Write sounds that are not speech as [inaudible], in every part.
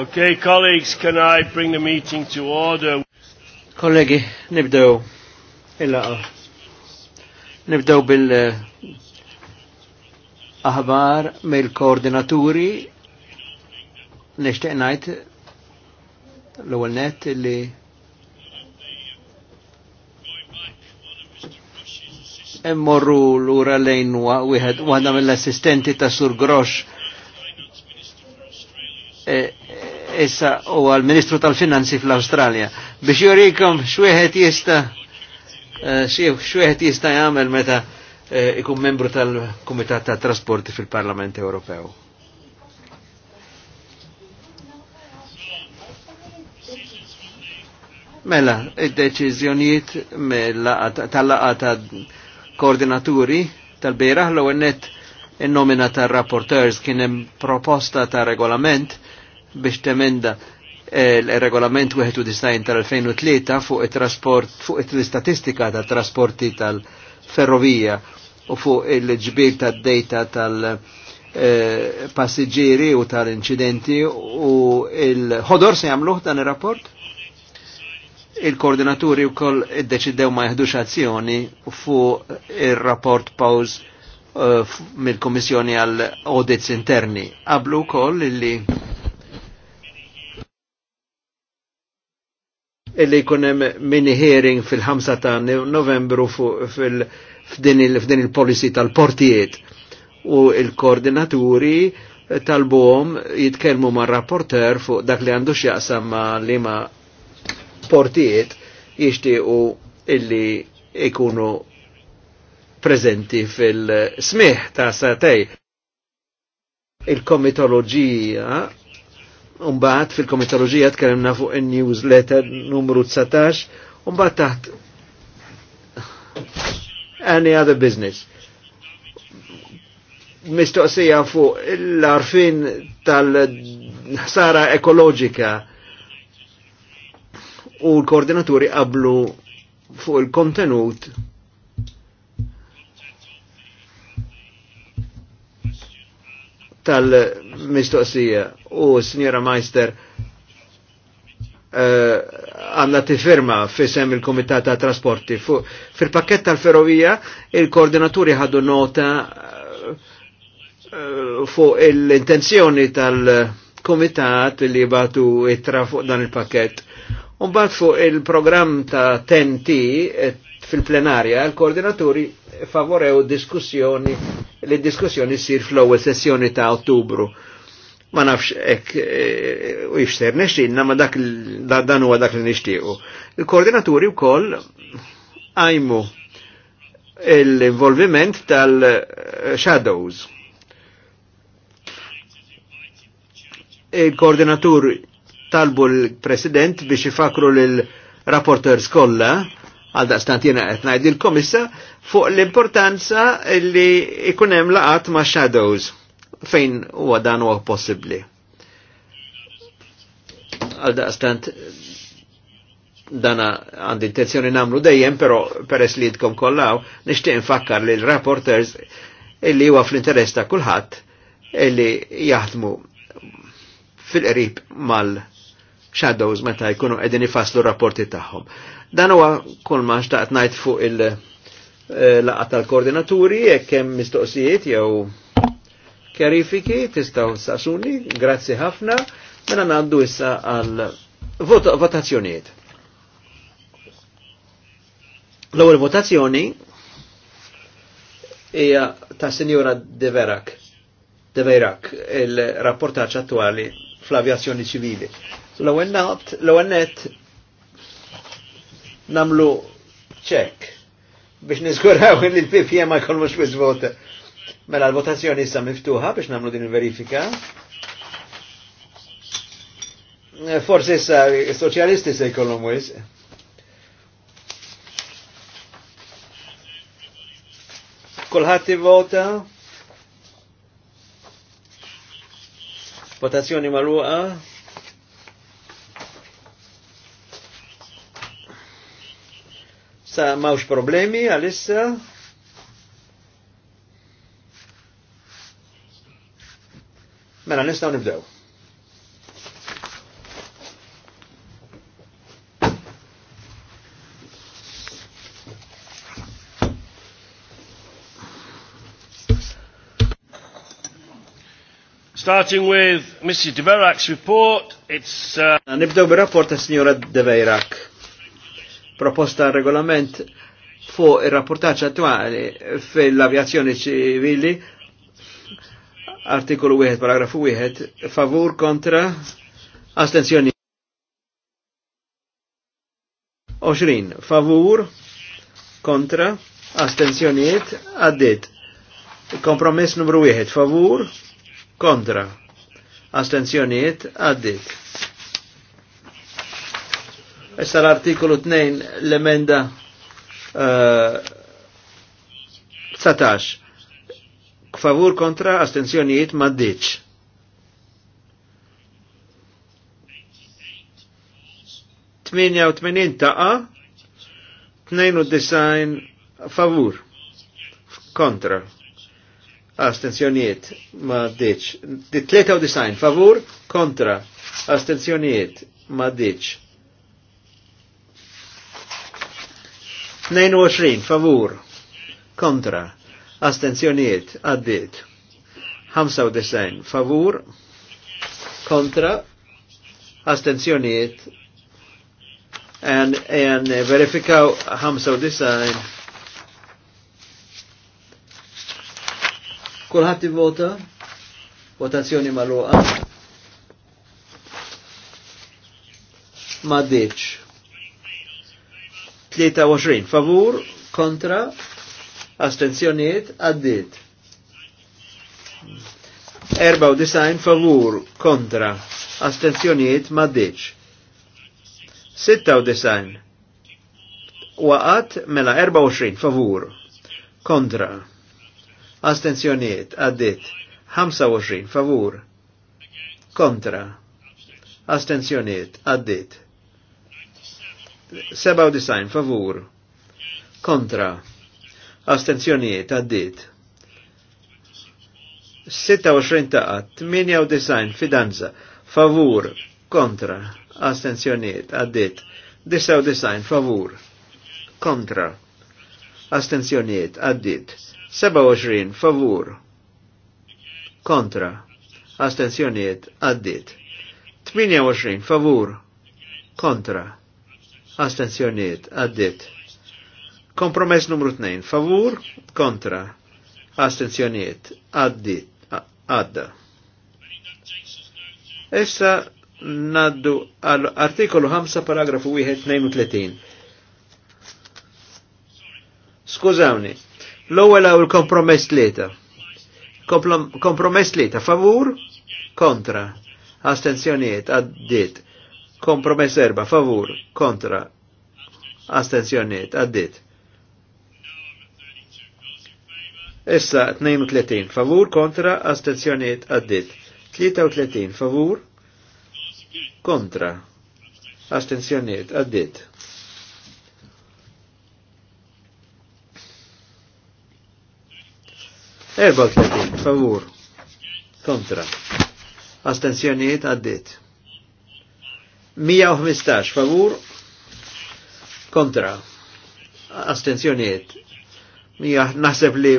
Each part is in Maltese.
Okay, colleagues, can I bring the meeting to order? Kollegi, nibdew il-laqa. Nibdew bil-aħbar mill-koordinaturi nishtiq ngħid l-ewwel net li immorru lura lejn wieħed waħda mill-assistenti ta' Sur Grosh e, issa u għal-Ministru tal-Finanzi fl australia biex jurikom xwieħed jista eh, xwieħed jista jagħmel meta eh, ikun membru tal-Kumitat ta' Trasporti fil-Parlament Ewropew. Mela, id-deċiżjonijiet mela, tal-laqa ta' koordinaturi tal-bejraħ l-għennet il nomina tal rapporteurs kien hemm proposta ta' regolament biex temenda il eh, regolament 91 tal-2003 fuq il trasport fuq it statistika tal-trasporti tal-ferrovija u fuq il-ġbir tad-data tal-passiġġieri eh, u tal-inċidenti u il-ħodor se jamluħ dan il rapport Il-koordinaturi wkoll iddeċidew ma jaħdux azzjoni fuq ir-rapport pause eh, mill-Komissjoni għal audits interni. Qablu wkoll li illi jkunem mini hearing fil-5 ta' novembru f'din il-policy tal-portijiet u il-koordinaturi tal-bom jitkelmu ma' rapporter fuq dak li għandu xjaqsam ma' li ma' portijiet jishtiqu illi ikunu prezenti fil-smiħ ta' satej. Il-komitologija Umbaħt fil-komitologija tkellimna fuq il-newsletter numru 19, umbaħt taħt any other business. Mistoqsija fuq l-arfin tal-ħsara ekoloġika u l-koordinaturi qablu fuq il-kontenut tal-mistoqsija u Sinjora Meister eh, għanna t-firma f fisem il-Komitat ta' Trasporti. Fil-pakket tal-ferrovija, il-koordinaturi ħadu nota eh, fuq l-intenzjoni tal-Komitat li batu itra fuq dan il-pakket. Umbat fuq il-program ta' TNT eh, fil-plenarja, il-koordinaturi favorew diskussjoni, li diskussjoni sir fl-ewwel sessjoni ta' ottubru ma nafx ek e, u jixter nexxinna ma dak dan huwa dak li nixtiequ. Il-koordinaturi wkoll għajmu l-involviment tal-shadows. Il-koordinatur talbu l-president biex ifakru l-rapporters kollha għal daqstant jena qed ngħidilkom issa fuq l-importanza li jkun hemm laqat ma' shadows fejn huwa dan huwa possibbli. Għal daqstant dana għandi intenzjoni namlu dejjem, pero peress li jidkom kollaw, nishtiq nfakkar li l-rapporters illi huwa fl-interess ta' kulħadd illi jaħdmu fil-qrib mal-shadows meta jkunu qegħdin ifasslu rapporti tagħhom. Dan huwa kull ma xtaqt ngħid fuq il- eh, laqgħa tal-koordinaturi jekk hemm mistoqsijiet jew kjarifiki, tistaw sasuni, grazzi ħafna, mela għandu issa għal votazzjoniet. L-ewwel votazzjoni hija ta' Sinjora Deverak, Deverak, il-rapportaċ attuali fl-avjazzjoni ċivili. L-ewwel net namlu ċek biex nizguraw [laughs] li l-PPM ma jkollmux biż vota. Mela l-votazzjoni issa miftuħa biex namlu din il-verifika. Eh, Forse issa soċjalisti se jkollhom wis. Kulħadd vota. Votazzjoni magħluqa. Sa mawx problemi għalissa. issa Mela nistaw nibdew. Starting with Mrs. De Verac's report, it's... Uh... Mela, nibdew bir-rapport ta' signora De Verac. Proposta regolament fu il rapportaċ attuali fil-avjazzjoni ċivili artikolu 1, paragrafu 1, favur kontra astenzjoni. 20, favur kontra astenzjoniet għaddit. Kompromess numru 1, favur kontra astenzjoniet għaddit. Issa l-artikolu 2, l-emenda uh, eh, 19 favur kontra astenzjonijiet maddiċ. Tminja u tmenin taqa, tnejn u disajn favur kontra astenzjonijiet maddiċ. Di tleta u disajn favur kontra astenzjonijiet maddiċ. 22 favur kontra Astenzjoniet, għaddit 95 favur kontra astenzjoniet, en, eh, verifikaw 95 kulħadd vota votazzjoni magħluqa ma ditx 23 favur kontra astenzjoniet għaddit. 94 favur kontra astenzjoniet maddiċ. 96 waqat mela 24 favur kontra astenzjoniet għaddit 25 favur kontra astenzjoniet għaddit 97 favur kontra astenzjonijiet għaddit. 26 taqa, 98 fidanza, favur, kontra, astenzjoniet, għaddit, 99 favur, kontra, astenzjoniet, għaddit, 27 favur, kontra, astenzjoniet, għaddit, 28 favur, kontra, astenzjoniet, għaddit, Kompromess numru 2. Favur, kontra, astenzjoniet, Addi. Adda. Issa naddu għal artikolu 5 paragrafu 1 Skużawni, l-ewwel għaw il-kompromess tlieta. Kompromess tlieta, favur, kontra, astenzjoniet, għaddit. Kompromess erba, favur, kontra, astenzjoniet, għaddit. Issa 32 favur kontra astenzjoniet għaddit. 33 favur kontra astenzjoniet għaddit. Erba' 34 favur kontra astenzjoniet għaddit. 115 favur kontra astenzjoniet Mija, naħseb li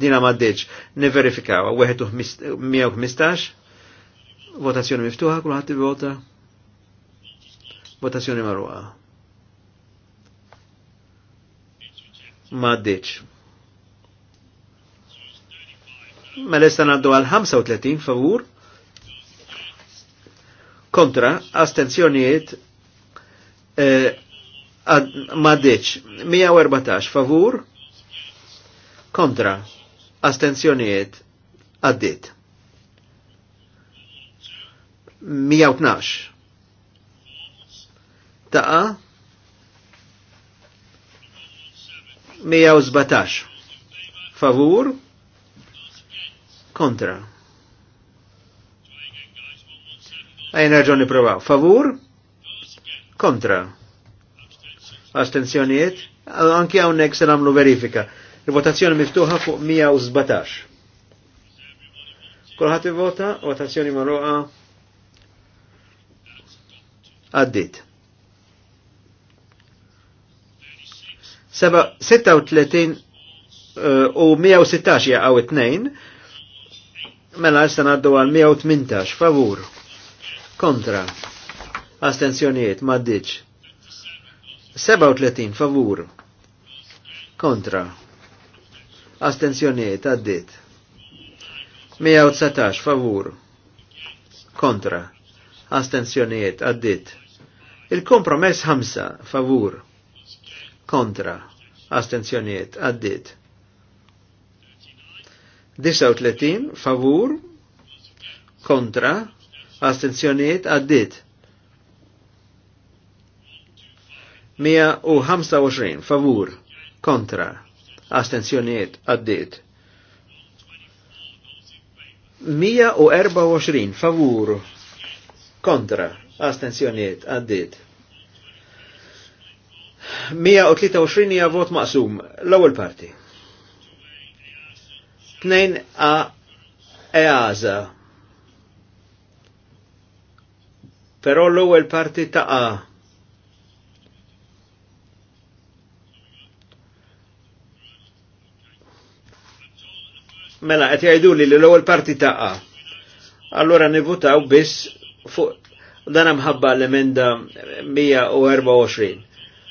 dina maddeċ, neverifikaw, 115, votazzjoni miftuħa, kullħat vota, votazzjoni marruqa. Maddeċ. Mela esta għaddu għal 35 favur, kontra, astenzjonijiet, eh, maddeċ, 114 favur, kontra, astenzjoniet għaddit. 112. Taqa 117. Favur kontra. Għajna ġoni provaw. Favur kontra. Astenzjoniet. Anki għawnek se namlu verifika. Il-votazzjoni miftuħa fuq 117. Kulħadd ivota, votazzjoni marruqa għaddit. 36 u 116 eh, jaqgħu it mela issa ngħaddu għal 118 favur. Kontra. Astenzjonijiet m'għaddiċ. 37 favur. Kontra astenzjoniet għaddit. 119 favur kontra astenzjoniet għaddit. Il-kompromess 5 favur kontra astenzjoniet għaddit. 39 favur kontra astenzjoniet għaddit. 125 favur kontra astenzjoniet għaddit. 124 favur kontra astenzjoniet għaddit. 123 hija vot maqsum l-ewwel parti. 2 a eaza. Però l-ewwel parti ta' A Mela, qed jgħidu li l-ewwel parti taqa. Allura nivutaw biss fuq dan mħabba l-emenda 124.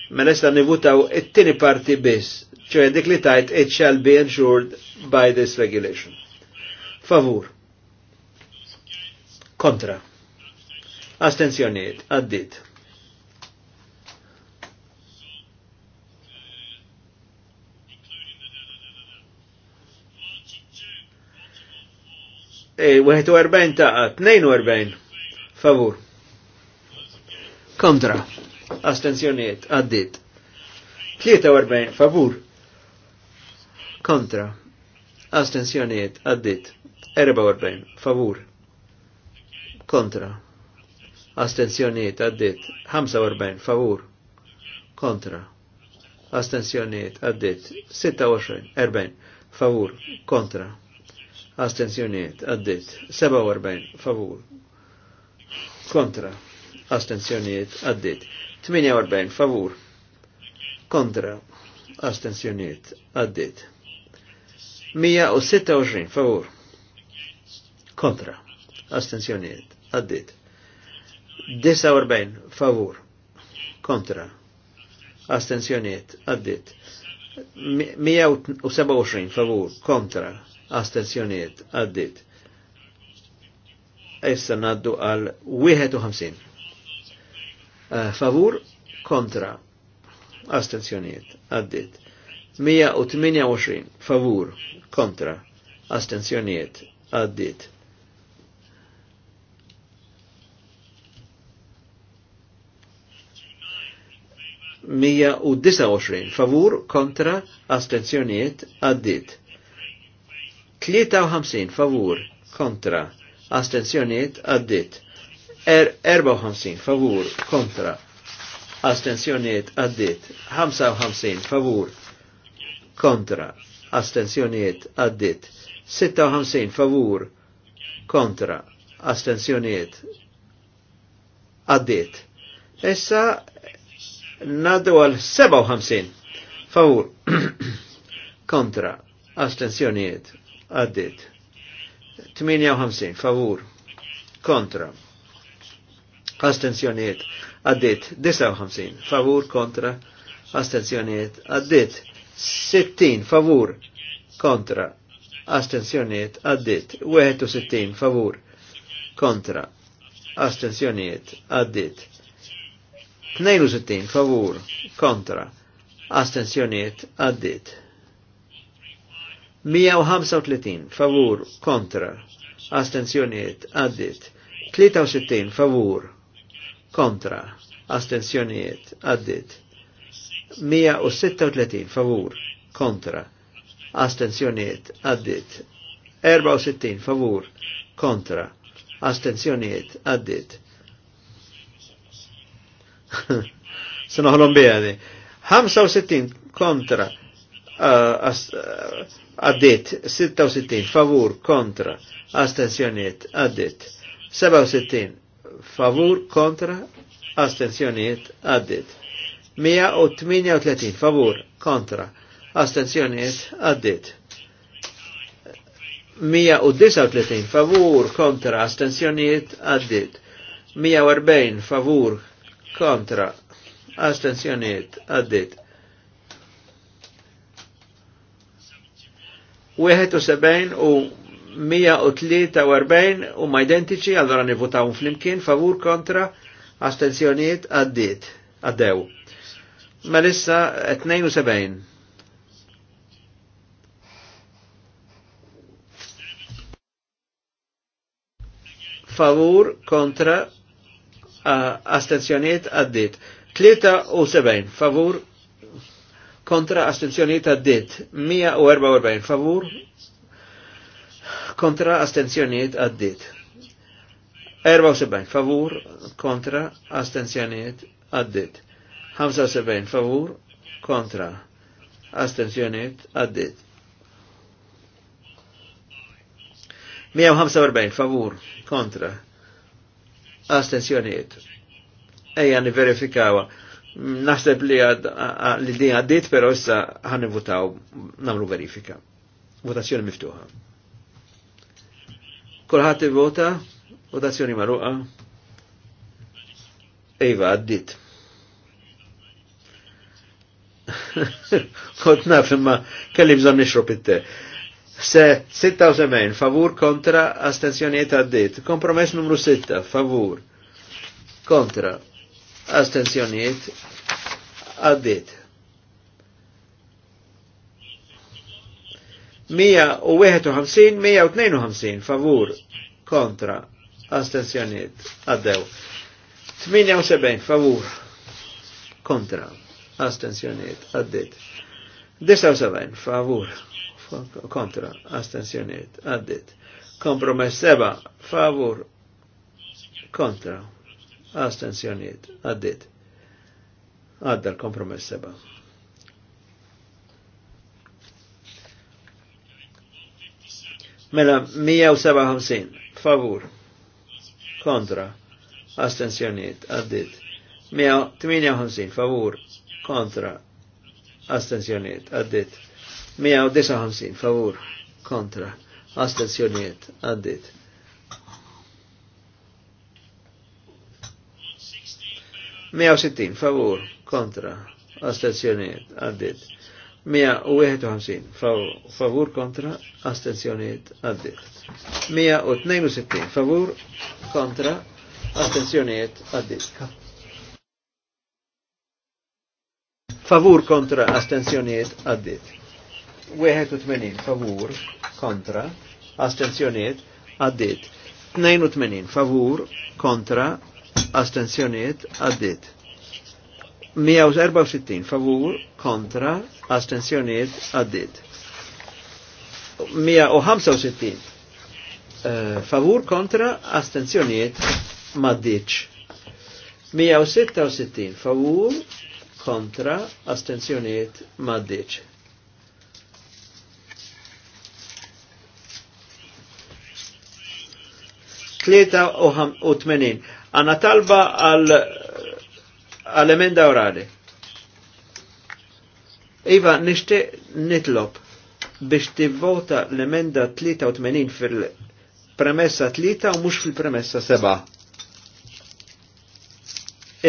Mela issa nivutaw it-tieni parti biss, ċe dik li tajt it shall be ensured by this regulation. Favur. Kontra. Astenzjoniet, għaddit. 41 eh, ta' 42 favur. Kontra. Astenzjoniet għaddit. 43 favur. Kontra. Astenzjoniet għaddit. 44 favur. Kontra. Astenzjoniet għaddit. 45 favur. Kontra. Astenzjoniet għaddit. 26 40 favur. Kontra astenzjoniet, għaddit, 47 favur, kontra, astenzjoniet, għaddit, 48 favur, kontra, astenzjoniet, għaddit, 126 favur, kontra, astenzjoniet, għaddit, 49 favur, kontra, astenzjoniet, għaddit, 127 favur, kontra, astenzjoniet għaddit. Issa naddu għal 51. favur kontra astenzjoniet għaddit. 128 favur kontra astenzjoniet għaddit. Mija u 29 favur kontra astenzjoniet għaddit. 53 favur kontra astenzjoniet għaddit. 54 er, favur kontra astenzjoniet għaddit. 55 favur kontra astenzjoniet għaddit. 56 favur kontra astenzjoniet għaddit. Issa naddu għal 57 favur [clears throat] kontra astenzjoniet għaddit. 58 favur kontra astenzjoniet għaddit 59 favur kontra astenzjoniet għaddit 60 favur kontra astenzjoniet għaddit 61 favur kontra astenzjoniet għaddit 62 favur kontra astenzjoniet għaddit 135 favur kontra astenzjoniet għaddit 63 favur kontra astenzjoniet għaddit 136 favur kontra astenzjoniet għaddit 64 favur kontra astenzjoniet għaddit Sanoħlom bieħni. 65 kontra uh, as, uh, għaddit 66 favur kontra astenzjoniet għaddit 67 favur kontra astenzjoniet għaddit 138 favur kontra astenzjoniet għaddit 139 favur kontra astenzjoniet għaddit 140 favur kontra astenzjoniet għaddit 71 u 143 u ma identiċi, allora nivutaw fl-imkien, favur kontra, astenzjoniet għaddit, għaddew. Melissa lissa 72. Favur kontra astenzjoniet għaddit. 73 favur kontra astenzjoni ta' għaddit 144 favur kontra astenzjonijiet għaddit 74 favur kontra astenzjonijiet għaddit 75 favur kontra astenzjonijiet għaddit 145 favur kontra astenzjonijiet ejja niverifikawa verifikawa Naħseb li li din għaddit, pero issa ħan votaw namlu verifika. Votazzjoni miftuħa. Kolħat vota, votazzjoni marruqa. Ejva, għaddit. Kont [laughs] naf imma kelli bżon nixrob it-te. Se 76 favur kontra astensjonijiet għaddit. Kompromess numru 6 favur kontra astensjoniet għaddit. 151, 152 favur kontra astensjoniet għaddew. 78 favur kontra astensjoniet għaddit. 79 favur kontra astensjoniet għaddit. Kompromess 7 favur kontra astensjoniet, għaddit. Għadda l-kompromess seba. Mela 157, favur, kontra, astensjoniet, għaddit. 158, favur, kontra, astensjoniet, għaddit. 159, favur, kontra, astensjoniet, għaddit. 160 favur kontra astenzjoniet għaddit. 151 favur kontra astenzjoniet għaddit. 162 favur kontra astenzjoniet għaddit. Favur kontra astenzjoniet għaddit. 81 favur kontra astenzjoniet għaddit. 82 favur kontra astenzjoniet għaddit. 164 favur kontra astenzjoniet għaddit. 165 uh, eh, favur kontra astenzjoniet maddiċ. 166 favur kontra astenzjoniet maddiċ. 83. Għanna talba għal-emenda orali. Iva, nishti nitlob biex tivvota l-emenda 83 fil-premessa 3 u mux fil-premessa 7.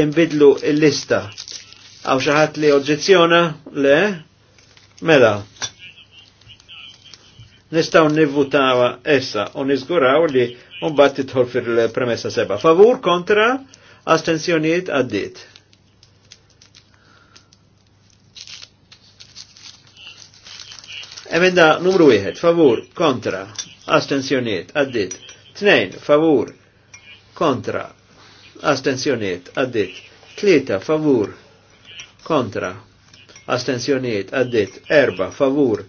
Imbidlu il-lista. Għaw xaħat li oġġezzjona? Le? Mela. Nistaw nivvutawa essa u nizguraw li un bat titħol fil-premessa seba. Favur kontra astensjoniet għaddit. Emenda numru 1, favur, kontra, astensjoniet, għaddit. Tnejn, favur, kontra, astensjoniet, għaddit. 3, favur, kontra, astensjoniet, għaddit. Erba, favur,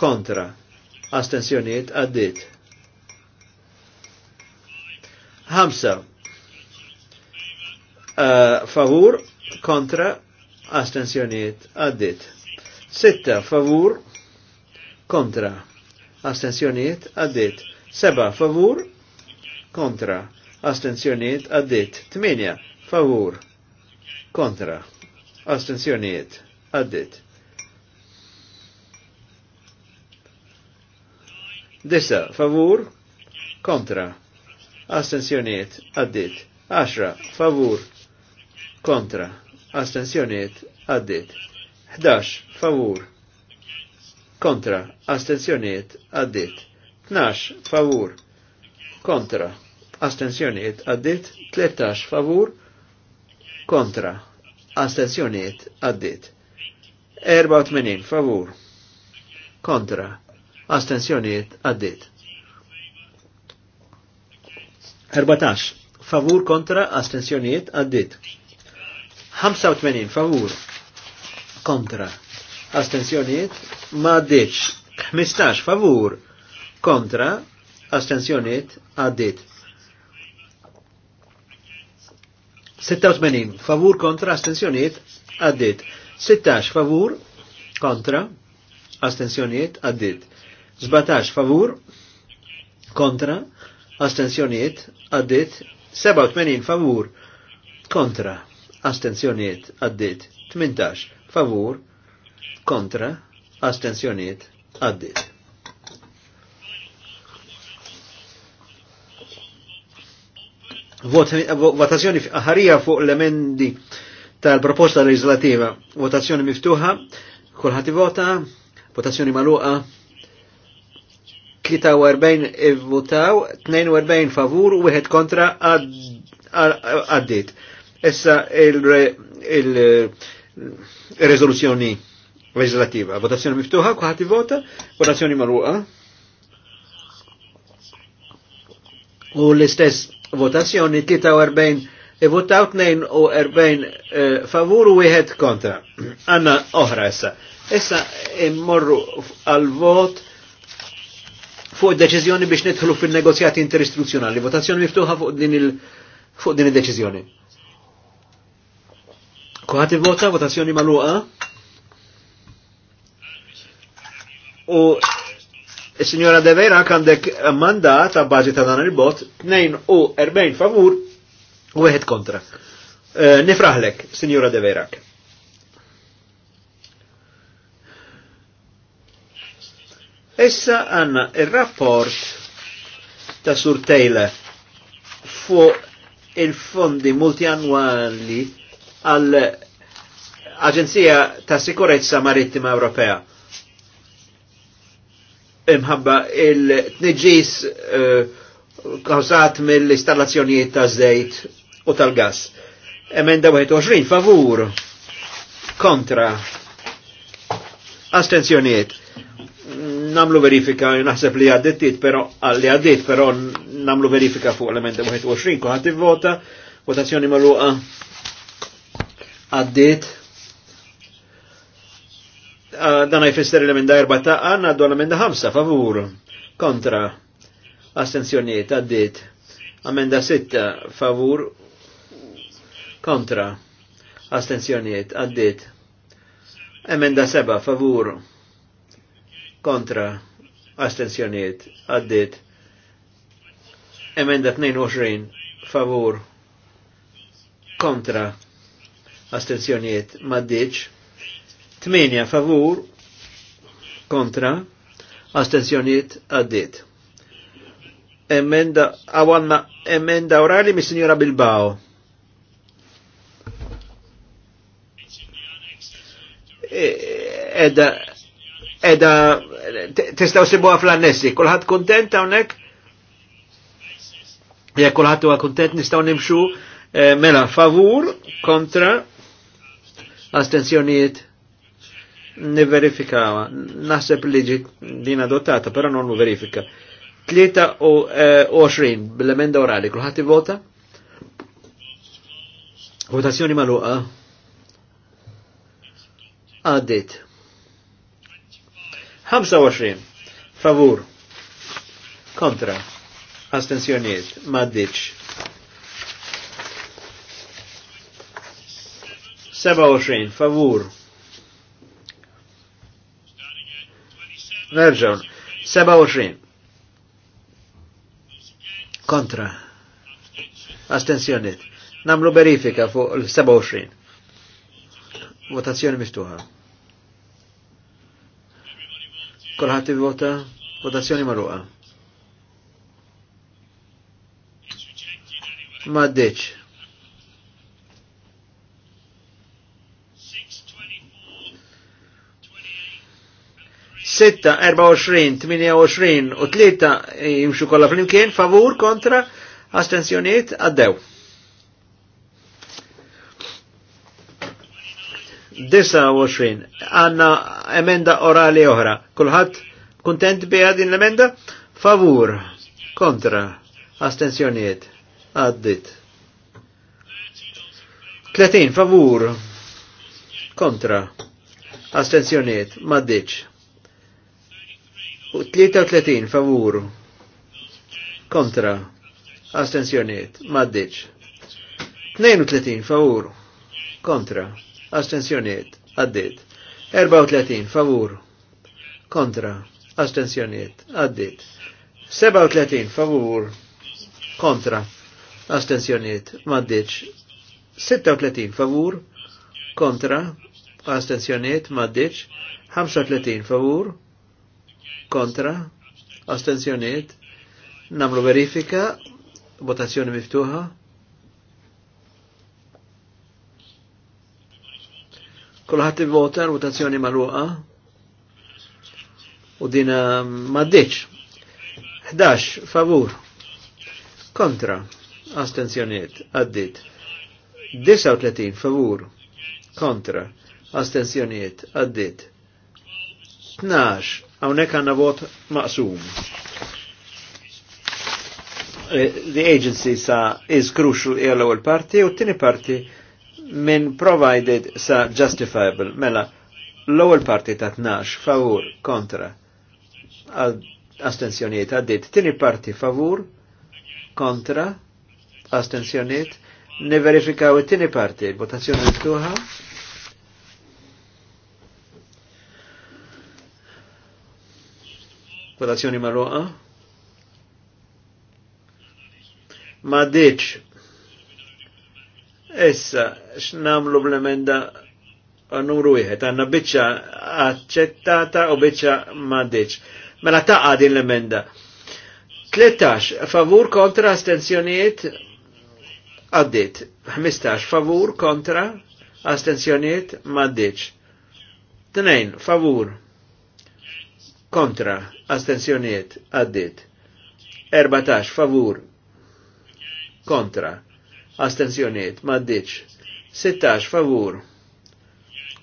kontra, astensjoniet, għaddit. Hamsa. Eh, favur kontra astensjoniet għaddit. Sitta favur kontra astensjoniet għaddit. Seba favur kontra astensjoniet għaddit. Tminja favur kontra astensjoniet għaddit. Disa favur kontra astensjoniet għaddit. 10 favur kontra astensjoniet għaddit. 11 favur kontra astensjoniet għaddit. 12 favur kontra astensjoniet għaddit. 13 favur kontra astensjoniet għaddit. 84 favur kontra astensjoniet għaddit. 14. Favur kontra astensjoniet għaddit. 85. Favur kontra astensjoniet ma għaddit. 15. Favur kontra astensjoniet għaddit. 86. Favur kontra astensjoniet għaddit. 16. Favur kontra astensjoniet għaddit. 17. Favur kontra astenzjoniet għaddit 87 favur kontra astenzjoniet għaddit 18 favur kontra astenzjoniet għaddit. votazzjoni ħarija fuq l-emendi tal-proposta legislativa. Votazzjoni miftuħa, kolħati vota, votazzjoni maluqa. 43 votaw, 42 favur, u wieħed kontra għaddit. Essa il-rezoluzjoni legislativa. Votazzjoni miftuħa, kuħat vota, votazzjoni marruqa. U l-istess votazzjoni 43 votaw 42 favur u wieħed kontra. Anna oħra essa. Essa immorru għal-vot fuq deċiżjoni biex nidħlu fin-negozjati interistruzzjonali Votazzjoni miftuħa fuq din il fuq din id-deċiżjoni. Kuħati vota votazzjoni magħluqa. U Signora De Vera għandek mandat ta' bazi ta' dan il-bot u erbejn favur u wieħed kontra. Eh, nifraħlek, Signora De Issa għanna il-rapport ta' Sur Taylor fuq il-fondi multianwali għall Aġenzija ta' Sikurezza Marittima Ewropea. Imħabba il-tniġis eh, kawzat mill-installazzjonijiet ta' zejt u tal-gas. Emenda 21 favur kontra astenzjonijiet namlu verifika, naħseb li għaddit, pero għalli ah, għaddit, pero namlu verifika fuq element 21, kuħat vota votazzjoni maluqa għaddit. Ah, dan jfisser l-emenda 4 ta' għanna għaddu l-emenda 5, favur, kontra, astenzjoniet, għaddit. Amenda 6, favur, kontra, astenzjoniet, għaddit. Emenda 7, favur, kontra, kontra astenzjoniet għaddit emenda 22 favur kontra astenzjoniet maddiċ 8 favur kontra astenzjoniet għaddit emenda għawanna emenda orali mis signora Bilbao e, edda edha testaw sibuha fl-annessi, kulħadd kontent hawnhekk? Jekk kulħadd huwa kontent nistgħu nimxu eh, mela favur kontra astenzjoniet niverifikawa. Naħseb liġi ġi din adottata, però non verifika. Tlieta u 23 eh, bil-emenda orali, kulħadd vota? Votazzjoni maluqa. Għaddit. 25 favur kontra astensjoniet maddiċ 27 favur Nerġon, 27. Kontra. astensjoniet Namlu verifika fuq l-27. Votazzjoni miftuħa. Kolħat vota votazzjoni marruqa. Ma ddeċ. 24, 28 u 3 jimxu kolla flimkien, favur, kontra, astensjoniet, għaddew. 29 għanna emenda orali oħra. Kulħadd kontent bi din l-emenda? Favur, kontra, astenzjoniet, għaddit. 30 favur, kontra, astenzjoniet, maddiċ. 33 favur, kontra, astenzjoniet, maddiċ. 32 favur, kontra, astensjoniet, għaddit. 34 favur, kontra, astensjoniet, għaddit. 37 favur, kontra, astensjoniet, maddiċ. 36 favur, kontra, astensjoniet, maddiċ. 35 favur, kontra, astensjoniet, namlu verifika, votazzjoni miftuħa, Kulħadd ivvota votazzjoni magħluqa u dina eh, maddiċ 11 favur kontra astenzjoniet għaddit 39 favur kontra astenzjoniet għaddit 12 hawnhekk għandna vot maqsum eh, the agency sa is crucial l ewwel parti u t-tieni parti minn provided sa justifiable. Mela, l-ewwel parti ta' tnax, favur kontra astensjoniet għaddit. Tini parti favur kontra astensjoniet. Ne it-tini parti, votazzjoni miftuħa. Votazzjoni marruqa. Ma ditx Issa, x'namlu bl-emenda numru wieħed, għandna biċċa aċċettata u biċċa m'għandix. Mela taqa' din l-emenda. 13 favur kontra astenzjonijiet għaddit. 15 favur kontra astenzjonijiet m'għaddiċ. 2 favur kontra astenzjonijiet għaddit. 14 favur kontra astenzjoniet, maddiċ. 16 favur,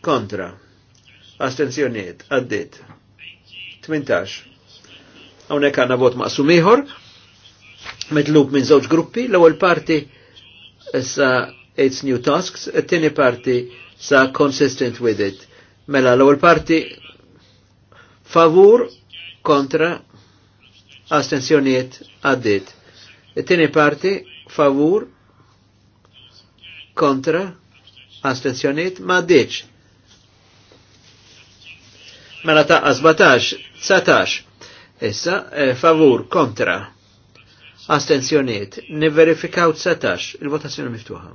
kontra, astenzjoniet, għaddit. 18. Għonek għanna vot maqsum ieħor, metlub minn żewġ gruppi, l-ewwel parti sa It's New Tasks, it tini parti sa Consistent with it. Mela l-ewwel parti favur kontra astenzjoniet għaddit. it tini parti favur kontra, astenzjoniet ma deċ. Mela ta' 17, tsatax. Issa, eh, favur, kontra, astenzjoniet, niverifikaw tsatax. il-votazzjoni miftuħa.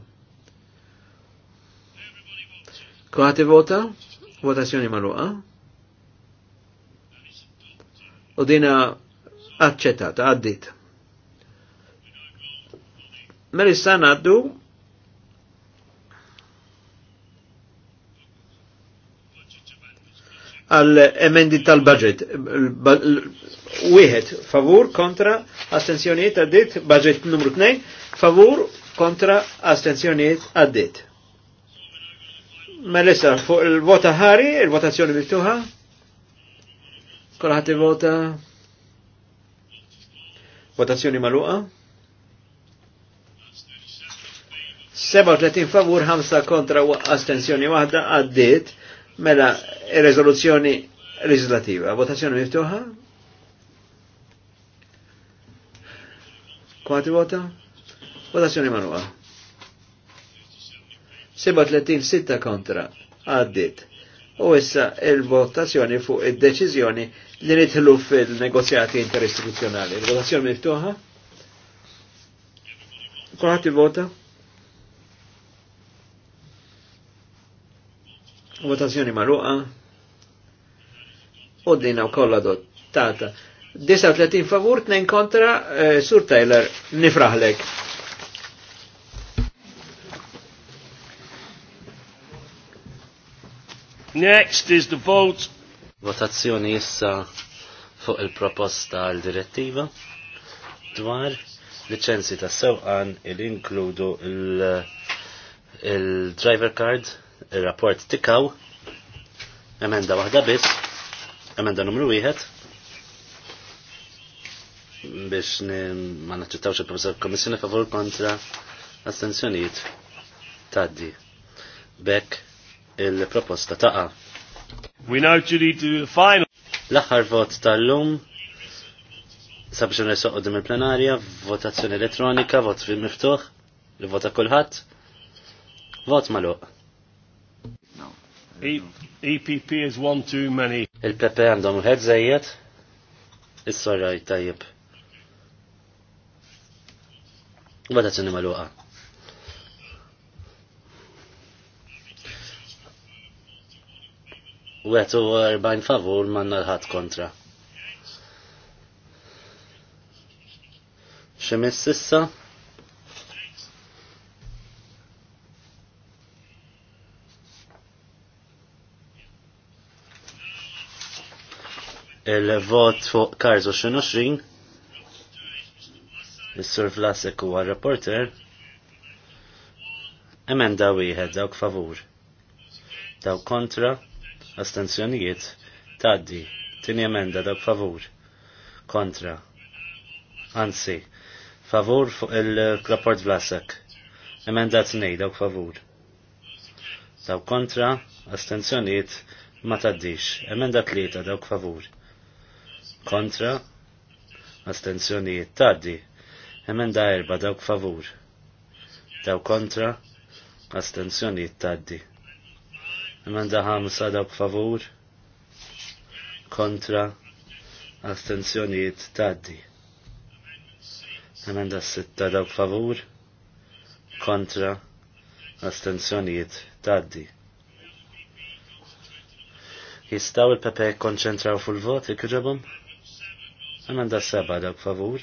Kuħati vota, votazzjoni maluqa. U dina accettata, għaddit. Mela issa għaddu għal-emendi tal-budget. Wieħed, favur kontra astenzjoniet għaddit, budget numru 2, favur kontra astenzjoniet għaddit. Melissa, fuq il-vota ħari, il-votazzjoni miftuħa, kolħat il-vota, votazzjoni maluqa. 37 favur, 5 kontra astenzjoni wahda għaddit, mela E rezoluzzjoni legislativa. Votazzjoni miftuħa? Kwati vota? Votazzjoni manwa. 37-6 kontra għaddit. U issa il-votazzjoni fuq id deċizjoni li nitħlu fil-negozjati interistituzjonali. votazzjoni miftuħa? Kwati vota? votazzjoni maluqa, u dina u kolla dottata. 39 favur, 2 kontra, eh, Sur Taylor, nifraħlek. Next is the vote. Votazzjoni issa fuq il-proposta għal direttiva dwar licenzi ta' sewqan il-inkludu il-driver il driver card il-rapport tikaw, emenda wahda biss, emenda numru wieħed, biex ma naċċettawx il professor kommissjoni favur kontra astensjonijiet taddi. Bek il-proposta taqa. We now to the final. L-aħħar vot tal-lum sabiex nresoq qudiem il-plenarja, votazzjoni elettronika, vot fil miftuħ, il-vota kulħadd, vot maluq. EPP e is one too many. Il-PP għandhom ħed zejjed. Is-sorraj tajjeb. Bada ċinni maluqa. Wetu 40 favur manna l-ħat kontra. Xemis sissa? il-vot fuq Karzo 2020. Is-Sur Vlasek huwa reporter. Emenda wieħed dawk favur. Dawk kontra, astenzjonijiet, taddi, tini emenda dawk favur. Kontra. Anzi, favur fuq il-rapport Vlasek. Emenda tnej dawk favur. Dawk kontra, astenzjonijiet, ma taddix. Emenda tlieta dawk favur kontra, astenzjonijiet taddi, emenda erba dawk favur, daw kontra, astenzjonijiet taddi. Emenda ħamsa dawk favur, kontra, jittaddi. taddi. Emenda sitta dawk favur, kontra, astenzjoni jittaddi. Jistaw il-pepe konċentraw fil-vot, ikġabum? s seba dawk favur,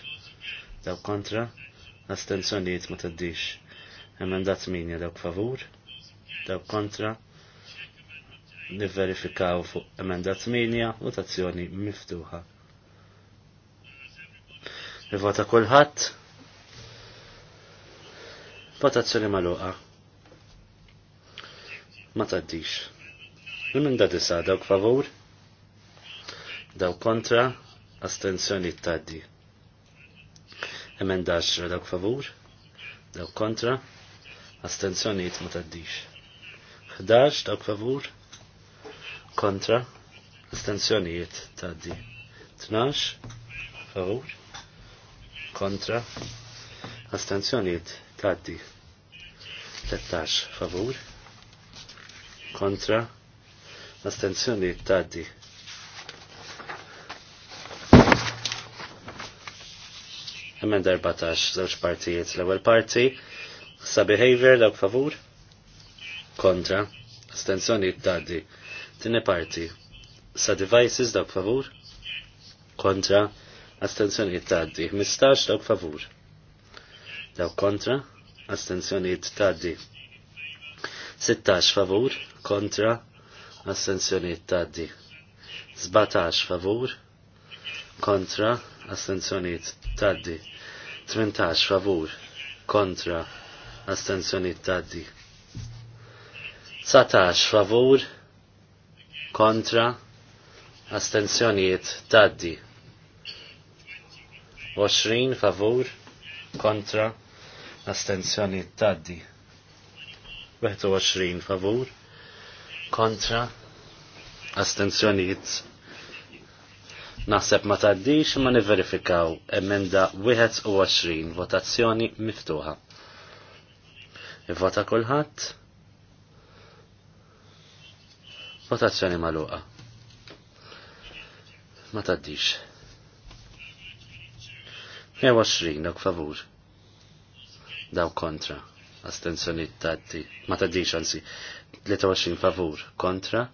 dawk kontra, astenzjoniet ma taddix. Għamenda tminja dawk favur, dawk kontra, nivverifikaw fuq emenda 8 votazzjoni miftuħa. Nivvota kulħadd. Votazzjoni maluqa. Ma taddix. Emenda disa dawk favur, dawk kontra, astenzjoni taddi. Emenda 10 dawk favur, dawk kontra, astenzjoniet ma taddix. 11 dawk favur, kontra, t taddi. 12 favur, kontra, t taddi. 13 favur, kontra, t taddi. Emenda 14, żewġ partijiet. L-ewwel parti sa behavior dawk favur kontra astenzjoni taddi. Tini parti sa devices dawk favur kontra astenzjoni taddi. 15 dawk favur dawk kontra astenzjoni taddi. 16 favur kontra astenzjoni taddi. 17 favur kontra astenzjoniet taddi 18 favur kontra astenzjoniet taddi 19 favur kontra astenzjoniet taddi 20 favur kontra astenzjoniet taddi 21 favur kontra astenzjoniet Naħseb ma taddix ma niverifikaw emenda 21 votazzjoni miftuħa. Ivvota kulħadd. Votazzjoni magħluqa. Ma taddix. 20, dak favur. Daw kontra. Astenzjoni taddi. Ma taddix anzi. 23 favur kontra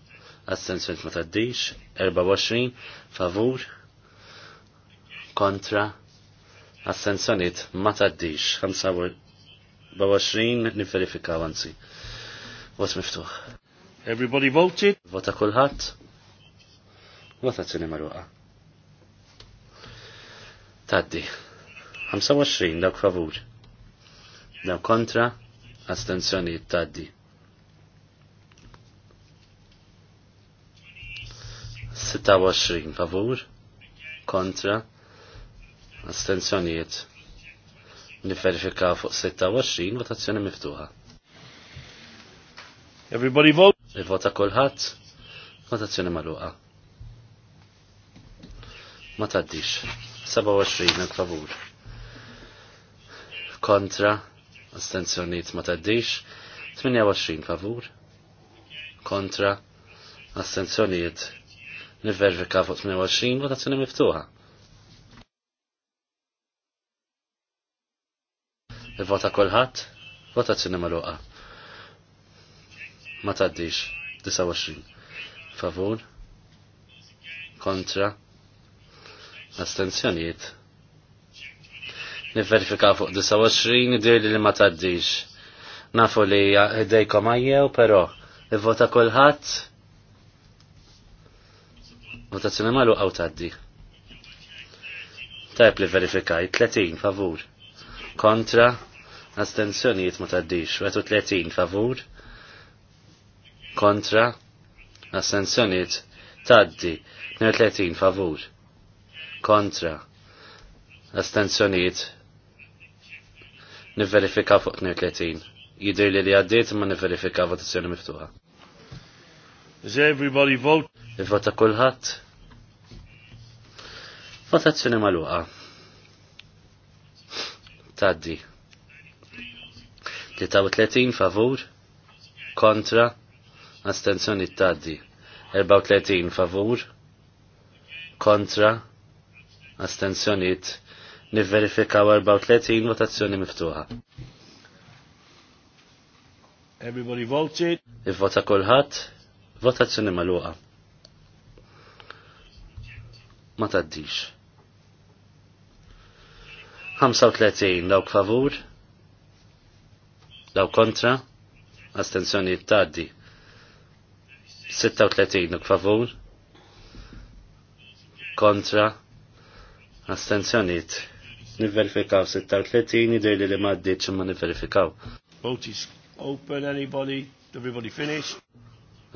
assenzjoni ma taddix, 24 favur kontra assenzjoniet ma taddix, 25 niverifikaw anzi. Vot miftuħ. Everybody voted. Vota kulħadd. sini marruqa. Taddi. 25 dawk favur. Dawk kontra astenzjoni taddi. 26 favur kontra astenzjoniet niferifika fuq 26 votazzjoni miftuħa. Everybody vote. Il-vota kulħadd votazzjoni magħluqa. Ma taddix. 27 il-favur. Kontra astenzjoniet ma taddix. 28 favur. Kontra astenzjonijiet Niverifika fuq 28 votazzjoni miftuħa. Il-vota kolħat, votazzjoni maluqa. Ma taddix, 29. Favur, kontra, astenzjoniet. Niverifika fuq 29, dir li ma taddix. Nafu li dejkom għajjew, pero il-vota kolħat, Votazzjoni malu għaw taddi. Tajb li verifikaj, 30 favur. Kontra, astenzjonijiet ma taddix, 30 favur. Kontra, astenzjonijiet taddi, 30 favur. Kontra, astenzjonijiet niverifika fuq 30. Jidir li li għaddiet ma niverifika votazzjoni miftuħa. Is everybody vote? Ivvota kulħadd? Votazzjoni maluqa. Taddi. 33 favur, kontra, astenzjoni taddi. 34 favur, kontra, astenzjoniet nivverifikaw 34 votazzjoni miftuħa. Everybody voted. Ivvota kulħadd, votazzjoni magħluqa. Ma taddix. 35 dawk favur, dawk kontra, astenzjoni taddi. 36 dawk favur, kontra, astenzjoniet. Niverifikaw 36, idej li li maddiċ ma niverifikaw. Vote is open, anybody, everybody finish.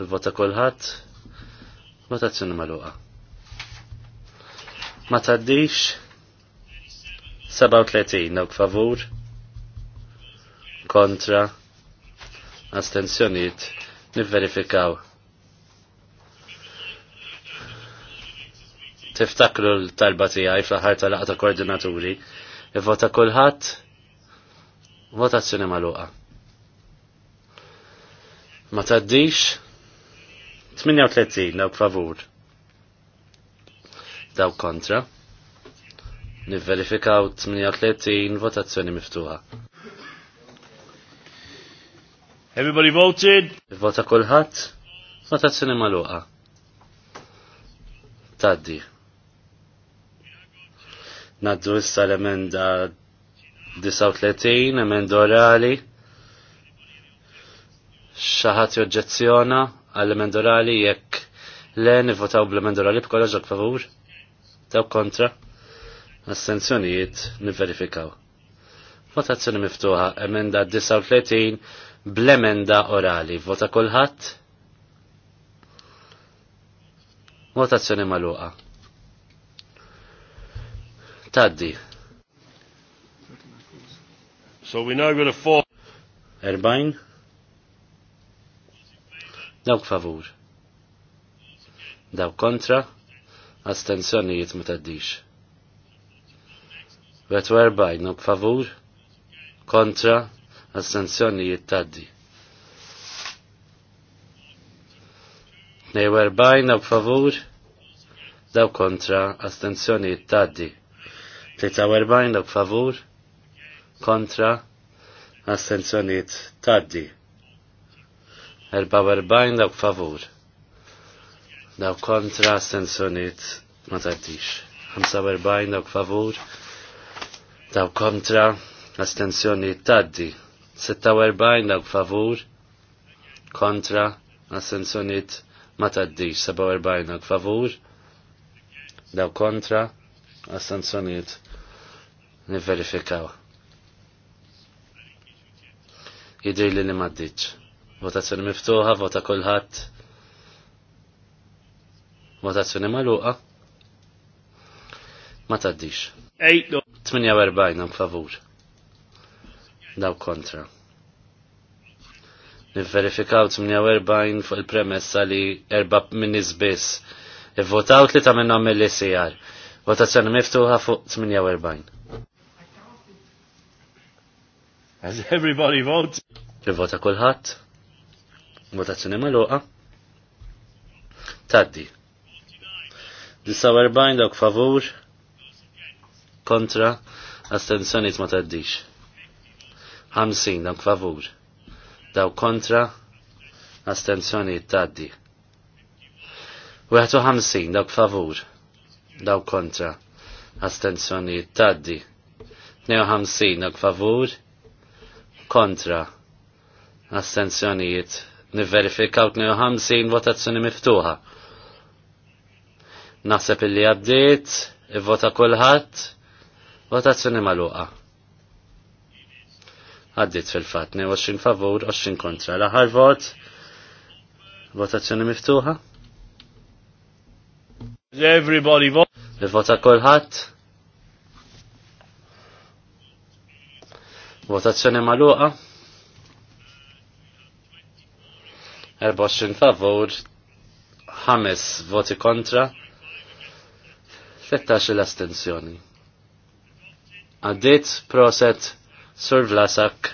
Il-vota kolħat, votazzjoni maluqa. Ma taddix, 37 dawk favur kontra astenzjoniet nivverifikaw. Tiftakru l-talba tiegħi fl ħar tal-laqgħa koordinaturi, ivvota kulħadd votazzjoni magħluqa. Ma taddix 38 dawk favur. Daw kontra. Nivverifikaw 38 votazzjoni miftuħa. Everybody voted? Vota kulħadd? Votazzjoni magħluqa. Taddi. Naddu issa l-emenda 39, emenda orali. Xaħat joġġezzjona għall-emenda orali jekk l-en votaw bl-emenda orali b'kolla ġok favur? Taw kontra? Astenzjonijiet nifverifikaw. Votazzjoni miftuħa, emenda 39 bl-emenda orali. Vota kulħadd? Votazzjoni maluqa. Taddi. So we now a four Erbajn? Dawk favur. Dawk kontra? Astenzjonijiet ma taddix. Betu werbajn u b'favur kontra astenzjonijiet taddi. Nejwer bajna u b'favur daw kontra astenzjonijiet taddi. 43 u b'favur kontra astenzjonijiet taddi. 44 dawk favur. Daw kontra jittaddi. ma taddix. 45 dawk favur daw kontra astensjoni taddi 46 daw favur kontra astensjoni ma taddi 47 daw favur daw kontra astensjoni niverifikaw jidri li li maddiċ votazzjoni miftuħa vota kolħat votazzjoni maluqa Ma taddix. 48 favur. Daw kontra. Nivverifikaw 48 fuq il-premessa li erba minn biss. Ivvotaw li ta' minnom mill-ICR. Votazzjoni miftuħa fuq 48. As everybody vote? Ivvota kulħadd. Votazzjoni magħluqa. Taddi. 49 dawk favur kontra astenzjoniet ma taddix. Hamsin, dawk favur daw kontra astenzjoniet taddi. hamsin, dawk favur daw kontra astenzjoniet taddi. hamsin, dawk favur kontra astenzjonijiet nivverifikaw hamsin, votazzjoni miftuħa. Naħseb illi għaddiet, ivvota kulħadd, Votazzjoni maluqa. Għaddit fil-fat, 20 favur, 20 kontra. L-aħħar vot, votazzjoni miftuħa. Everybody vote. Il-vota kolħat. Votazzjoni maluqa. 24 favur, 5 voti kontra, 13 l-astenzjoni. Għaddit proset sur Vlasak.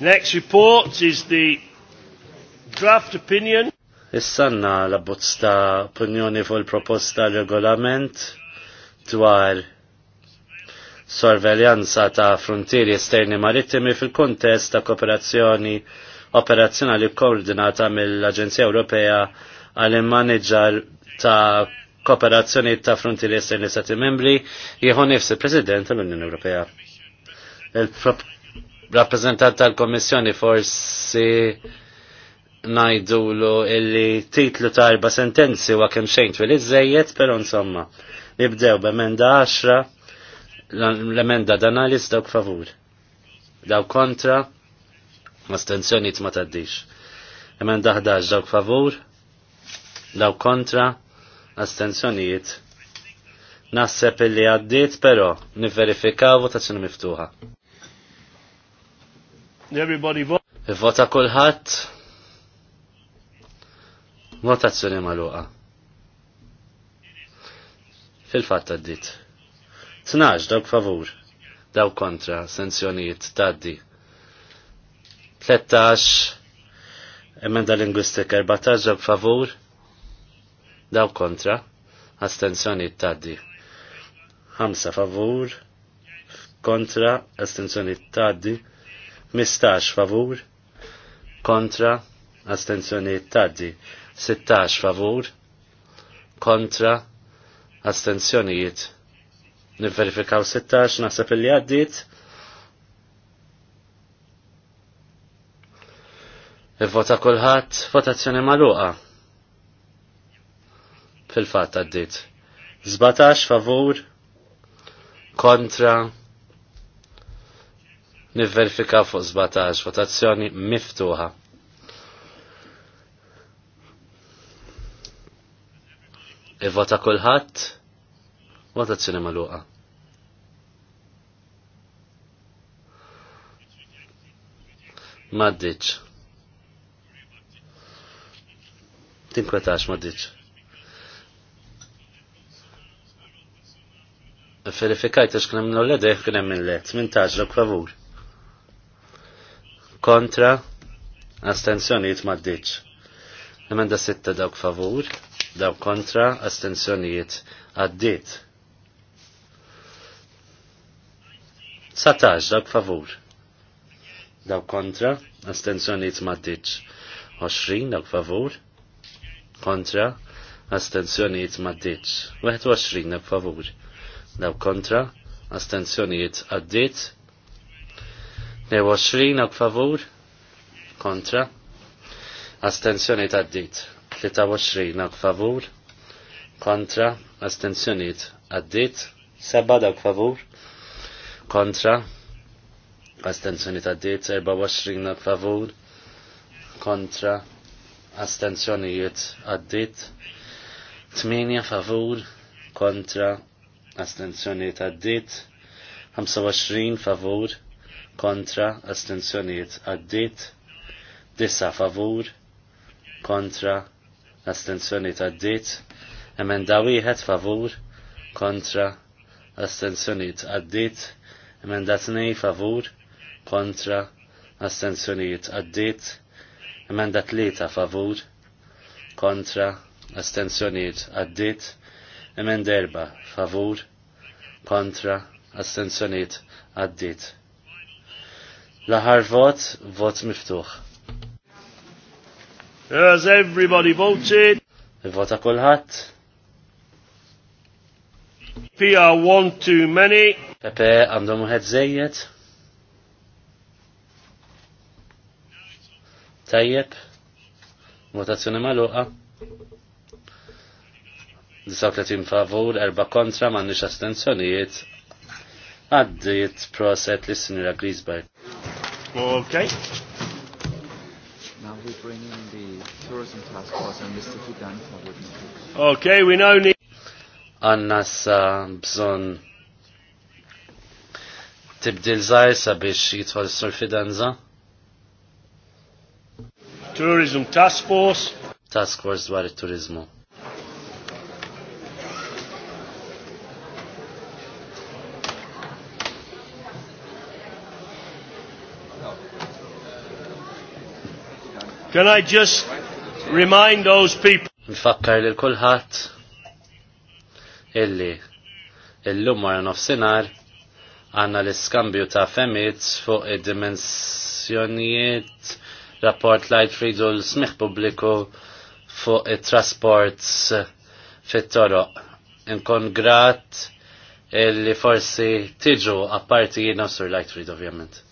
Next report is the draft opinion. Issanna la bozza opinjoni fuq il-proposta regolament dwar sorveljanza ta' frontieri esterni marittimi fil-kontest ta' kooperazzjoni operazzjonali koordinata mill-Aġenzija Ewropea għal manager ta' kooperazzjoni ta' estern l stati membri jieħu nifsi President tal-Unjoni Ewropea. Il-rappresentant tal-Kommissjoni forsi najdulu illi titlu ta' erba sentenzi wa kemm xejn twil iżejjed, però insomma, nibdew b'emenda 10 l-emenda d'analiz dawk favur. Daw kontra t ma taddix. Eman 11 dawk favur, dawk kontra, astenzjoniet. Nasseb illi għaddiet, pero niverifikaw votazzjoni miftuħa. Everybody vote. Vota kulħadd. Votazzjoni magħluqa. Fil-fatt għaddit. Tnax dawk favur, dawk kontra, sensjonijiet taddi. 13 emenda lingwistika 14 ġob favur daw kontra astenzjoni taddi 5 favur kontra astenzjoni taddi 15 favur kontra astenzjoni taddi 16 favur kontra astenzjonijiet. Nivverifikaw 16 nasa li għaddit Ivvota kulħadd votazzjoni magħluqa. Fil-fatt għaddit. 17 favur kontra nivverifika fuq 17 votazzjoni miftuħa. Ivvota kulħadd votazzjoni magħluqa. Maddiċ. tinkwetax ma diċ. Verifikajt għax kienem minn l-led, kienem minn l-led, favur. Kontra, astenzjoniet ma diċ. Emenda sitta dawk favur, dawk kontra, astenzjoniet għaddit. Sataġ dawk favur, dawk kontra, astenzjoniet ma diċ. 20 dawk favur, kontra, astenzjoniet maddiċ. 21 favur, daw kontra, astenzjoniet għaddit, 22 favur, kontra, astenzjoniet għaddit, 23 favur, kontra, astenzjoniet għaddit, 7 daw favur, kontra, astenzjoniet għaddit, 24 favur, kontra, astenzjonijiet għaddit, 8 favur kontra astenzjonijiet għaddit, 25 favur kontra astenzjonijiet għaddit, 9 favur kontra astenzjonijiet għaddit, emenda wieħed favur kontra astenzjonijiet għaddit, emenda 2 favur kontra astenzjonijiet għaddit, Emenda tlieta favur kontra astenzjoniet għaddit. Emenda erba favur kontra astenzjoniet għaddit. Laħar vot, vot miftuħ. Has everybody voted? Vota kolħat. PR one too many. Pepe, għandhom uħed zejjed. Tajjeb, votazzjoni maluqa. 39 favur, 4 kontra, mannix astenzjonijiet. Għaddiet proset li sinjura Griesberg. Okay. Now we bring in the tourism task force and Mr. Fidanza with Okay, we know need... Għanna sa bżon tibdil zaħi sa biex jitfall sur Fidanza. Tourism Task Force. Task Force dwar il-turizmu. Can I just remind those people? Nfakkar li l-kulħat illi illum għara nofsinar għanna l skambju ta' femiet fuq id-dimensjonijiet rapport lajt u l-smiħ pubbliku fuq it-trasports fit-toroq. Inkun grat li forsi tiġu apparti jina sur Lightfried ovvjament.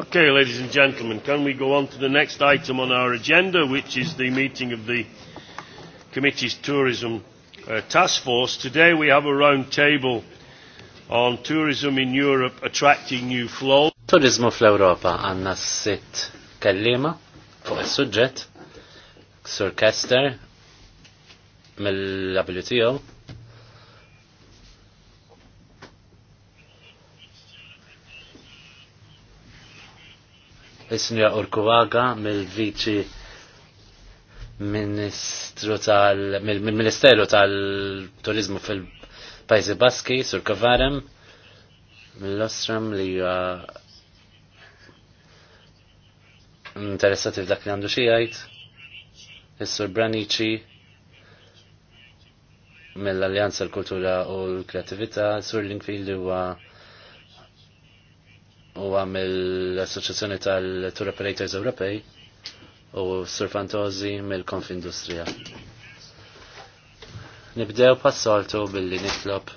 Okay, ladies and gentlemen, can we go on to the next item on our agenda, which is the meeting of the Committee's Tourism uh, Task Force. Today we have a round table on tourism in Europe attracting new flow. Tourism fl-Europa għanna sitt kellima fuq is-suġġett. Sir Kester mill-WTO, is-Sinja Urkuwaga mill-Viċi Ministru tal ministeru tal-Turizmu fil-Pajzi Baski, Sur Kavarem, mill-Ostram li huwa interessati f'dak li għandu xi jgħid, is-Sur Branici mill allianza l-Kultura u l-Kreatività, Sur Linkfield huwa huwa mill-Assoċjazzjoni tal-Tour Operators Ewropej u Sir Fantozi mill-Konfindustrija. Nibdew passoltu billi nitlob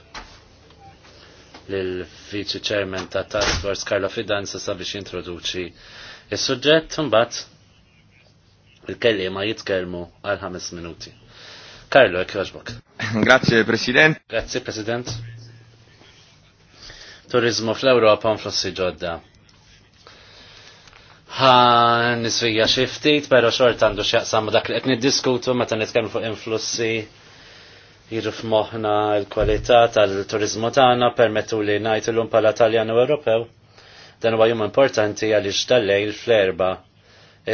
lill-Vice Chairman ta' Task Force Carlo Fidanza sabiex jintroduċi il suġġett mbagħad il kelliema jitkellmu għal ħames minuti. Carlo, jekk jogħġbok. Grazie, President. Grazie, President turizmu fl-Ewropa nflussi ġodda. Ha nisvija xi ftit, però xort għandu x'jaqsam dak li qed niddiskutu meta nitkellmu fuq influssi jiġu f'moħħna l-kwalità tal-turizmu tagħna permettu li ngħidu lum bħala Taljan u Ewropew. Dan huwa jum importanti għaliex tal-lejl fl-erba'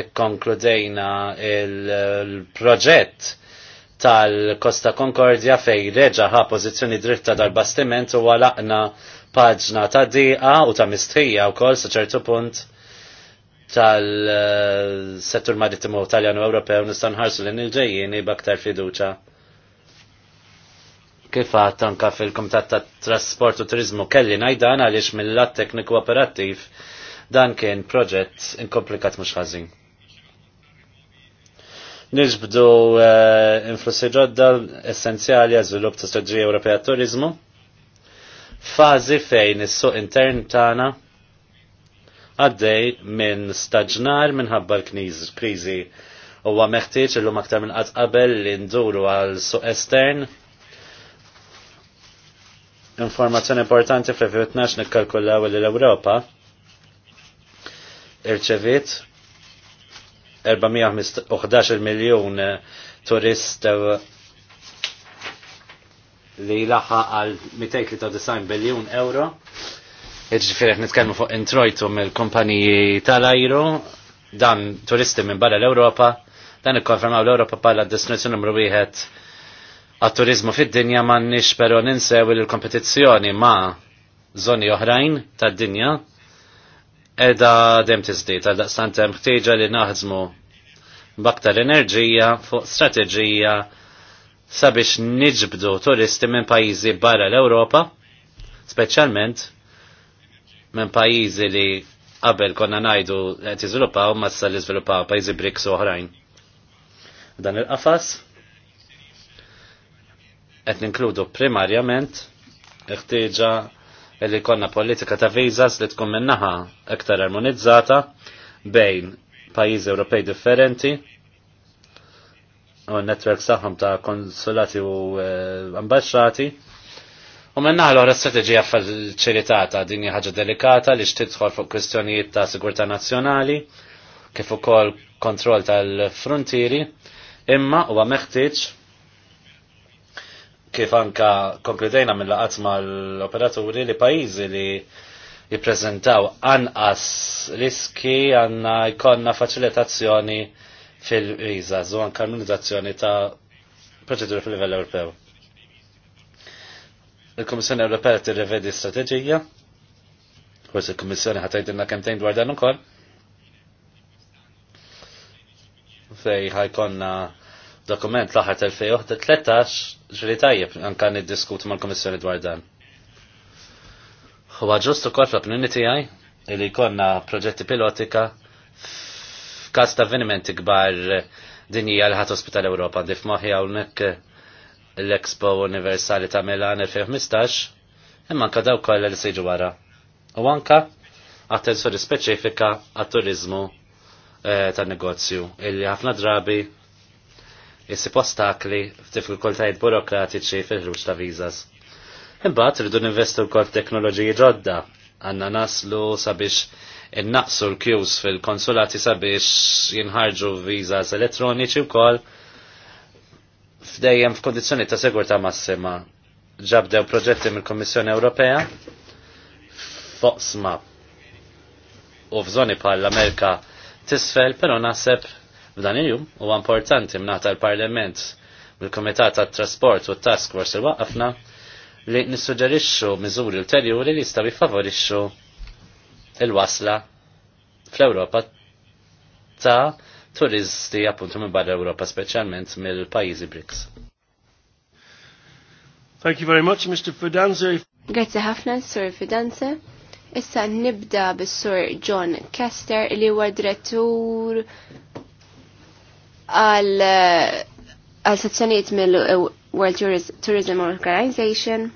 ikkonkludejna il-proġett tal-Kosta Concordia fej reġa' ħa pożizzjoni dritta dal-bastiment u għalaqna paġna ta' diqa u ta' mistħija u kol ċertu punt tal-settur maritimu tal-Janu Ewropew nistan ħarsu l il-ġejjini baktar fiduċa. Kif għat anka fil-Komitat ta' Trasport u Turizmu kelli najdan għaliex mill-lat tekniku operattiv dan kien proġett inkomplikat mhux ħażin. Nġbdu uh, eh, influssi ġodda essenzjali għazvilup ta' strategija Ewropea Turizmu fażi fejn is-suq intern tagħna għaddej minn staġnar minħabba l-kriżi huwa meħtieġ illum aktar minn qatt qabel li nduru għal suq estern. Informazzjoni importanti fl-2012 nikkalkulaw li l-Ewropa irċevit 411 miljun turist li laħa għal 293 biljun euro. Iġifiri nitkellmu fuq introjtu mill-kumpaniji tal-ajru, dan turisti minn barra l-Ewropa, dan ikkonfermaw l-Ewropa bħala destinazzjoni numru wieħed għat-turizmu fid-dinja m'għandniex però ninsew il kompetizzjoni ma' żoni oħrajn tad-dinja edha dem tiżdied għal daqstant hemm ħtieġa li naħdmu b'aktar enerġija fuq strateġija sabiex niġbdu turisti minn pajjiżi barra l-Ewropa, speċjalment minn pajjiżi li qabel konna ngħidu qed jiżviluppaw ma issa li żviluppaw pajjiżi BRICS oħrajn. Dan il-qafas qed ninkludu primarjament ħtieġa li konna politika ta' vizas li tkun minnaħa iktar armonizzata bejn pajjiżi Ewropej differenti u netwerk saħħom ta' konsulati u eh, ambasċati. U minna l-ora strategija faċilitata din ħaġa delikata li xtidħol fuq kwestjonijiet ta' sigurta nazzjonali kif ukoll kontroll tal-frontieri, imma huwa meħtieġ kif anka konkludejna mill-laqat mal-operaturi li pajjiżi li jippreżentaw anqas riski għandna jkollna faċilitazzjoni fil-riza, zu anka armonizzazzjoni ta' proċeduri fil-livell Ewropew. Il-Kommissjoni Ewropea tirrevedi strateġija, forse il-Kommissjoni kemm kemtejn dwar dan ukoll, fej ħajkonna dokument tal 2013 ġri tajjeb anka niddiskutu mal-Kommissjoni dwar dan. Huwa ġust ukoll fl-opinjoni tiegħi li jkollna proġetti pilotika f'każ ta' avvenimenti kbar eh, dinija l ħat l Ewropa dif moħi hawnhekk eh, l-Expo Universali ta' Milan 2015 imma anke daw kollha li sejġu wara. U anka attenzjoni speċifika għat-turizmu eh, tan-negozju illi ħafna drabi jisib ostakli f'diffikultajiet burokratiċi fil-ħruġ ta' vizas. Imbagħad rridu ninvestu wkoll f'teknoloġiji ġodda għandna naslu sabiex innaqsu l-kjus fil-konsulati sabiex jinħarġu vizas elettroniċi wkoll f'dejjem f'kondizjoni ta' segurta massima. Ġabdew proġetti mill-Kommissjoni Ewropea foqsma u f'żoni bħal amerika tisfel, pero naħseb f'dan il-jum u importanti mnaħta l-Parlament mill-Komitat tat-Trasport u t-Task Force il-waqafna li nissuġġerixxu miżuri ulterjuri li jistgħu jifavorixxu il-wasla fl europa ta' turisti appuntu minn barra Europa, specialment mill-pajjiżi BRICS. Thank you very much, Mr. Fidanze. Grazie ħafna, Sir Fidanze. Issa nibda bis-Sur John Kester li huwa direttur għal eh, sezzjonijiet mill World Tourism Organization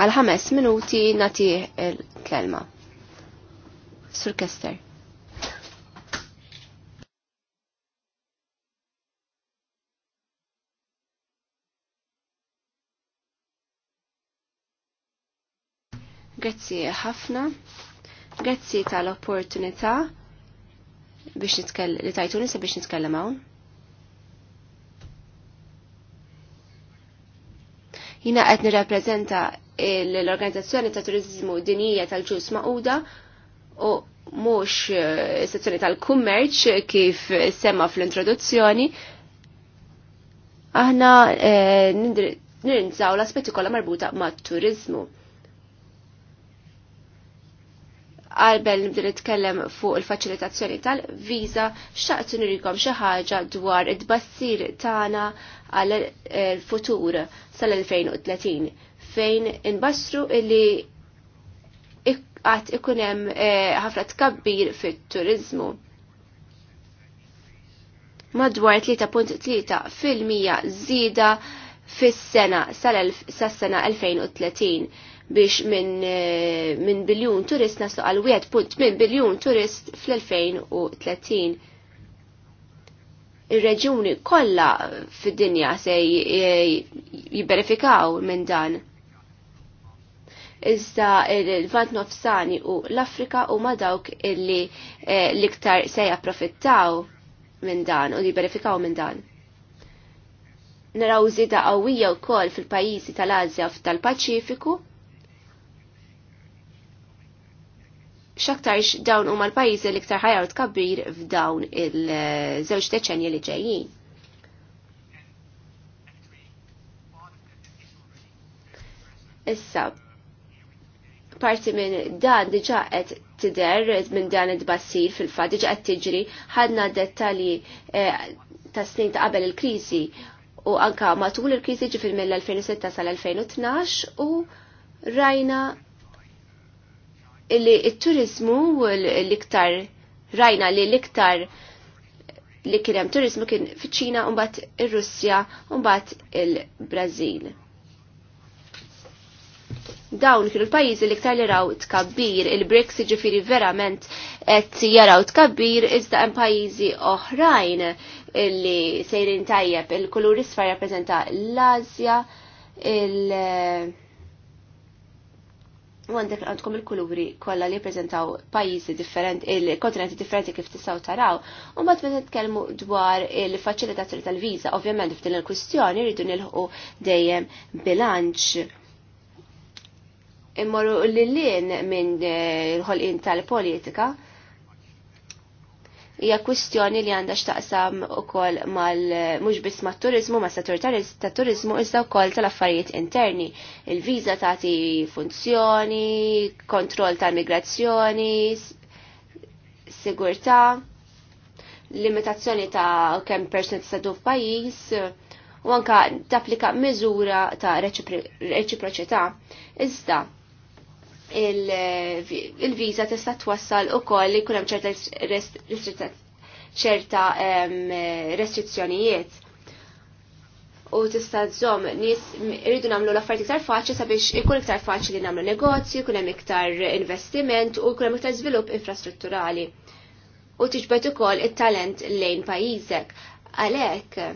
Għal ħames minuti nati il-kelma. Sur Kester. Grazzi ħafna. Grazzi tal-opportunità biex nitkellem li tajtuni se biex nitkellem hawn. Jina qed nirrappreżenta l-Organizzazzjoni ta' Turizmu Dinija tal-Ġus maquda u mux eh, sezzjoni tal-kummerċ kif semma fl-introduzzjoni, aħna eh, nirinżaw l-aspetti kollha marbuta ma' turizmu. Għalbel nibdil nitkellem fuq il-faċilitazzjoni tal-viza, xaqt nirikom xi ħaġa dwar id-bassir tagħna għal eh, futur sal-2030 fejn inbastru illi għat ikunem eh, ħafna tkabbir fit-turizmu. Madwar 3.3 fil-mija zida fis-sena sas-sena 2030 biex minn eh, min biljun turist naslu għal 1.8 biljun turist fl-2030. Ir-reġuni kollha fid-dinja se jibberifikaw minn dan iżda il-Vant Nofsani u l-Afrika u ma dawk illi eh, liktar se japprofittaw minn dan u li verifikaw minn dan. Naraw zida qawwija wkoll fil-pajjiżi tal-Asja u tal-Paċifiku xaktarx dawn huma l-pajjiżi li iktar ħajaw tkabbir f'dawn il-żewġ deċenji li ġejjin. Issa, parti minn dan diġa qed tider minn dan id-bassir fil-fat diġa qed tiġri ħadna dettalji eh, ta' snin ta' qabel il-kriżi u anka matul il-kriżi ġifil mill-2006 sal-2012 u rajna li il-turizmu l-iktar rajna li l-iktar li kienem turizmu kien fiċina ċina un-bat il-Brazil. il ir-Russja u mbagħad il-Brażil dawn kienu l-pajjiżi li ktar li raw tkabbir, il-BRICS ġifiri verament qed jaraw tkabbir iżda hemm pajjiżi oħrajn li sejrin tajjeb il-kulur isfar rappreżenta l azja il- għandek għandkom il-kuluri kolla li prezentaw pajjiżi differenti, il-kontinenti differenti kif tistaw taraw, u mbagħad meta tkellmu dwar il facilitazzjoni tal-viża, ovvjament f'din il-kwistjoni rridu nilħu dejjem bilanċ immorru l-lin minn eh, l-ħolqin tal-politika hija kwistjoni li għandha x'taqsam ukoll mal mhux biss mat-turizmu ma' settur tat-turizmu iżda wkoll tal-affarijiet interni. Il-viża tagħti funzjoni, kontroll tal-migrazzjoni, sigurtà, limitazzjoni ta' kemm persuni tista' f'pajjiż u anka tapplika miżura ta' reċiproċità. Iżda, il-viza tista' twassal ukoll li kunem ċerta ċerta restrizzjonijiet. U tista' żomm nies irridu nagħmlu l-affarijiet iktar faċli sabiex ikun iktar faċli nagħmlu negozju, ikun hemm iktar investiment u jkun hemm iktar żvilupp infrastrutturali. U tiġbed ukoll it-talent lejn pajjiżek. Għalhekk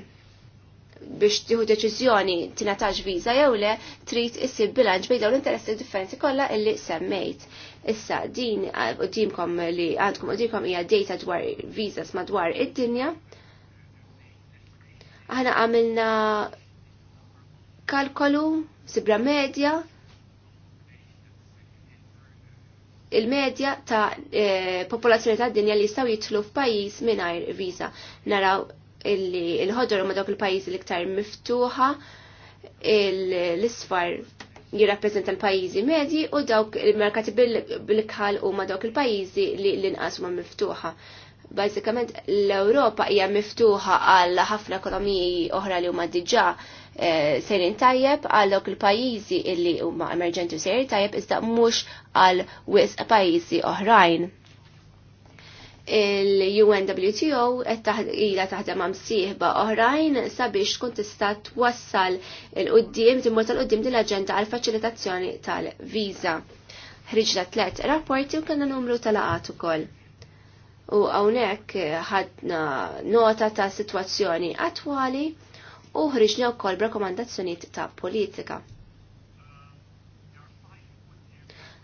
biex tieħu deċiżjoni tingħatax viża jew le trid issib bilanċ bejn dawn l-interessi differenti kollha illi semmejt. Issa din qudiemkom li għandkom qudiemkom hija data dwar viżas madwar id-dinja. Aħna għamilna kalkolu, sibra medja, il-medja ta' eh, popolazzjoni ta' dinja li jistaw jitlu f'pajjiż mingħajr viza. Naraw illi il-ħodor ma dawk il-pajjiżi l-iktar miftuħa, l-isfar jirrappreżenta l-pajjiżi medji u dawk il-merkati bil-kħal u ma dawk il-pajjiżi li l-inqas ma miftuħa. Bażikament l-Ewropa hija miftuħa għal ħafna ekonomiji oħra li huma diġà eh, sejrin tajjeb għal dawk il-pajjiżi li huma emerġenti u serin tajjeb iżda mhux għal wisq pajjiżi oħrajn il-UNWTO ila taħdem għam siħba oħrajn sabiex tkun tista' twassal il-qoddim timmur tal-qoddim din l-aġenda għal faċilitazzjoni tal-viża. Ħriġna tlet rapporti u kellna numru tal-qat ukoll. U hawnhekk ħadna nota ta' sitwazzjoni attwali u ħriġna wkoll b'rakkomandazzjonijiet ta' politika.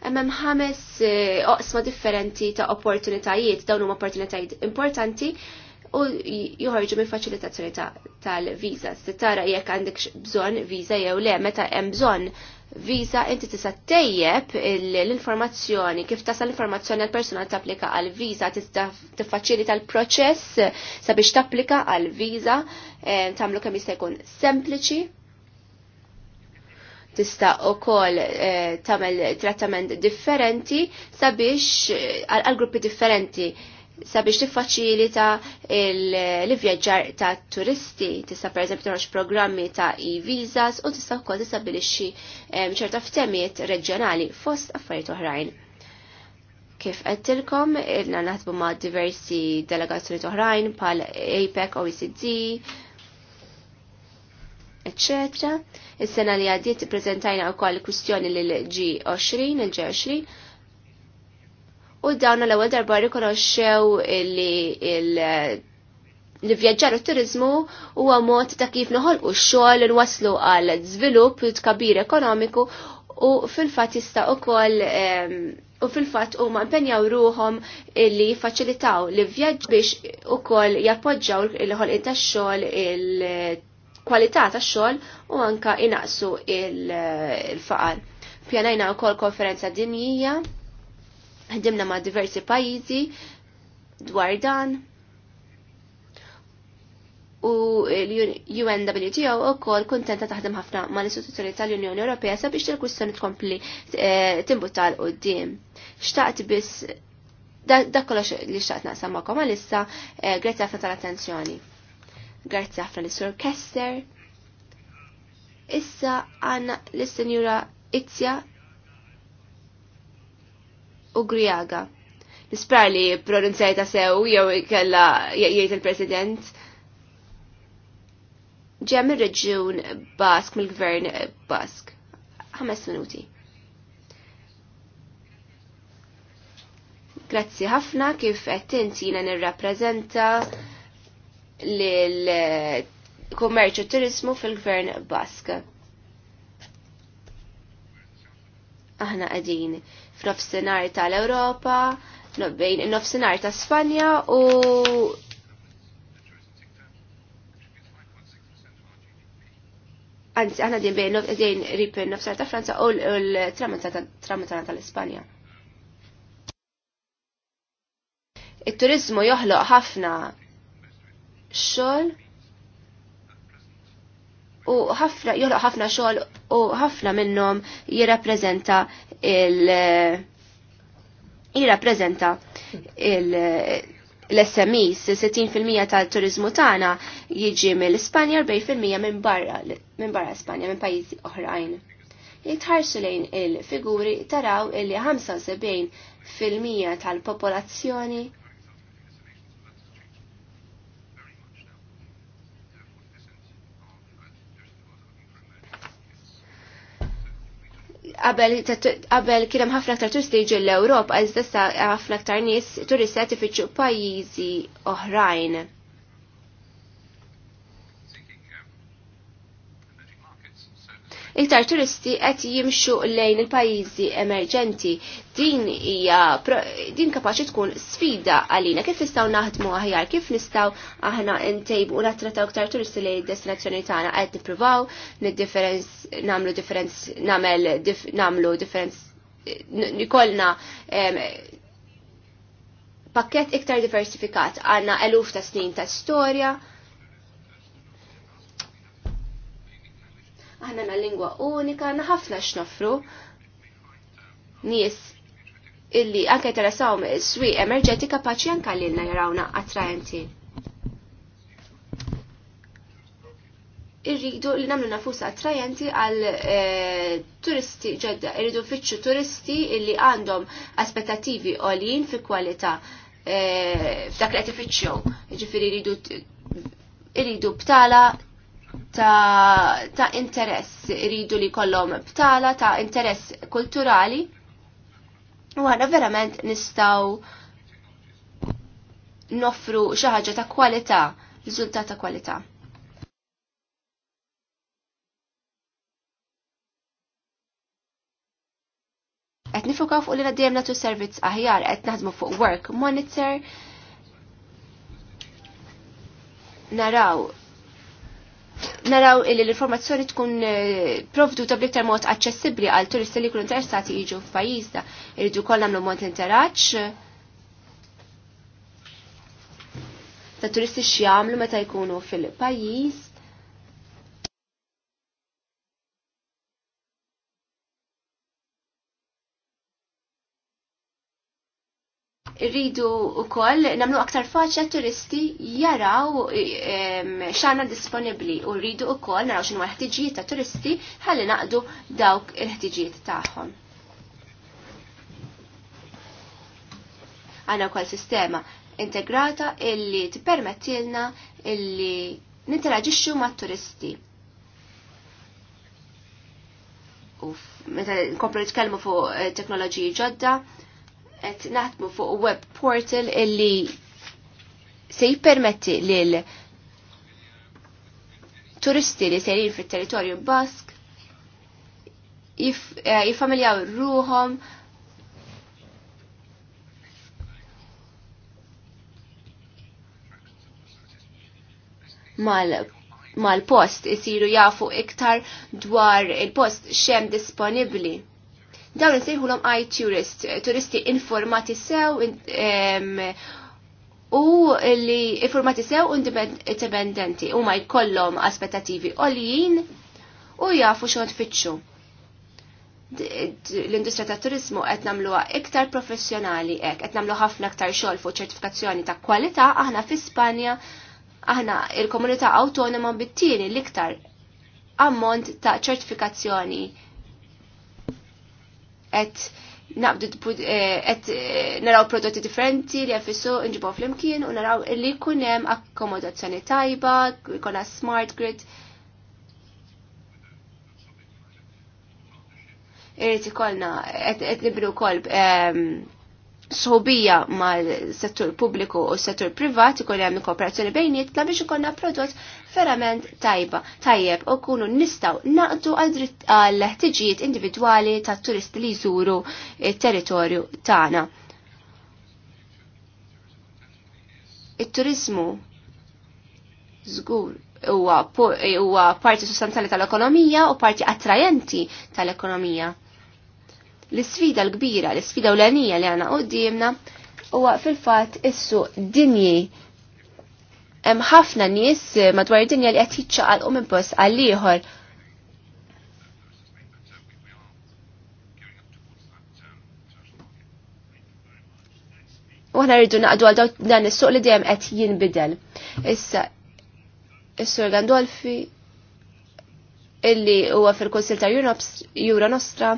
Hemm ħames eh, oqsma differenti ta' opportunitajiet, dawn huma opportunitajiet importanti u joħorġu minn faċilitazzjoni tal-viza. Se tara jekk għandek bżonn viza jew le, meta hemm bżonn viza inti tista' tejjeb l-informazzjoni, kif tasal l-informazzjoni għal persuna tapplika għal viza, tista' tiffaċilita l-proċess sabiex tapplika għal viza, eh, tagħmlu kemm jista' jkun sempliċi tista' ukoll eh, tagħmel trattament differenti sabiex eh, għal gruppi differenti sabiex tiffaċilita l-vjaġġar ta' turisti, tista' pereżempju toroġ programmi ta' e-visas u tista' wkoll tistabilixxi eh, ċerta ftemijiet reġjonali fost affarijiet oħrajn. Kif il ilna naħdmu ma' diversi delegazzjoni oħrajn pal APEC, OECD, etc. Is-sena li għaddiet prezentajna wkoll kwistjoni lil G20, il-G20, u dawna l-ewwel darba rikonoxxew li il- li vjaġġar u turizmu huwa mod ta' kif noħolqu x-xogħol inwaslu għal żvilupp kabir ekonomiku u fil-fatt jista' ukoll u fil-fatt huma impenjaw ruhom li faċilitaw li vjaġġ biex ukoll jappoġġaw il-ħolqien tax-xogħol il kwalità tax-xogħol u anka inaqsu il-faqar. Pjanajna wkoll konferenza dinjija, ħdimna ma' diversi pajjiżi dwar dan u l-UNWTO u kol kontenta taħdem ħafna ma l-istituzzjoni tal-Unjoni Ewropea sabiex il-kwistjoni tkompli eh, timbuttal u d-dim. Xtaqt biss dak kollox li xtaqt naqsam ma'kom għalissa, eh, grazzi ħafna tal-attenzjoni. Grazzi ħafna l-Sur Kester. Issa għanna l-Senjura Itzja u Griaga. Nispera li pronunzjajta sew jew kella jgħid il-President. Ġem il reġjun Bask mill-Gvern Bask. 5 minuti. Grazzi ħafna kif qed inti nirrappreżenta l-kummerċu turismu fil-gvern Bask. Aħna qegħdin f'nofsinhar tal-Ewropa, bejn nofsinhar ta' Spanja u Anzi, aħna din bejn din rip nofsar ta' Franza u l-tramuntana tal-Ispanja. it turiżmu joħloq ħafna xogħol u ħafna jolo ħafna xogħol u ħafna minnhom jirrappreżenta il jirrapprezenta il l-SMEs, 60% tal-turizmu tagħna jiġi mill-Ispanja, 40% minn barra minn barra Spanja, minn pajjiżi oħrajn. Jitħarsu lejn il-figuri taraw illi 75% tal-popolazzjoni qabel kien hemm ħafna aktar turisti jiġu l-Ewropa, iżda ħafna aktar nies turisti tifittxu pajjiżi oħrajn. iktar turisti qed jimxu lejn il-pajjiżi emerġenti. Din hija din kapaċi tkun sfida għalina kif nistgħu naħdmu aħjar, kif nistgħu aħna ntejbu u nattrataw iktar turisti lejn id-destinazzjoni tagħna qed nippruvaw nagħmlu differenz nagħmel nagħmlu differenz nikolna pakket iktar diversifikat għanna eluf ta' snin ta' storja, aħna na lingwa unika, na ħafna x'nofru. Nies illi anke interessawhom is-swieq emerġenti kapaċi anke lilna jarawna attraenti. Irridu li nagħmlu nafusa attrajenti għal eh, turisti ġedda, irridu fitxu turisti illi għandhom aspettativi għolin fi kwalità eh, f'dak li qed ifittxew. Jiġifieri irridu irridu btala ta', ta interess iridu li kollhom btala ta' interess kulturali u għana verament nistaw noffru xi ħaġa ta' kwalità, riżultat ta' kwalità. Qed nifukaw fuq li dejjem natu servizz aħjar qed naħdmu fuq work monitor naraw naraw li l-informazzjoni tkun eh, provduta bliktar mod aċċessibbli għal turisti li jkunu interessati jiġu f'pajjiżna. Irridu kollha nagħmlu mod interaġġ eh, ta' turisti x'jagħmlu meta jkunu fil-pajjiż rridu u koll namlu aktar faċa turisti jaraw xana disponibli u rridu u koll naraw xinu ħtiġijiet ta' turisti ħalli naqdu dawk il-ħtiġijiet tagħhom. Għana koll sistema integrata illi tippermettilna illi ninteraġixxu ma' turisti. U meta nkomplu nitkellmu fuq eh, teknoloġiji ġodda, qed naħdmu fuq web portal illi se jippermetti lil turisti li serin fit-territorju Bask eh, jiffamiljaw ruhom mal-post isiru jafu iktar dwar il-post xem disponibli. Dawn nsejħulhom eye tourist, turisti informati sew u li informati sew indipendenti u ma jkollhom aspettativi għoljin u jafu xogħol tfittxu l-industrija ta' turizmu qed nagħmluha iktar professjonali hekk, qed nagħmlu ħafna iktar xogħol fuq ċertifikazzjoni ta' kwalità aħna fi Spanja aħna il-komunità awtonoma bit-tieni l-iktar ammont ta' ċertifikazzjoni qed naqbdu eh, et eh, naraw prodotti differenti li jafissu nġibu flimkien u naraw li jkun hemm akkomodazzjoni tajba, kuna smart grid. Irrid ikollna qed nibru kolb ehm, sħobija mal-settur pubbliku u s-settur privat ikun hemm kooperazzjoni bejnietna biex ikonna prodott verament tajba tajjeb u kunu nistgħu naqdu għal ħtiġijiet individwali ta' turisti li jżuru t territorju tagħna. Il-turizmu żgur huwa parti sostanzjali tal-ekonomija u parti attrajenti tal-ekonomija. tal ekonomija L-sfida l-kbira, l-sfida ulanija li għana qoddimna huwa fil-fatt issu dinji hemm ħafna nies madwar id-dinja li qed jiċċaqalqu minn post għal ieħor. rridu naqdu għal dan is-suq li dejjem qed jinbidel. Issa is-Sur Gandolfi illi huwa fil-Kunsil ta' Europe Nostra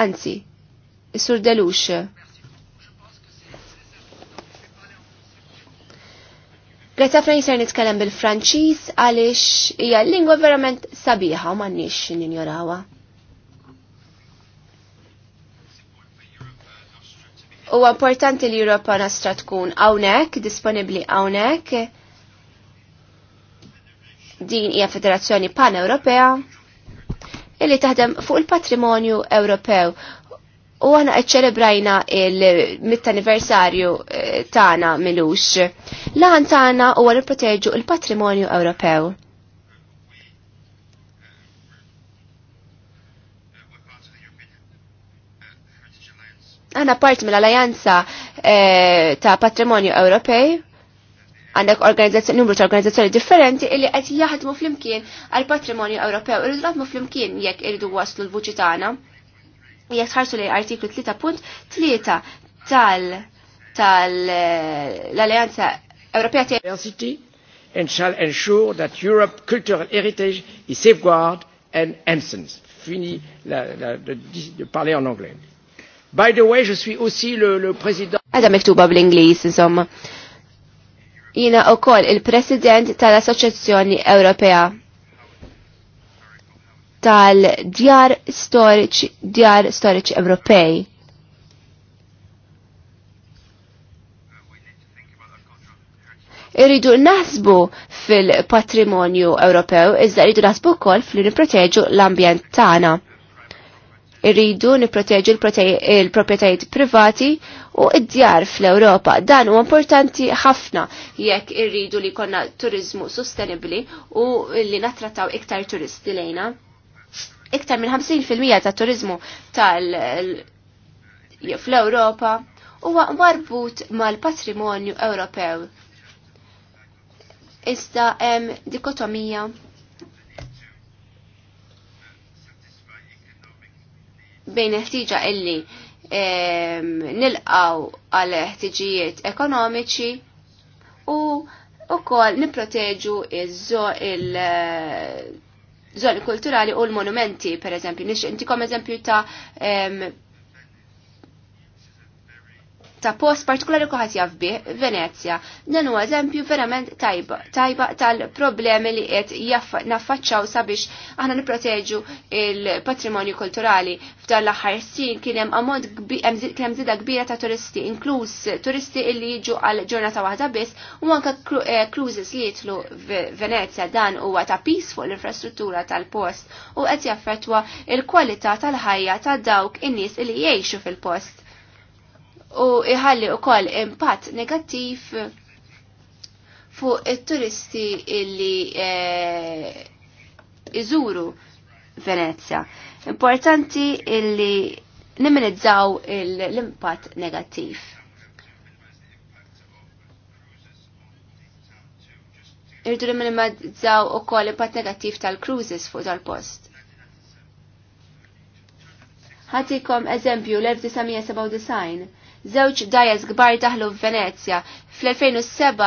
Anzi, Sur Delux. Grazie għafna jisar nitkellem bil franċiż għaliex hija lingwa verament sabiħa u m'għandniex ninjorawha. Huwa importanti li Europa Nostra tkun hawnhekk, disponibbli hawnhekk. Din hija Federazzjoni Pan-Ewropea illi taħdem fuq il-patrimonju Ewropew. U għana ċelebrajna il-mitt anniversarju eh, tana milux. Lan tana u għan proteġu il-patrimonju Ewropew. Għana part mill alajanza eh, ta' Patrimonju Ewropej għandek organizzazzjoni numru ta' organizzazzjoni differenti illi qed jaħdmu flimkien għal patrimonju Ewropew irridu naħdmu flimkien jekk irridu waslu l-vuċi tagħna. Jekk tħarsu li artiklu 3.3 tal tal-Alleanza Ewropea Diversity and shall ensure that Europe cultural heritage is safeguard and enhanced. Fini la, la, de, de parler en anglais. By the way, je suis aussi le, le président. Għada mektuba bl-Inglis, insomma jina u koll il-President tal-Assoċjazzjoni Ewropea tal-djar storiċ, djar storiċ Ewropej. Irridu naħsbu fil-patrimonju Ewropew, iżda irridu naħsbu kol fil-niproteġu l-ambjent tagħna. Irridu nipproteġu l-proprjetajiet privati u id-djar fl-Ewropa. Dan u importanti ħafna jekk irridu li konna turizmu sostenibli u li natrataw iktar turisti lejna. Iktar minn 50% ta' turizmu tal fl-Ewropa huwa marbut mal-patrimonju Ewropew. Iżda hemm dikotomija bejn ħtiġa illi nilqaw għal ħtiġijiet ekonomiċi u ukoll nipproteġu il żoni eh, kulturali u l-monumenti, per eżempju. Nix kom eżempju ta' ta' post partikolari kuħat jafbi, Venezia. Dan huwa eżempju verament tajba, tajba tal-problemi li qed naffaċċaw sabiex aħna nipproteġu il-patrimonju kulturali. F'dan l-aħħar sin kien hemm ammont kien hemm zida kbira ta' turisti, inkluż turisti li jiġu għal ġurnata waħda biss u anke eh, cruises li jitlu Venezia dan huwa ta' peace fuq l-infrastruttura tal-post u qed jaffettwa il-kwalità tal-ħajja ta' dawk in-nies li jgħixu fil-post u iħalli wkoll impatt negattiv fuq it-turisti illi eh, iżuru Venezia. Importanti illi niminizzaw l-impatt negattiv. Irdu niminimizzaw u koll impatt negattiv tal-cruises fuq tal-post. Ħatikom eżempju l-1997 Żewġ dajes kbar daħlu f'Venezja. Fl-2007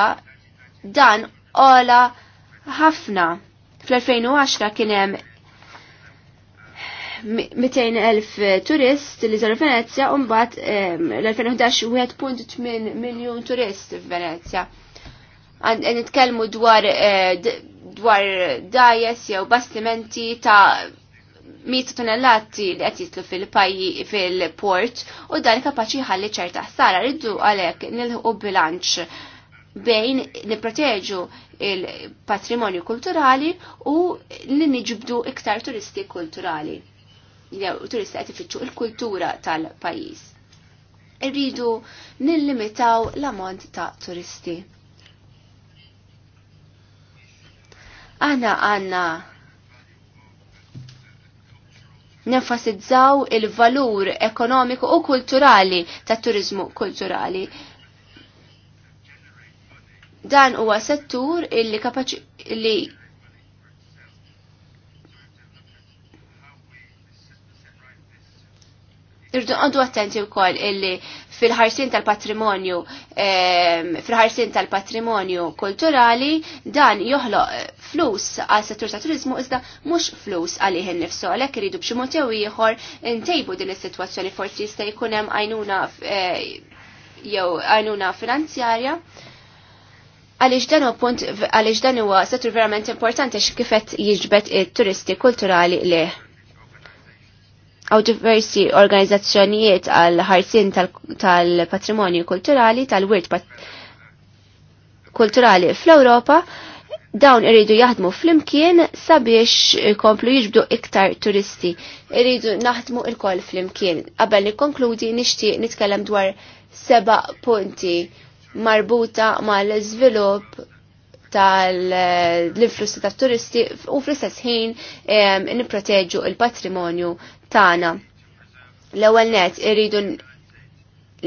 dan ola ħafna. Fl-2010 kien hemm 200.000 turist li żaru Venezja u mbagħad l-2011 1.8 miljun turist f'Venezja. Nitkellmu dwar eh, dwar dajes jew bastimenti ta' mit tonnellati li qed jitlu fil-pajji fil-port u dan kapaċi ħalli ċerta ħsara riddu għalhekk nilħu bilanċ bejn nipproteġu il-patrimonju kulturali u li niġbdu iktar turisti kulturali. turisti qed ifittxu il-kultura tal-pajjiż. Irridu nillimitaw l-ammont ta' turisti. Aħna għandna nenfasizzaw il-valur ekonomiku u kulturali ta' turizmu kulturali. Dan huwa settur illi kapaċi li irdu għandu attenti wkoll illi fil-ħarsin tal-patrimonju ehm, fil-ħarsin tal-patrimonju kulturali dan joħloq flus għal settur ta' turizmu iżda mhux flus għalih innifsu għalhekk iridu b'xi mod jew ieħor intejbu din is-sitwazzjoni forsi jista' jkun hemm għajnuna eh, jew għajnuna finanzjarja għalix dan u punt, għalix dan huwa settur verament importanti x'kifet jiġbet it-turisti kulturali leh għaw diversi organizzazzjonijiet għal ħarsin tal-patrimonju tal kulturali, tal-wirt kulturali fl-Europa, dawn iridu jaħdmu fl-imkien sabiex komplu jiġbdu iktar turisti. Iridu naħdmu il kol fl-imkien. Qabel nikkonkludi nixtieq nitkellem dwar seba punti marbuta mal-żvilupp tal-influssi tal turisti u fl-istess ħin nipproteġu il-patrimonju Tana. L-ewwel net irridu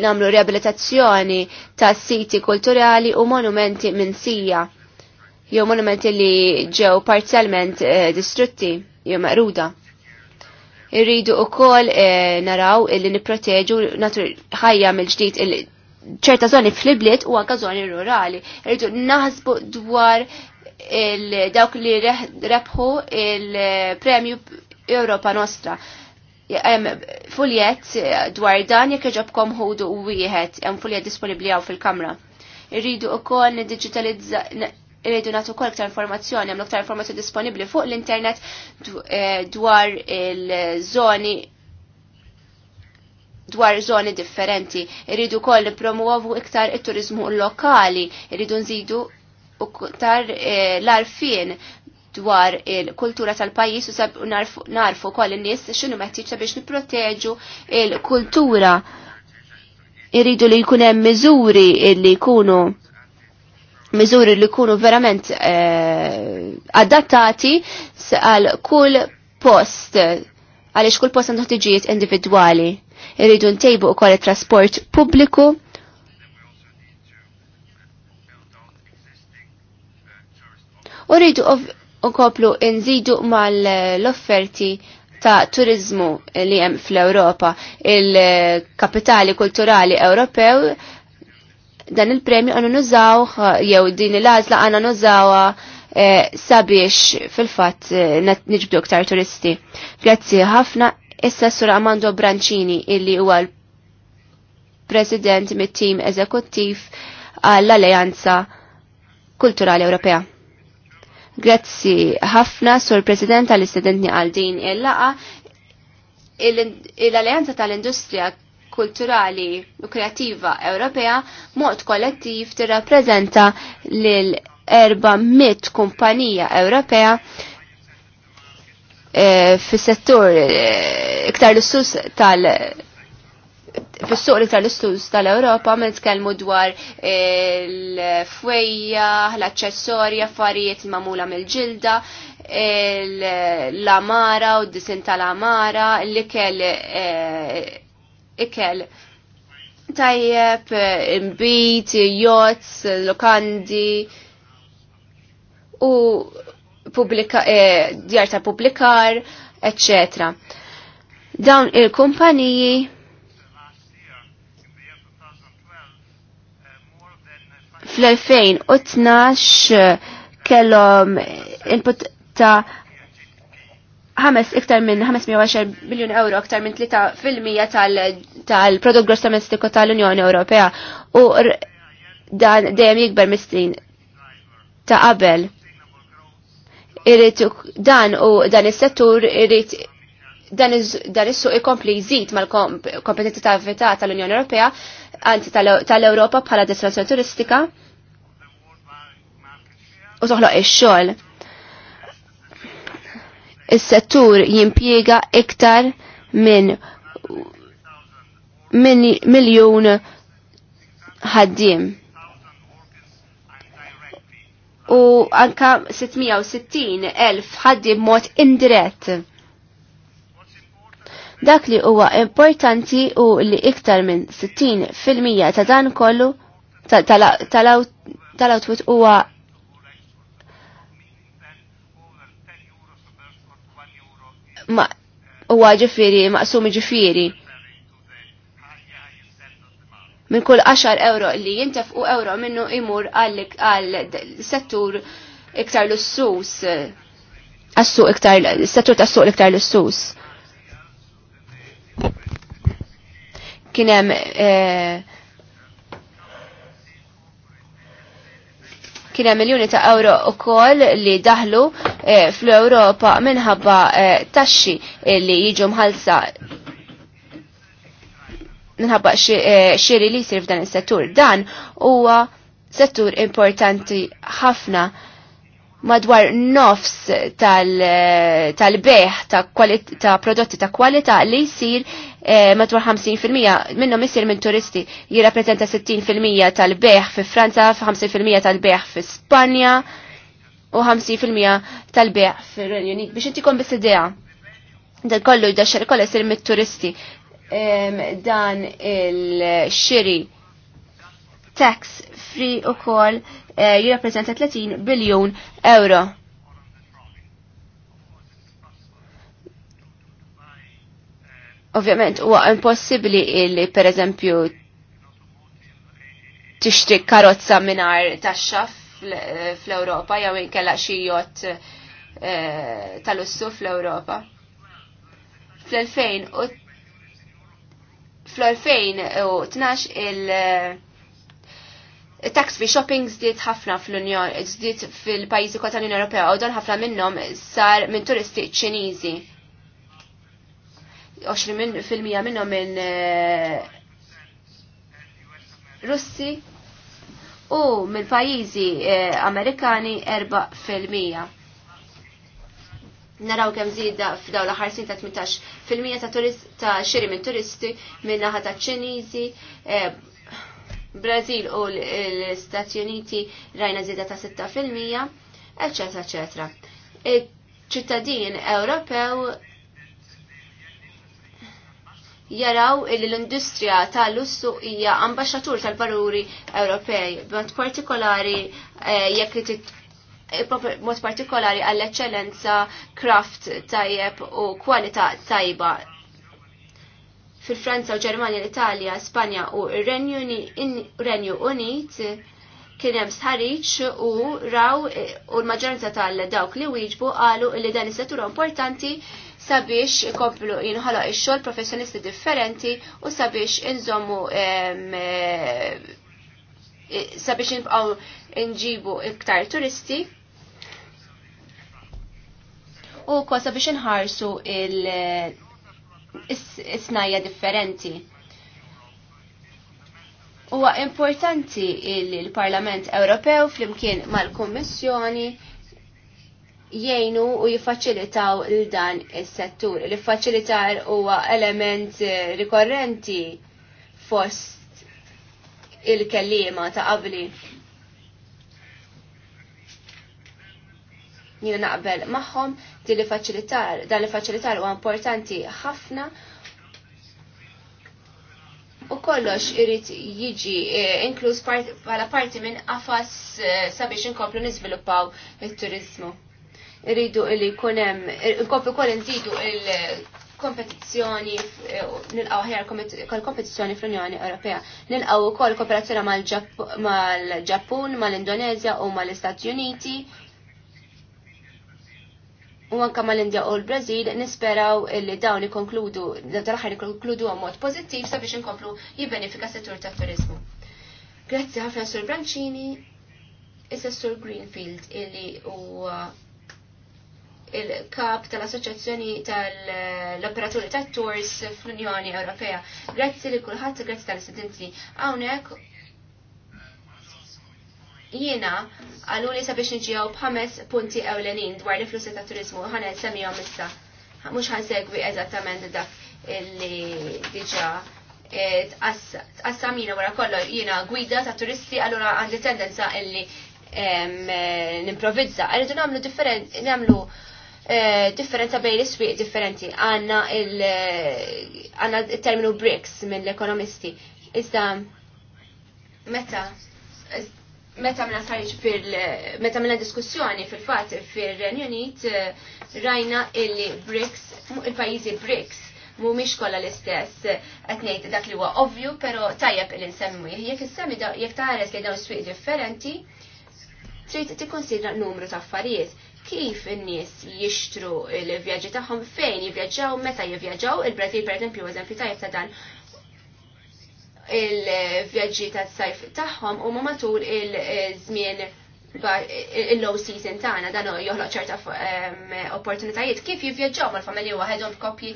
namlu rehabilitazzjoni ta' siti kulturali u monumenti sija, jew monumenti li ġew parzialment eh, distrutti jew maqruda. Irridu wkoll eh, naraw illi nipproteġu ħajja mill-ġdid ċerta zoni fl-ibliet u anka zoni rurali. Irridu naħsbu dwar dawk li rebħu il-premju Europa Nostra fuljet eh, dwar dan jekk iġobkom ħodu u wieħed hemm fuljet disponibbli hawn fil-kamra. Irridu wkoll niddiġitalizza irridu nagħtu wkoll iktar informazzjoni, hemm aktar informazzjoni disponibbli fuq l-internet eh, dwar il-żoni dwar żoni differenti. Irridu wkoll nippromuovu iktar it-turizmu lokali, irridu nżidu u eh, l arfien dwar il-kultura tal-pajis u sab narfu koll in-nies xinu meħtieġ sabiex nipproteġu il-kultura. Irridu li jkun hemm miżuri li jkunu miżuri li jkunu verament eh, adattati għal kull post għaliex kull post għandu ħtiġijiet individwali. Irridu ntejbu ukoll it-trasport pubbliku. U rridu koplu nżidu mal-offerti ta' turizmu li hemm fl-Ewropa. Il-kapitali kulturali Ewropew dan il-premju għannu nużaw, jew din il-għazla għanna nużawa eh, sabiex fil-fat eh, nġibdu ktar turisti. Grazzi ħafna, issa sur Amando Branċini illi huwa l-president mit-tim eżekuttiv għall-Alleanza Kulturali Ewropea. Grazzi ħafna sur President tal-istudentni għal din il-laqa. Il-Alleanza tal-Industrija Kulturali u Kreativa Ewropea mod kollettiv tirrappreżenta lil 400 kumpanija Ewropea eh, fis-settur eh, iktar l-sus tal- fis-suq li tal-istus tal-Ewropa ma nitkellmu dwar il-fwejja, l-aċċessorja, affarijiet magħmula mill-ġilda, l-amara u d-disin tal-amara, l-ikel eh, ikel tajjeb, imbit, jots, lokandi u pubblika, eh, djar ta' publikar, eccetera. Dawn il-kumpaniji Fl-2012 kellhom input ta' ħames iktar minn 510 miljun euro iktar minn 3% tal-prodott gross domestiku tal-Unjoni Ewropea u dan dejjem jikber mistin ta' qabel. Irrit dan u dan is-settur irrit dan is-suq ikompli jżid mal-kompetitività tal-Unjoni Ewropea anzi tal-Europa bħala destinazzjoni turistika u toħloq ix-xogħol. Is-settur jimpjega iktar minn miljun ħaddiem. U anka 660 elf ħaddiem mod indirett. Dak li huwa importanti u li iktar minn 60% ta' dan kollu tal-output huwa ma huwa ġifieri maqsumi ġifieri minn kull 10 euro li jintefqu euro minnu imur għal settur iktar l-sus għassu iktar, settur tas suq iktar l-sus. kienem eh, kienem miljoni ta' euro u koll li daħlu eh, fl-Europa minħabba eh, taxxi li jiġu mħalsa minħabba xiri li jisir f'dan il-settur. Dan huwa settur importanti ħafna madwar nofs tal-beħ tal ta', ta prodotti ta' kwalità li jisir eh, madwar 50% minnom jisir minn turisti jirrappreżenta 60% tal-beħ fi Franza, 50% tal-beħ fi Spanja u 50% tal-beħ fi Renju Unit biex inti bis idea. Dan kollu jdaxxer kollha jisir mit-turisti. dan il-xiri tax free u kol Eh, jirrapprezenta 30 biljun euro. Ovvjament, huwa impossibbli li pereżempju tixtri karozza minar taxxa fl-Europa jew inkella xi jott eh, tal-ussu fl-Europa. Fl-2000 fl-2012 il- tax free shopping zdiet ħafna fl-Unjon, zdiet fil-pajjiżi kota l-Unjon Ewropea u dan ħafna minnhom sar minn turisti Ċiniżi. 20 minnhom minn eh, Russi u minn pajjiżi eh, Amerikani 4 Naraw kemm żieda f'dawn l-aħħar sin ta' 18 fil-mija ta' turist ta' xiri minn turisti minn naħa ta' Ċiniżi eh, Brazil u l-Stati Uniti rajna zida ta' 6%, eccetera, eccetera. Il-ċittadin Ewropew jaraw li l-industrija tal-lussu hija ambasċatur tal-valuri Ewropej, b'mod partikolari eh, jekk eh, mod partikolari għall-eċċellenza, craft tajjeb u kwalità tajba fil-Franza u Ġermanja, l-Italja, Spanja u renju Unit kien hemm sħariġ u raw u l-maġġoranza tal-dawk li wieġbu qalu li dan is-settur importanti sabiex ikomplu jinħoloq ix-xogħol professjonisti differenti u sabiex inżommu eh, sabiex nibqgħu nġibu iktar turisti u kwa sabiex inħarsu il- snajja differenti. Huwa importanti li l-Parlament Ewropew flimkien mal-Kummissjoni jgħinu u jiffaċilitaw il dan is-settur. L-iffaċilitar huwa element rikorrenti fost il-kellima ta' qabli. Jina naqbel maħħom li faċilitar, dan li faċilitar huwa importanti ħafna u kollox irrit jiġi eh, inkluż bħala parti minn qafas eh, sabiex inkomplu niżviluppaw it-turizmu. Irridu li kunem, inkomplu kol nżidu il-kompetizzjoni, eh, għaw ħjar kol-kompetizzjoni fl-Unjoni Ewropea. Nilqaw kol kooperazzjoni mal-Ġappun, mal-Indonezja u mal-Istati Uniti u anka mal-Indja u l-Brazil nisperaw li dawn ikonkludu, dal-ħar ikonkludu għamot pozittiv sabiex inkomplu jibbenefika settur ta' turizmu. Grazzi ħafna Sur Brancini, issa Sur Greenfield illi u il-kap tal-Assoċjazzjoni tal-Operaturi tat-Tours fl-Unjoni Ewropea. Grazzi li kulħadd, grazzi tal-istudenti hawnhekk Jiena għallu li sabiex nġijaw bħames punti ewlenin dwar li flussi ta' turizmu ħana semijom issa. Mux ħan segwi eżattament dak li diġa eh, tqassamina wara kollu jiena gwida ta' turisti allura għandi tendenza illi eh, nimprovizza. Għallu namlu differenti, namlu eh, differenza bej l-iswiq differenti. Għanna il-terminu bricks minn l-ekonomisti. Iżda, meta, meta minna sarriċ fil meta minna diskussjoni fil-fat fil-Renju Unit eh, rajna illi BRICS, il-pajizi BRICS miex kolla l-istess għetnejt dak li huwa ovvju, pero tajjeb il-insemmu. Jek semmi jek taħres li dawn sfiq differenti, trid tikkonsidra numru ta' affarijiet. Kif in-nies jixtru l-vjaġġi tagħhom fejn jivvjaġġaw, meta jivvjaġġaw, il-Brazil pereżempju eżempju tajjeb ta' dan il-vjaġġi ta' sajf tagħhom u matul il-żmien il-low season tagħna dan joħloq ċerta ehm, opportunitajiet kif jivvjaġġaw mal-familja waħedhom f'koppji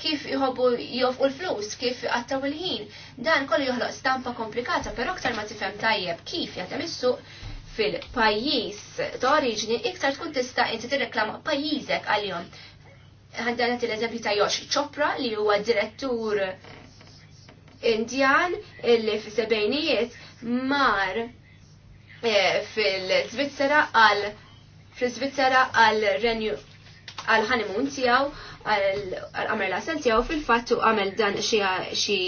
kif jħobbu jofqu l-flus, kif għattaw il-ħin. Dan kollu joħloq stampa komplikata, però aktar ma tifhem tajjeb kif jaħdem is-suq fil-pajjiż ta' oriġni iktar tkun tista' inti tirreklama pajjiżek għalihom. Ħaddanet l-eżempju ta' Josh Chopra li huwa direttur Indjan illi fis-sebejnijiet mar eh, fil-Svizzera għal fil-Svizzera għal renju għal honeymoon tiegħu għal għamel l-asel tiegħu fil fattu għamel dan xi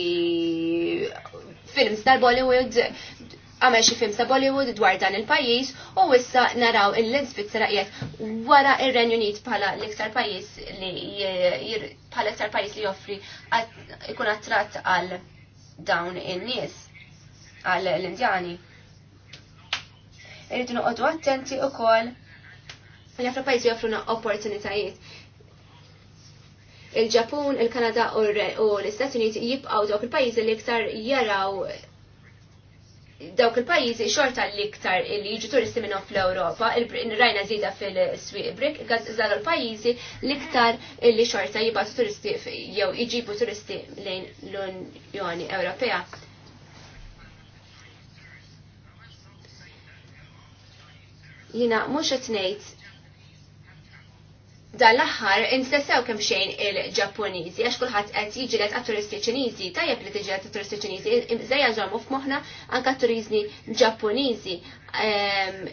films tal-Bollywood għamel xi films ta' Bollywood dwar dan il-pajjiż u issa naraw il-Svizzera qiegħed wara ir-Renju Unit bħala l-iktar pajjiż li bħala iktar pajjiż li joffri ikun attratt għal dawn in-nies għall l-Indjani. Irridu noqogħdu attenti wkoll li ħafna pajjiżi joffruna opportunitajiet. Il-Ġapun, il-Kanada u l-Istati Uniti jibqgħu dawk il-pajjiżi li iktar jaraw dawk il-pajjiżi xorta l-iktar li jiġu turisti minnhom fl-Ewropa, rajna żieda fil-Swiq Brick, żgħar l-pajjiżi l-iktar li xorta jibgħatu turisti jew iġibu turisti lejn l-Unjoni Ewropea. Jina mhux qed ngħid dan l-aħħar insessew kemm xejn il-Ġappuniżi għax kulħadd qed jiġilet għat-turisti Ċiniżi, tajjeb li tiġi għat-turisti Ċiniżi, żejja ġammu f'moħħna anke turizmi Ġappuniżi. Ehm,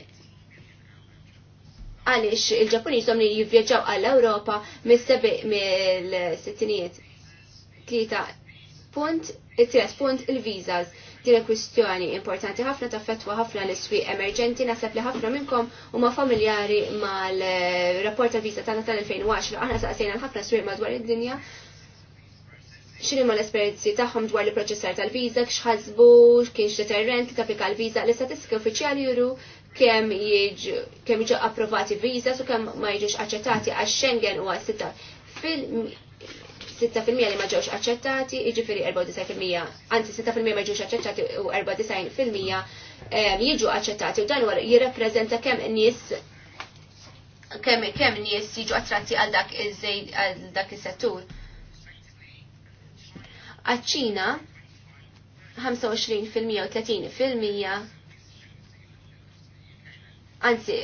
għaliex il-Ġappuniżi li jivvjaġġaw għall-Ewropa mill-sittinijiet. Tlieta punt, it tres punt il-viżas Din kwistjoni importanti ħafna fetwa ħafna l-iswi emerġenti nasab li ħafna minnkom u ma familjari mal-rapport ta' viza tagħna tal-2010 aħna saqsejna ħafna swir madwar id-dinja Xini ma l-esperienzi tagħhom dwar il-proċessar tal-viza, xħazbu, kienx deterrent li tapplika l-viza, l-istatistika uffiċjali juru kemm jiġu approvati viza u kemm ma jiġux aċċettati għax Schengen u għas-sitta fil 6% li ma ġewx aċċettati, jiġifieri 94%, anzi 6% ma ġewx aċċettati u 94% jiġu aċċettati u dan jirrappreżenta kemm nies kemm kemm nies jiġu attratti għal dak iż-żejd għal dak is-settur. Għaċ-Ċina 25% u 30% anzi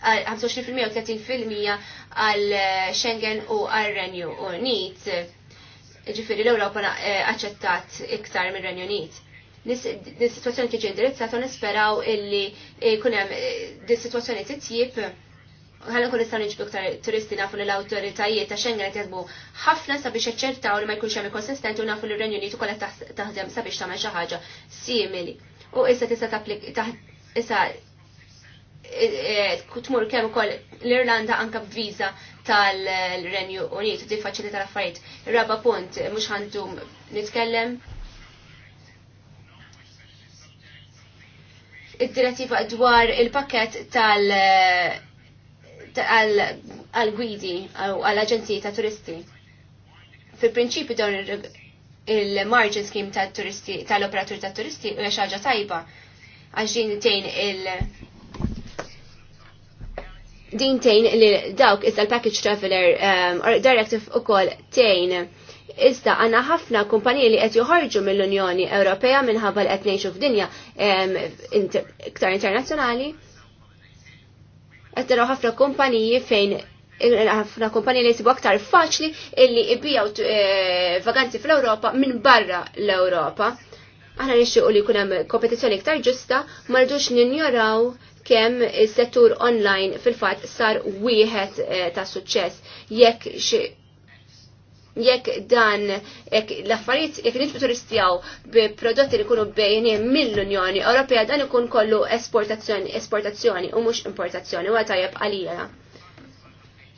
25% 30% għal Schengen u għal Renju Unit. Ġifiri l-Ewropa eh, aċċettat iktar minn Renju Unit. Nis-situazzjoni tiġi indirizzata, u nisperaw illi eh, kunem eh, dis-situazzjoni titjib ħalli kun nistgħu niġbu iktar turisti nafu li l-awtoritajiet ta' Schengen qed ħafna sabiex jaċċertaw li ma jkunx hemm konsistenti u nafu l r-Renju Unit ukoll taħdem sabiex tagħmel xi ħaġa simili. U issa tista' issa kutmur kemm ukoll l-Irlanda anka b'viża tal-Renju Unit u tiffaċilita tal affarijiet Raba punt mhux ħandum nitkellem. Id-direttiva dwar il-pakket tal għal-gwidi u għal-aġenziji ta' turisti. Fil-prinċipju dawn il-margin scheme tal-operatur ta' turisti u xaġa tajba għax din tejn il- din tejn li dawk is l-package traveler um, or directive u kol tejn. Iżda għanna ħafna kumpaniji li qed joħorġu mill-Unjoni Ewropea minħabba l qed ngħixu f'dinja um, iktar um, internazzjonali. Qed naraw ħafna kumpaniji fejn ħafna kumpaniji li jisibu aktar faċli illi jbijaw eh, vaganzi fl-Ewropa minn barra l-Ewropa Aħna nixtiequ li jkun hemm kompetizzjoni iktar ġusta, ma rridux ninjoraw kemm is-settur online fil-fatt sar wieħed eh, ta' suċċess. Jekk jekk dan jekk l-affarijiet jekk nitbu turistijaw bi prodotti li jkunu bejni mill-Unjoni Ewropea dan ikun kollu esportazzjoni esportazzjoni u mhux importazzjoni u tajjeb għalija.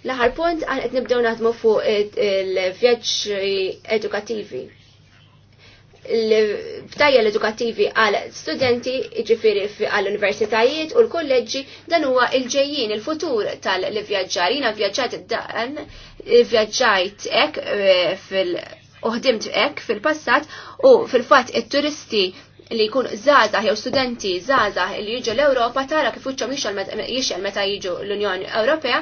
L-aħħar punt qed nibdew naħdmu fuq il-vjaġġi edukattivi l l edukattivi għal studenti, ġifiri għal universitajiet u l-kolleġġi, dan huwa il-ġejjin, il-futur tal-vjaġġar. Jina vjaġġat dan, vjaġġajt ek eh, fil- uħdimt ek fil-passat u fil-fat it-turisti li jkun zazah jew studenti zazah li jiġu l-Ewropa tara kif uċċom jixel meta jiġu l-Unjoni Ewropea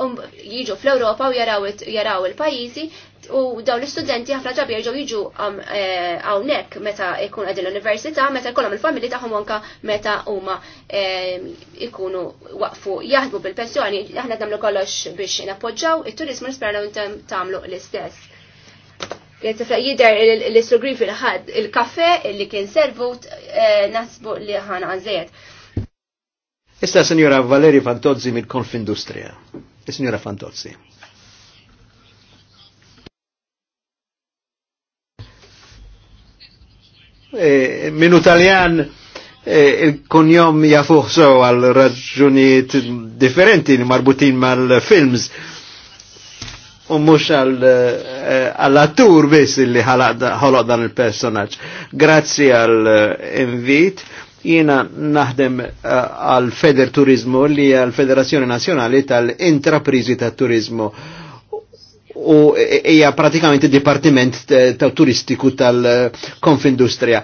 um, jiġu fl-Ewropa u jaraw il-pajjiżi u dawn l-istudenti ħafna ġabi jerġgħu jiġu um, eh, hawnhekk meta ikun għad l-università, meta jkollhom il-familji tagħhom anka meta huma jkunu eh, waqfu jaħdmu bil-pensjoni, aħna damlu kollox biex inappoġġaw it-turizmu nisperna intem tamlu l-istess. Jettifla jider l istrugrif il-ħad il-kafe li kien servut eh, nasbu li ħana għazziet. Issa, Signora Valeri Fantozzi mill-Konfindustrija. Signora Fantozzi. e, eh, minu taljan eh, il-kunjom jafuħ so għal raġunijiet differenti li marbutin mal-films u mux għal eh, attur bis li ħoloq dan il personaċ Grazzi għal invit jina naħdem għal Feder Turizmu li għal Federazzjoni Nazjonali tal-Intraprizi tal-Turizmu u hija pratikament dipartiment ta' turistiku tal-Konfindustrija.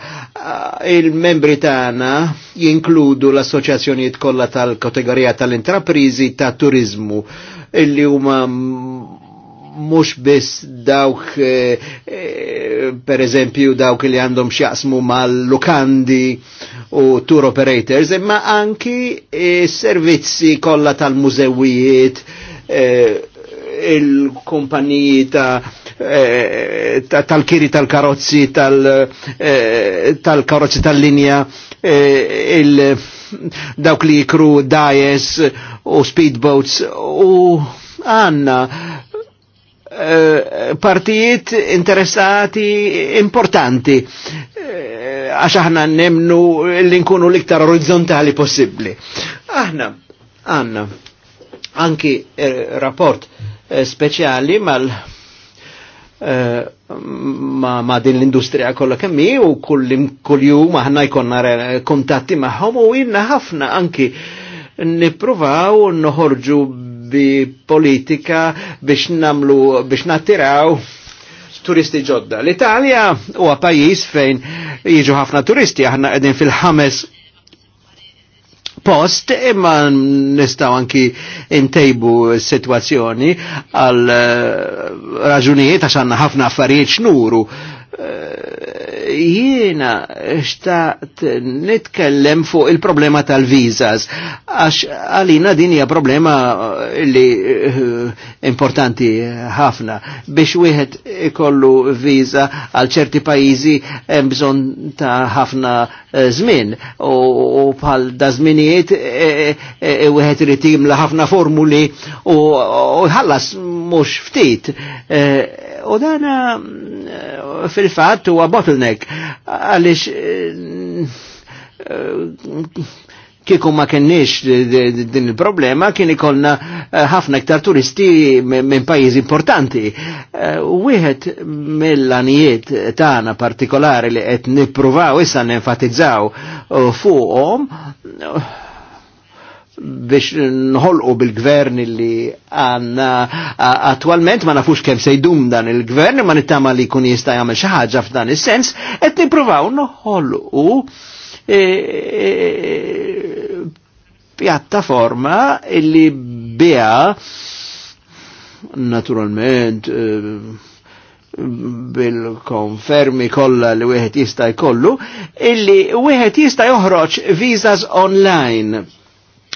Eh, il-membri tagħna jinkludu l-assoċjazzjonijiet kollha tal-kategorija tal-intraprizi ta' turizmu illi huma mhux biss dawk e, e, per eżempju dawk li għandhom xjaqsmu mal-lukandi u tour operators, imma anki e, servizzi kollha tal-mużewijiet, il-kumpaniji eh, ta' tal-kiri tal-karozzi eh, tal-karozzi tal-linja eh, dawk li jikru dajes u speedboats u għanna partijiet interessati importanti għax aħna nemnu li nkunu l-iktar orizzontali possibli. Aħna, għanna, anki rapport Eh, speċjali mal eh, ma, ma din l-industrija kollha kemm hi u kull kuljum aħna jkollna kuntatti magħhom u inna ħafna anki nippruvaw noħorġu bi politika biex namlu biex nattiraw turisti ġodda. L-Italja huwa pajjiż fejn jiġu ħafna turisti, aħna qegħdin fil-ħames post imma nistaw anki intejbu situazzjoni għal eh, raġunijiet għax ħafna affarijiet xnuru eh, jiena xtaqt nitkellem fuq il-problema tal-vizas, għax għalina din hija problema eh, li eh, importanti ħafna. Biex wieħed ikollu viza għal ċerti pajjiżi hemm bżonn ta' ħafna eh, żmien u bħal da żminijiet wieħed irid jimla ħafna formuli u ħallas mhux ftit. U dana fil-fatt huwa bottleneck hawnhekk għalix eh, eh, kieku ma kenniex din il-problema kien ikollna eh, ħafna iktar turisti minn pajjiż importanti. Wieħed mill-anijiet tagħna partikolari li qed nippruvaw issa nenfatizzaw fuqhom biex nħolqu bil-gvern li għanna attualment ma nafux kem sejdum dan il-gvern ma nittama li kun jista jgħamil xaħġa f'dan il-sens et niprovaw nħolqu e, e, pjattaforma illi bija naturalment e, bil-konfermi kollha li wieħed jista' jkollu, illi wieħed jista' joħroġ visas online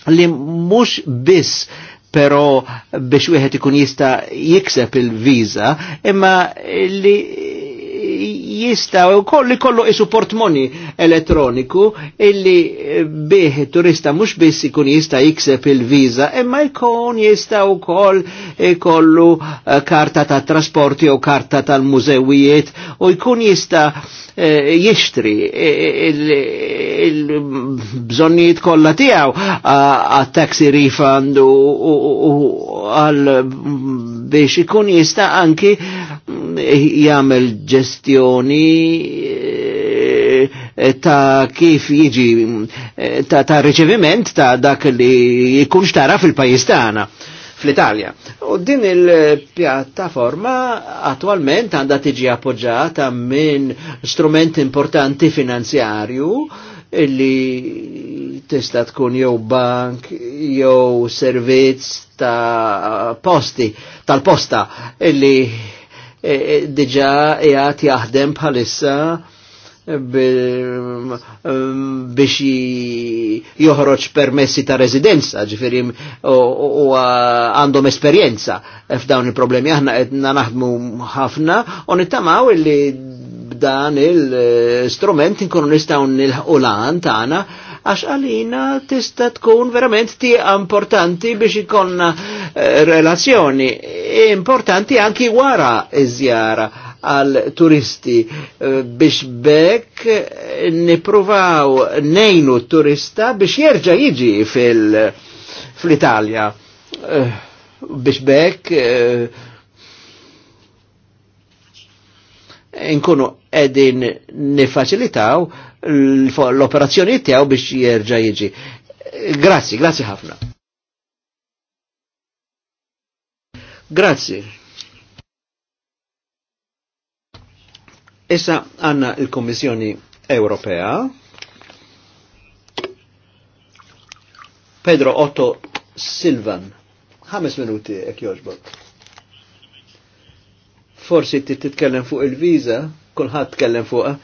li mhux biss pero biex wieħed ikun jista' jikseb il-viża, imma li jista u li kollu isu portmoni elettroniku illi eh, bih turista mux biss ikun jista jikseb il-viza imma jkun jistaw koll eh, kollu eh, karta ta' trasporti u karta tal-mużewijiet u jkun jista jishtri il-bżonnijiet kolla tijaw għal taxi refund u għal biex ikun jista anki jgħamil ġess kwestjoni eh, ta' kif jiġi eh, ta', ta riċeviment ta' dak li jkunx tara fil-pajis tagħna fl-Italja. U din il-pjattaforma attualment għandha tiġi appoġġata minn strument importanti finanzjarju li tista tkun jew bank jew servizz ta' posti tal-posta illi E, e, diġa jgħat jaħdem bħalissa um, biex joħroġ permessi ta' residenza, ġifiri, u għandhom esperienza f'dawn il-problemi. Aħna għedna naħdmu ħafna, u nittamaw illi dan il-strument eh, nkunu nistaw nil-ħulan tagħna għax għalina tista' tkun verament ti importanti biex ikonna eh, relazzjoni importanti anki wara iż għal turisti eh, biex bekk eh, nipruvaw nejnu turista biex jerġa jiġi fil-Italja biex bekk nkunu edin facilitaw l-operazzjoni tiegħu biex jerġa' jiġi. Grazzi, grazzi ħafna. Grazzi. Issa għanna il-Kommissjoni Ewropea. Pedro Otto Silvan. Ħames minuti ek joġbok. Forsi titkellem fuq il-viza, kulħadd tkellem fuqha.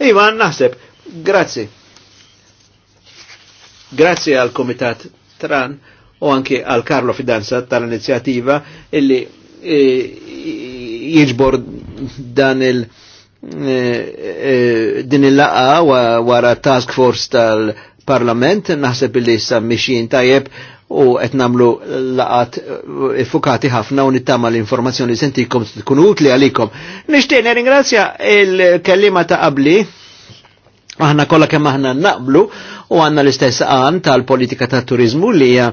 Iva, naħseb, Grazzi. Grazzi al Comitat Tran u anche al Karlo Fidanza tal-inizjativa illi eh, jiġbor dan il- eh, eh, din il-laqa wara task force tal-parlament naħseb illi sammixin tajjeb u qed nagħmlu laqat effukati ħafna u nittama l-informazzjoni li sentikom tkun utli għalikom. Nixtieq ringrazzja il-kellima ta' qabli Aħna kollha kemm aħna naqblu u għandna l-istess għan tal-politika ta' turizmu li hija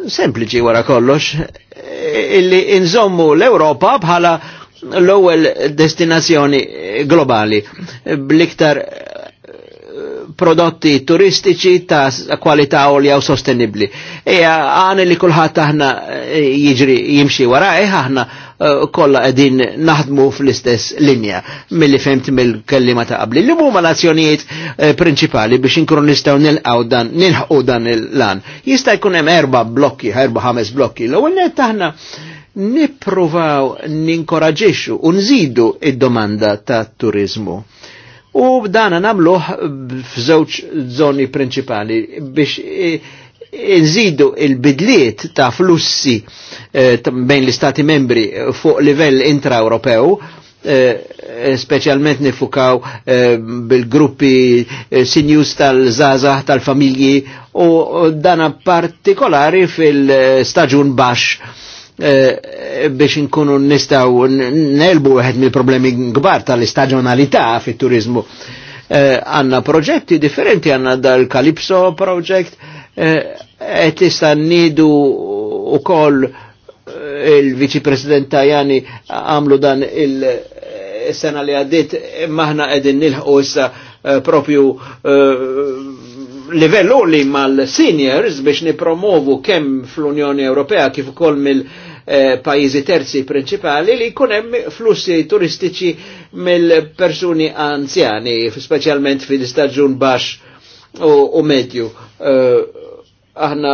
sempliċi wara kollox illi inżommu l-Ewropa bħala l-ewwel destinazzjoni globali bliktar eh, prodotti turistiċi ta' kwalità olja u sostenibli. Eja għan li kullħat aħna eh, jiġri jimxi wara eħ eh, aħna Eh, kollha qegħdin naħdmu fl-istess linja mill-li femt mill-kellima ta' qabli. Li huma nazjonijiet eh, prinċipali biex inkronistaw nil nilqgħu dan nilħqu dan il-lan. Jista' jkun hemm erba' blokki, erba' ħames blokki. L-ewwel net aħna nippruvaw ninkoraġixxu u nżidu id-domanda ta' turizmu. U dana namluħ f'żewġ zoni prinċipali biex eh, nżidu il-bidliet ta' flussi eh, bejn l-istati membri fuq livell intra-Ewropew, eh, specialment nifukaw eh, bil-gruppi sinjus tal zaza tal-familji u dana partikolari fil-staġun baxx biex nkunu nistaw nelbu għed mill problemi gbar tal-istaġjonalità fit turizmu Għanna proġetti differenti, għanna dal-Kalipso project, Eh, et istannidu nidu koll eh, il-Viċi President Tajani għamlu dan il-sena eh, li għaddit maħna qegħdin nilħu issa propju livellu li mal-seniors biex nipromovu kemm fl-Unjoni Ewropea kif ukoll mill- pajizi terzi principali li kunem flussi turistiċi mill-persuni anzjani, specialment fil istagġun bax u medju. E, aħna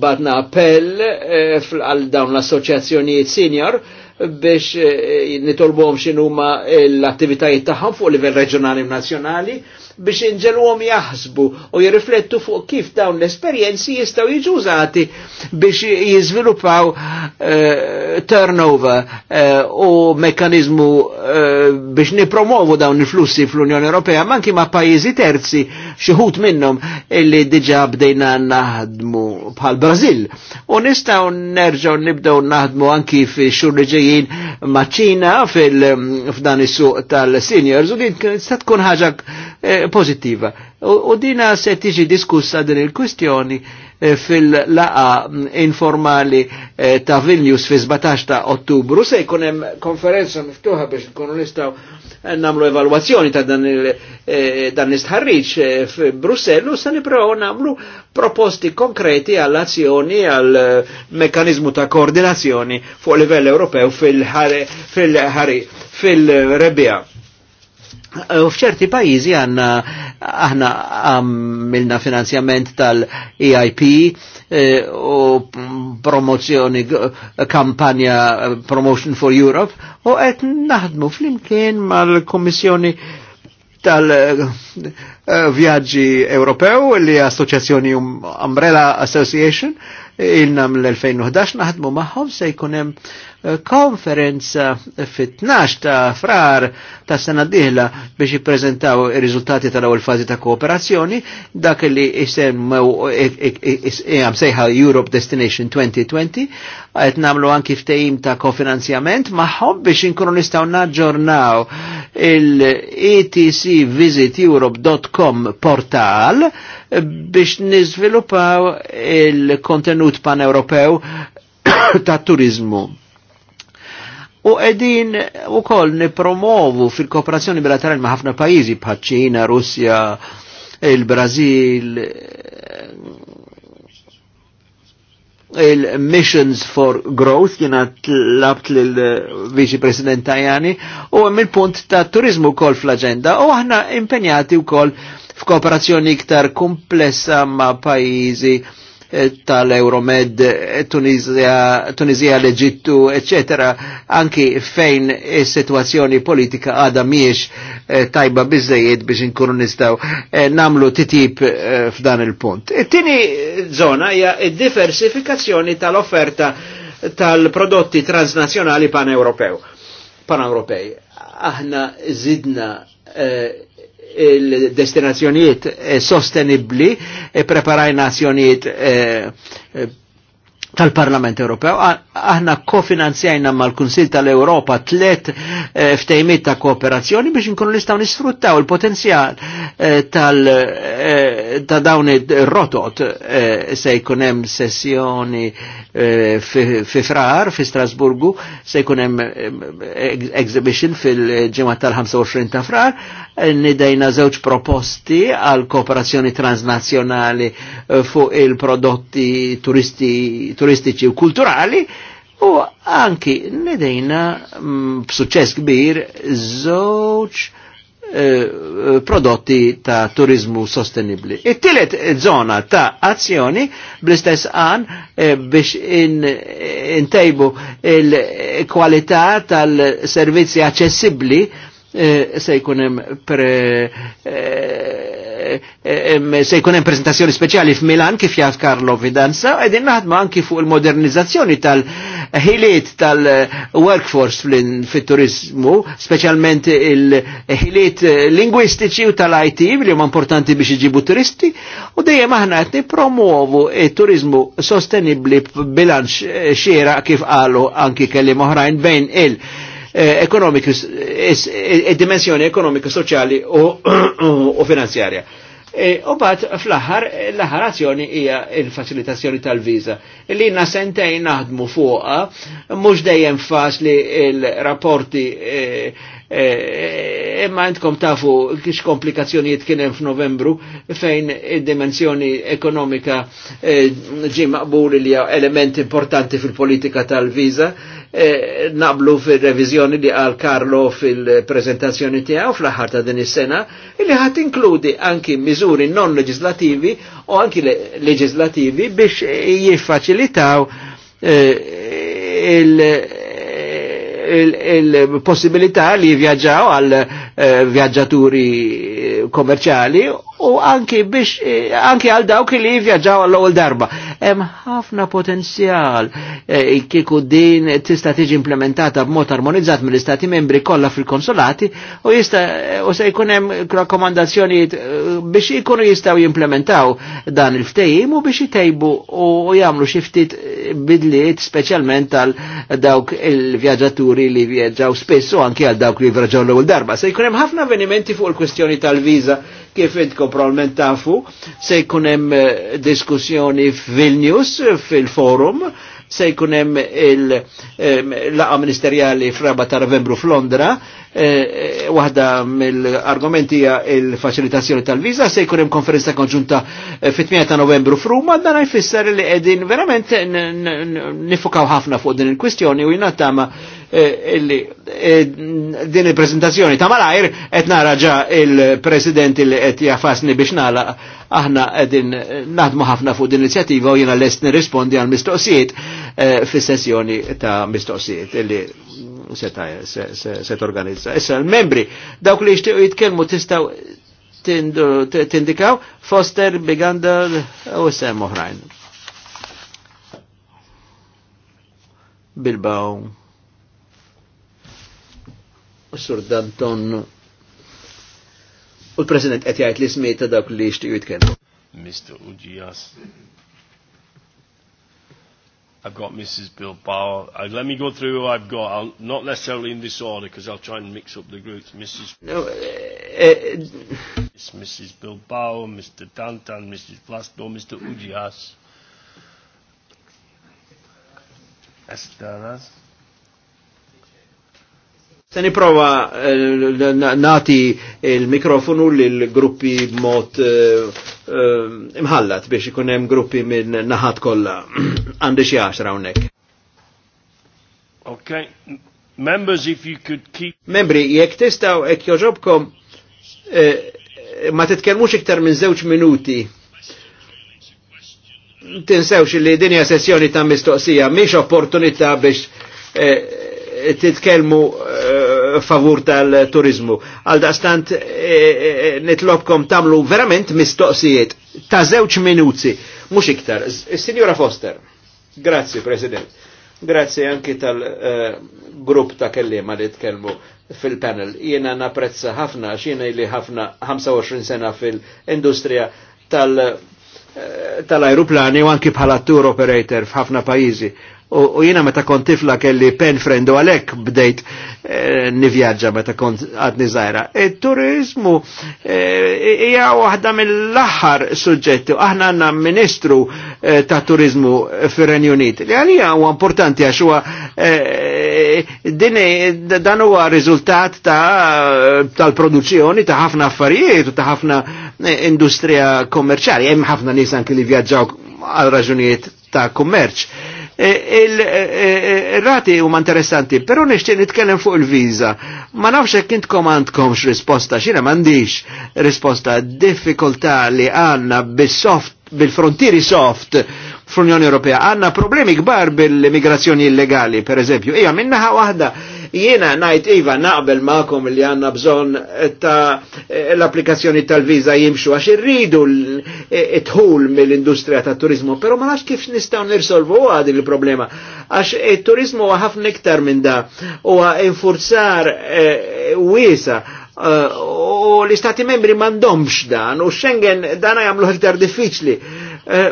badna appell e, għal dawn l-assoċjazzjonijiet senior biex e, nitolbom xinuma l-attivitajiet tagħhom fuq livell reġjonali u nazzjonali biex inġelwom jaħsbu u jirriflettu fuq kif dawn l-esperienzi jistaw jġużati biex jizviluppaw uh, eh, turnover uh, u mekanizmu uh, biex nipromovu dawn il-flussi fl-Unjoni Ewropea manki ma' pajizi terzi xieħut minnom illi diġa bdejna naħdmu bħal Brazil u nistaw nerġaw nibdaw naħdmu anki fi xurriġejjin ma' ċina f'dan is-suq tal-seniors u din tkun ħaġa Eh, pozittiva. U dina se tiġi diskussa din il-kwistjoni eh, fil-laqa mm, informali eh, ta' Vilnius fi 17 ta' ottubru se jkun hemm konferenza miftuħa biex nkunu nistgħu nagħmlu evalwazzjoni ta' dan l-istħarriġ f'Brussellu se nipprovaw nagħmlu proposti konkreti għall azzjoni għal mekkanizmu ta' koordinazzjoni fuq livell Ewropew fil-ħari fil-rebbija. U fċerti pajizi għanna aħna għamilna finanzjament tal-EIP eh, u promozjoni kampanja Promotion for Europe u għet naħdmu fl-imkien mal-Komissjoni tal-Vjaġġi Ewropew li Associazzjoni um-, Umbrella Association il-nam l-2011 naħdmu maħħom se jkunem hemm konferenza eh, eh, fit-12 ta' frar ta' sena diħla biex jippreżentaw ir-riżultati tal-ewwel fażi ta' kooperazzjoni dak li jisemmew jgħam sejħa Europe Destination 2020 qed nagħmlu anki ftehim ta' kofinanzjament magħhom biex inkunu nistgħu naġġornaw il-etcvisiteurope.com portal biex niżviluppaw il-kontenut pan-Ewropew [coughs] ta' turizmu U edin u kol nipromovu fil-kooperazzjoni bilaterali ma' ħafna pajizi bħal ċina, Russja, il-Brazil, il-Missions for Growth, jina t-labt l-Viċi President Tajani, u għem il-punt ta' turizmu kol fl-agenda, u aħna impenjati u kol f'kooperazzjoni iktar komplessa ma' pajizi Eh, tal-Euromed, eh, Tunizija, l-Eġittu, etc. Anki fejn eh, situazzjoni politika għada miex tajba bizzejiet biex inkunu nistaw namlu titib f'dan il-punt. It-tini e zona hija diversifikazzjoni tal-offerta tal-prodotti transnazjonali pan europew pan europej Aħna zidna eh, il-destinazzjonijiet eh, sostenibli, e preparajna azzjonijiet eh, eh, tal-Parlament Ewropew. Aħna kofinanzjajna mal-Kunsil tal-Europa tlet eh, ftejmiet ta' kooperazzjoni biex nkunu nistgħu nisfruttaw il-potenzjal eh, tal eh, ta' dawn rotot se jkun hemm sessjoni fi, fi frar fi Strasburgu se jkun hemm exhibition fil-ġimgħa tal-25 ta' frar nidejna żewġ proposti għal kooperazzjoni transnazzjonali fuq il-prodotti turisti turistiċi u kulturali u anki nedejna mm, b'suċċess kbir żewġ eh, eh, prodotti ta' turizmu sostenibli. It-tielet eh, zona ta' azzjoni bl-istess għan eh, biex eh, intejbu in il-kwalità tal-servizzi aċċessibbli eh, se jkunem pre se jkun hemm prezentazzjoni speċjali f'Milan kif jaf Karlo Vidanza, qegħdin naħdmu anki fuq il-modernizzazzjoni tal-ħiliet tal-workforce fit-turizmu, speċjalment il-ħiliet lingwistiċi u tal-IT li huma importanti biex iġibu turisti, u dejjem aħna qed nippromuovu turizmu sostenibbli bilanċ xiera kif qalu anki kelli oħrajn bejn il- Eh, ekonomiku, eh, eh, dimensjoni ekonomiku, soċjali u [clears throat] finanzjarja. U bat fl ħar l-aħħar azzjoni hija il-faċilitazzjoni tal-viża. Li na sentejn naħdmu fuqha, mhux dejjem faċli il-rapporti Eh, eh, imma għandkom tafu kiex komplikazzjonijiet kienem f'Novembru fejn id-dimensjoni ekonomika eh, ġi maqbul li element importanti fil-politika tal-viza naqblu fil-revizjoni li għal Karlo fil-prezentazzjoni tiegħu fl-aħħar ta' din is-sena li ħadd inkludi anki miżuri non leġislativi u anki leġislativi biex jiffaċilitaw il il-possibilità li vjaġġaw għal eh, vjaġġaturi kommerċali eh, u anki biex eh, anki għal dawk li jivjaġaw għall ewwel darba. Hemm ħafna potenzjal eh, kieku din tista' tiġi implementata b'mod armonizzat mill-istati membri kollha fil-konsolati u jista' eh, u se jkun hemm rakkomandazzjonijiet biex ikunu jistgħu jimplementaw dan il-ftehim u biex jtejbu u jagħmlu xi ftit bidliet speċjalment għal dawk il-vjaġġaturi li vjaġġaw spess u anki għal dawk li jivraġaw l-ewwel darba. Se jkun hemm ħafna avvenimenti fuq il-kwestjoni tal-viża kif intkom probablement tafu, se jkun hemm eh, diskussjoni f'Vilnius fil-forum, se jkun hemm il-laqa ministerjali fraba ta' Novembru f'Londra, eh, eh, waħda mill-argumenti il-faċilitazzjoni tal viza se jkun hemm konferenza konġunta fit-8 ta' Novembru f'Ruma, dan jfisser li qegħdin verament nifukaw ħafna fuq din il-kwistjoni u jingħatama Eh, illi eh, din il-prezentazzjoni ta' malajr qed nara ġa il-President il qed jafasni biex nala aħna qegħdin naħdmu ħafna fuq din inizjattiva u jiena lest nirrispondi għal mistoqsijiet eh, fis-sessjoni ta' mistoqsijiet illi se torganizza. Issa l-membri dawk li jixtiequ jitkellmu tistaw tindikaw Foster, Biganda u Sam oħrajn. Bilbao. Sur Danton u l-President qed jgħid li smiet ta' dawk li jixtiequ jitkellmu. Mr. Ujias. I've got Mrs. Bill Bilbao. Uh, let me go through who I've got. I'll, not necessarily in this order because I'll try and mix up the groups. Mrs. No, uh, uh, it's Mrs. Bilbao, Mr. Dantan, Mrs. Vlasto, Mr. Ujias. Esther, Se niprofa eh, nati il-mikrofonu l gruppi mod eh, eh, imħallat biex ikun hemm gruppi minn naħat kollha. [clears throat] Għandi xi għaxra hawnhekk. Okay. Members, if you could keep... Membri, jekk tistaw, ek joġobkom, ma titkelmux iktar minn żewġ minuti. Tinsewx li dinja sessjoni ta' mistoqsija, miex opportunità biex titkelmu eh, favur tal-turizmu. Għal daqstant eh, eh, nitlobkom tamlu verament mistoqsijiet ta' zewċ minuti, mux iktar. Signora Foster, grazzi President, grazzi anki tal-grupp ta' kellima li tkelmu fil-panel. Jiena napprezza ħafna, xina li ħafna 25 sena fil-industrija tal- tal-aeroplani u anki bħala tour operator f'ħafna pajizi. U jiena meta kont tifla kelli pen frendu u għalhekk bdejt eh, nivjaġġa meta kont għadni zaħra. Il-turizmu e eh, hija waħda mill-aħħar suġġetti. Aħna għandna ministru eh, ta' turizmu fir-Renju Unit. Li għalija huwa importanti għax huwa e, dan huwa riżultat tal-produzzjoni ta' ħafna affarijiet u ta' ħafna industrija kommerċali. Hemm ħafna nisan anki li vjaġġaw għal raġunijiet ta' kummerċ Il-rati huma interessanti, però nixtieq nitkellem fuq il-viża. Ma nafx hekk intkom għandkomx risposta, xina m'għandix risposta diffikultà li għandna bis-soft bil-frontieri soft fl-Unjoni Ewropea għandna problemi kbar bil immigrazzjoni illegali, per eżempju. Ija minnaħa waħda Jiena najt iva naqbel ma'kom li għanna bżon ta' l-applikazzjoni tal-viza jimxu għax irridu tħul mill-industrija ta' turizmu, pero ma nafx kif nistaw nirsolvu għad il-problema. Għax il-turizmu ħafna iktar minn da u infurzar eh, wisa eh, u l-istati membri mandomx dan u Schengen dan għamlu iktar diffiċli. Eh,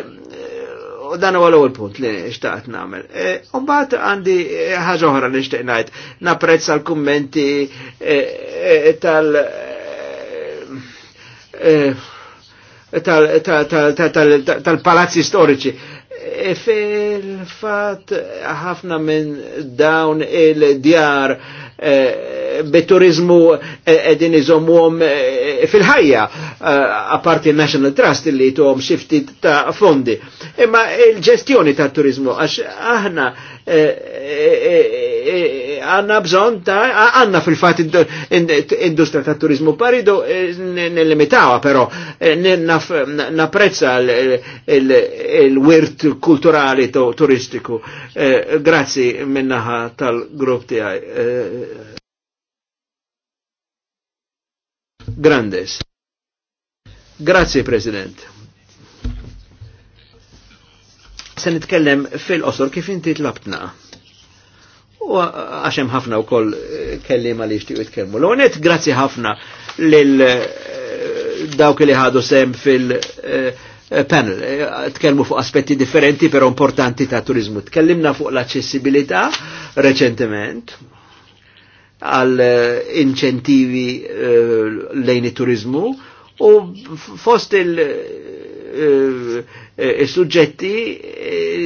dan u għal ewwel punt li xtaqt namel. E, Umbat għandi e, ħagħu ħra li xtaqt ngħid. Napprezza l kommenti e, tal- tal-palazzi storiċi. Fil-fat ħafna minn dawn il-djar Eh, bit-turizmu eh, edin iżommuhom eh, fil-ħajja, apparti national Trust li tuhom xifti ta' fondi. Imma il-ġestjoni ta' turizmu, għax aħna għanna bżon ta' għanna fil-fat industria ta' turizmu paridu nil-limitawa, pero naprezza il-wirt kulturali turistiku. Grazzi minnaħa tal-grupp tijaj. Grandes. Grazie, President. Se nitkellem fil-qosor kif inti tlabtna. U għaxem ħafna u koll eh, kellima li jishtiqu jitkellmu. L-għonet, grazie ħafna lil eh, dawk li ħadu sem fil-panel. Eh, tkellmu fuq aspetti differenti, pero importanti ta' turizmu. Tkellimna fuq l-accessibilità reċentement għal eh, inċentivi eh, lejn it-turizmu u fost il- uh, suġġetti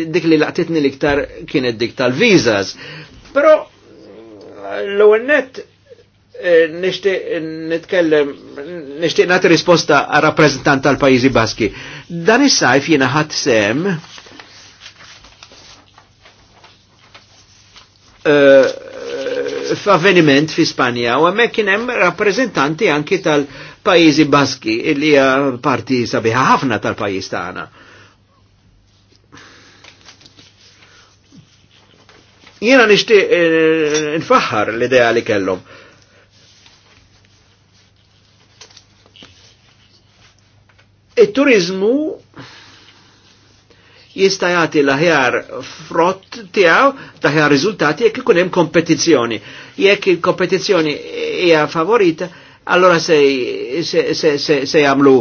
dik li laqtitni liktar kienet dik tal-vizas. Pero l-għennet nishtiq nitkellem, nishtiq nati risposta għal rappreżentant tal-Pajizi Baski. Dan is-sajf jiena ħadd sem uh, f'avveniment fi Spanja u hemmhekk kien hemm rappreżentanti anki tal-pajjiżi Baski li hija parti sabiħa ħafna tal-pajjiż tagħna. Jiena nixtieq eh, nfaħħar l-idea li kellhom. it turizmu jista' jagħti l'aħjar frott tijaw, taħjar rizultati jekk ikun hemm kompetizzjoni. Jekk il-kompetizzjoni hija favorita, allora se jagħmlu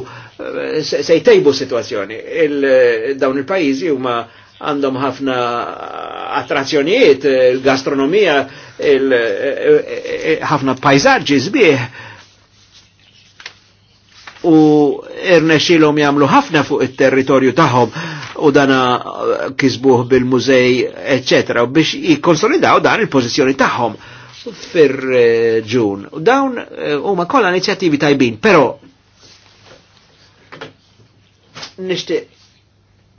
se jtejbu situazzjoni. Il, dawn il-pajjiżi huma għandhom ħafna attrazzjonijiet, il-gastronomija, ħafna il pajzaġġi u irnexilom jamlu ħafna fuq il territorju tagħhom u dana eh, kisbuh bil-mużej, eccetera, u biex jikonsolidaw dan il-pozizjoni tagħhom fir-ġun. U dawn eh, huma kollha inizjattivi tajbin, però nixtieq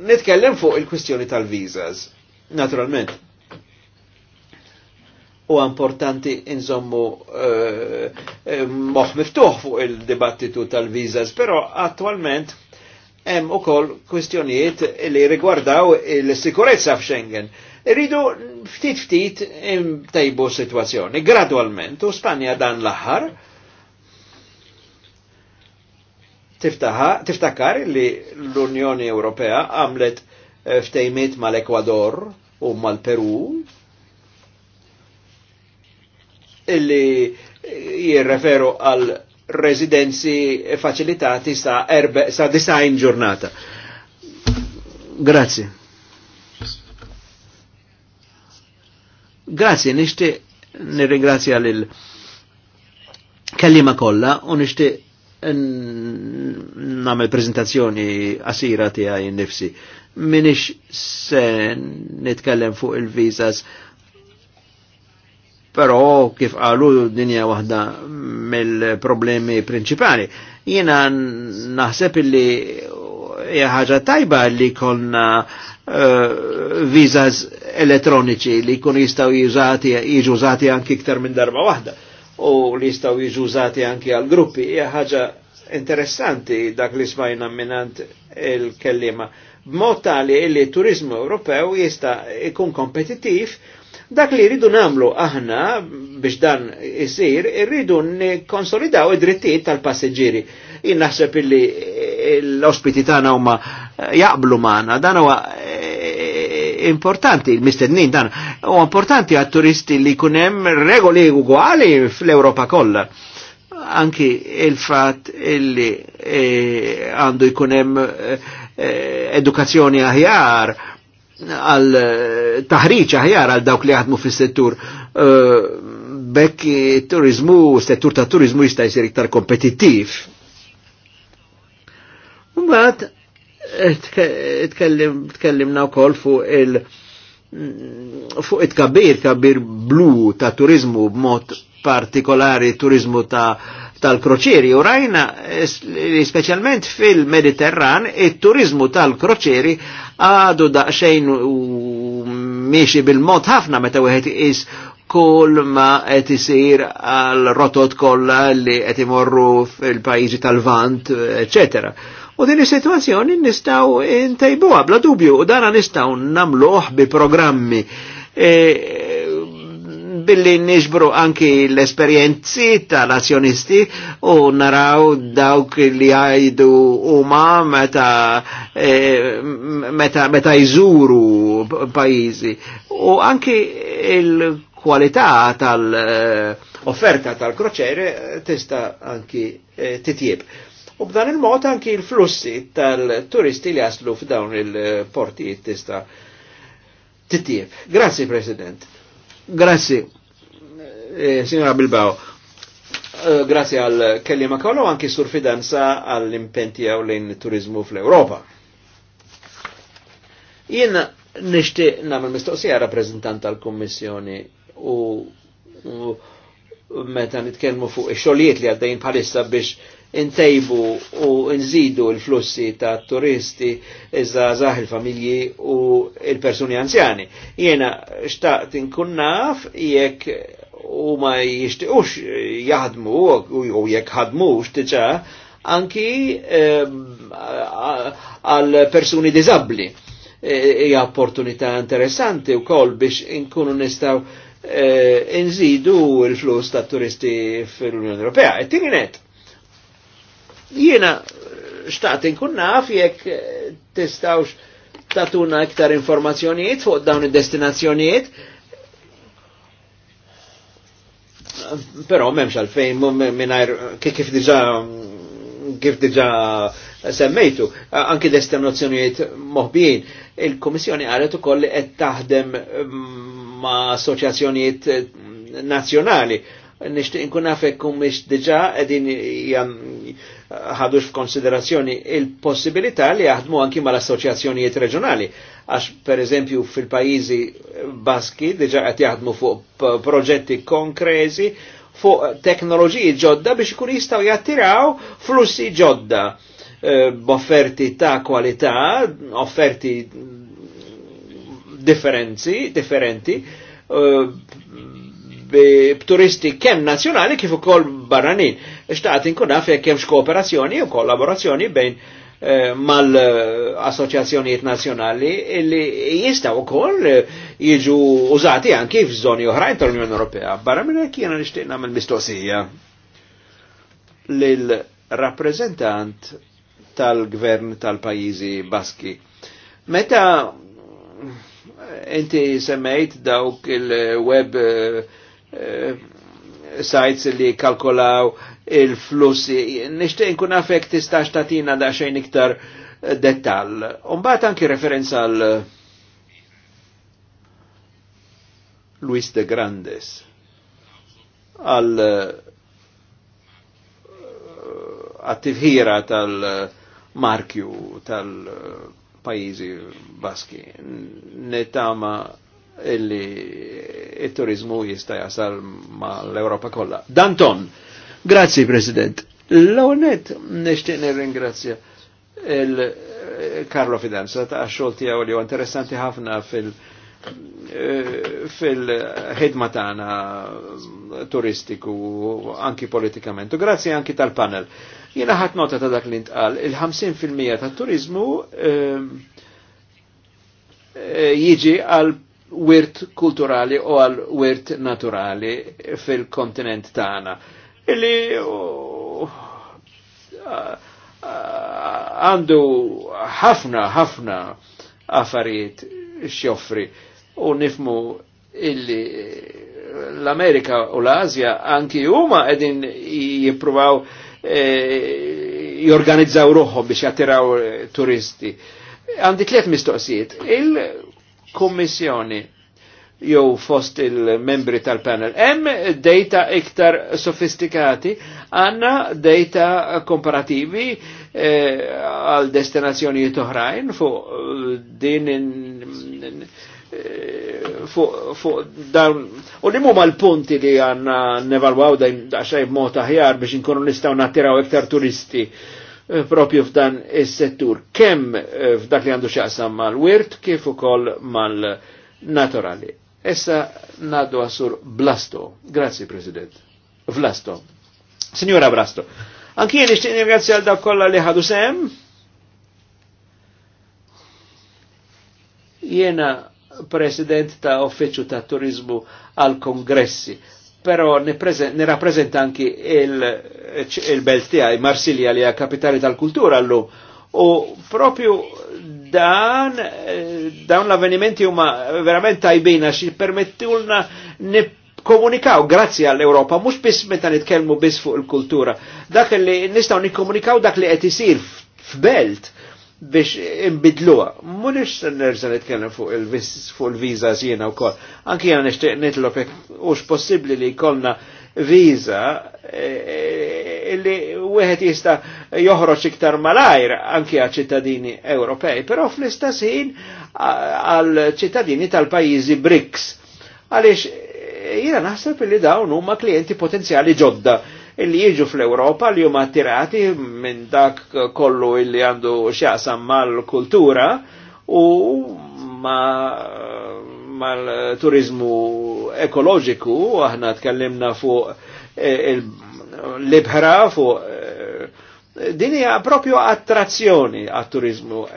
nitkellem fuq il-kwistjoni tal-visas. Naturalment, u importanti inżommu eh, moħ miftuħ fuq il-dibattitu tal-vizas, pero attualment hemm ukoll kwistjonijiet li rigwardaw il-sikurezza f'Schengen. Rridu ftit ftit tajbu situazzjoni, gradualment, u Spanja dan l-aħħar tiftakar li l-Unjoni Ewropea għamlet eh, ftejmiet mal-Ekwador u mal-Peru illi jirreferu għal residenzi facilitati sa, erbe, sa design ġurnata. Grazie. Grazie, nishti nirringrazzja lil kellima Colla u nishti namel presentazioni asira tiegħi nifsi. Minix se nitkellem fuq il visas Però kif għalu dinja wahda mill-problemi principali. Jina naħseb illi hija tajba li konna uh, eh, vizas elektroniċi li kun jistaw jiġu użati anki iktar minn darba wahda u li jistaw jiġu użati anki għal gruppi. Hija interessanti dak li smajna minant il-kellima. B'mod tali li turizmu Ewropew jista' ikun kompetittiv Dak li rridu namlu aħna biex dan isir, rridu konsolidaw id-drittijiet tal-passeġġieri. Jien naħseb illi eh, l-ospiti tagħna huma eh, jaqblu magħna, dan huwa eh, importanti, il-mistednin dan, u importanti għat turisti li kunem regoli uguali fl-Europa kollha. Anki il-fat illi għandu e, jkunem edukazzjoni aħjar, għal eh, taħriċ aħjar għal dawk li għadmu fis-settur. Eh, bekk turizmu, settur ta' turizmu jista' jsir iktar kompetittiv. Mbagħad tkellimna wkoll fuq il fuq it-kabir, kabir blu ta' turizmu b'mod partikolari turizmu ta' tal-kroċieri. U rajna specialment fil-Mediterran it-turizmu tal-kroċieri għadu daqxejn u miexi bil-mod ħafna meta wieħed is kol ma qed isir għal rotot kollha li qed imorru fil-pajjiżi tal-Vant, eċetera. U din is-sitwazzjoni nistgħu ntejbuha bla dubju u dana nistgħu nagħmluh bi programmi. E, billi nixbru anki l-esperienzi tal-azzjonisti u naraw dawk li għajdu huma meta e, meta meta jżuru pajizi u anki il-kwalità tal-offerta tal-kroċere tista' anki e, titjib. U b'dan il-mod anki il-flussi tal-turisti li jaslu f'dawn il porti tista' titjib. Grazie, President. Grazzi, eh, signora Bilbao. Eh, grazie al Kelly kollu anche surfidanza għall all'impenti għaw lejn turizmu fl-Europa. Jien nishti namel mistoqsija rappresentant tal-Kommissjoni u, u meta nitkellmu fuq ix-xogħlijiet li għaddejjin bħalissa biex intejbu u nżidu l-flussi ta' turisti iżda zaħ il-familji u il-persuni anzjani. Jena xtaqt inkun naf jekk u ma jishtiqux jaħdmu u jekk ħadmux tiċa anki għal eh, persuni dizabli. E, e, hija e, opportunità interessanti u kol biex inkunu nistaw eh, nżidu l-flus ta' turisti fil-Unjoni Ewropea. Et tinginet, Jiena xtaqt inkun naf jekk tistawx tatuna iktar informazzjonijiet fuq dawn id-destinazzjonijiet. Però m'hemmx għalfejn mingħajr kif diġà kif diġà semmejtu, anki destinazzjonijiet moħbin. il kummissjoni għalet ukoll qed taħdem ma' assoċjazzjonijiet nazzjonali nishtiq nkun għafek u mish diġa edin ħadux f'konsiderazzjoni il-possibilità li jaħdmu anki mal-assoċjazzjonijiet reġjonali. Għax per eżempju fil-pajizi baski diġa qed jaħdmu fuq proġetti konkrezi fuq teknoloġiji ġodda biex ikun jistgħu jattiraw flussi ġodda eh, b'offerti ta' kwalità, offerti differenzi, differenti, differenti eh, b'turisti kem nazjonali kif ukoll barranin. Ixtaqt inkun naf jekk hemmx kooperazzjoni u kollaborazzjoni bejn eh, mal-assoċjazzjonijiet nazzjonali li jistaw ukoll eh, jiġu użati anki f'żoni oħrajn tal-Unjoni Ewropea. Barra minn hekk jiena nixtieq nagħmel mistoqsija lil rappreżentant tal-gvern tal-pajjiżi Baski. Meta eh, inti semmejt dawk il-web uh, Eh, sajts li kalkolaw il-flussi. Nishtiq nkun għafek tistax tatina da xejn iktar eh, dettal. Umbat anki referenza għal eh, Luis de Grandes għal għattivħira tal-markju tal-pajizi baski. Netama illi il-turizmu jista' jasal ma' l-Europa kollha. Danton, grazzi President. L-onet nishtiq nirringrazzja il-Karlo eh, Fidanza ta' xogħol tiegħu li interessanti ħafna fil- eh, fil-ħidma tagħna turistiku anki politikament. U grazzi anki tal-panel. Jiena ħadd nota ta' dak li ntqal, il-50% tat-turizmu eh, jiġi għal wirt kulturali u għal wirt naturali fil-kontinent tagħna. Illi uh, għandu ħafna ħafna affarijiet xjoffri u nifmu illi l-Amerika u l-Azja anki huma qegħdin jippruvaw eh, jorganizzaw ruħhom biex jattiraw turisti. Għandi tliet mistoqsijiet. Il kommissjoni jew fost il-membri tal-panel. Hemm data iktar sofistikati, għanna data komparativi eh, għal eh, destinazzjoni oħrajn fuq eh, din eh, fuq fu, dawn u li mumma l-punti li għanna nevalwaw da xej mod aħjar biex nkunu nistaw nattiraw iktar turisti. Eh, Eh, propju f'dan is-settur kemm eh, f'dak li għandu xaqsam mal-wirt kif ukoll mal-naturali. Essa nadu għasur Blasto. Grazie, President. Blasto. Signora Blasto. Anki jeni xtiq ringrazzja għal dak kollha li ħadu sem. Jena President ta' Offiċċju ta' Turizmu għal Kongressi, però rappresenta anki il- il-belt tijaj, Marsilja li hija kapitali tal-kultura llum. U propju dan eh, dawn l-avvenimenti huma verament tajbina xi permettulna nikkomunikaw grazzi għall-Europa, mux biss meta nitkellmu biss fuq il-kultura. Dak li nistaw nikkomunikaw dak li qed isir f'belt biex imbidluwa. Munix nerġa' nitkellem fuq il-viża jiena wkoll. Anki jiena nixtieq nitlob hekk hux possibbli li jkollna viza e, e, li wieħed jista' joħroġ iktar malajr anki għal ċittadini Ewropej, però fl-istess ħin għal ċittadini tal-pajjiżi BRICS. Għaliex e, jiena naħseb li dawn huma klijenti potenzjali ġodda illi jiġu fl-Europa li huma attirati minn dak kollu illi għandu x'jaqsam mal-kultura u ma mal-turizmu ekoloġiku, aħna tkellimna fuq eh, l-ibħra, fuq eh, dinija propju attrazzjoni għat-turizmu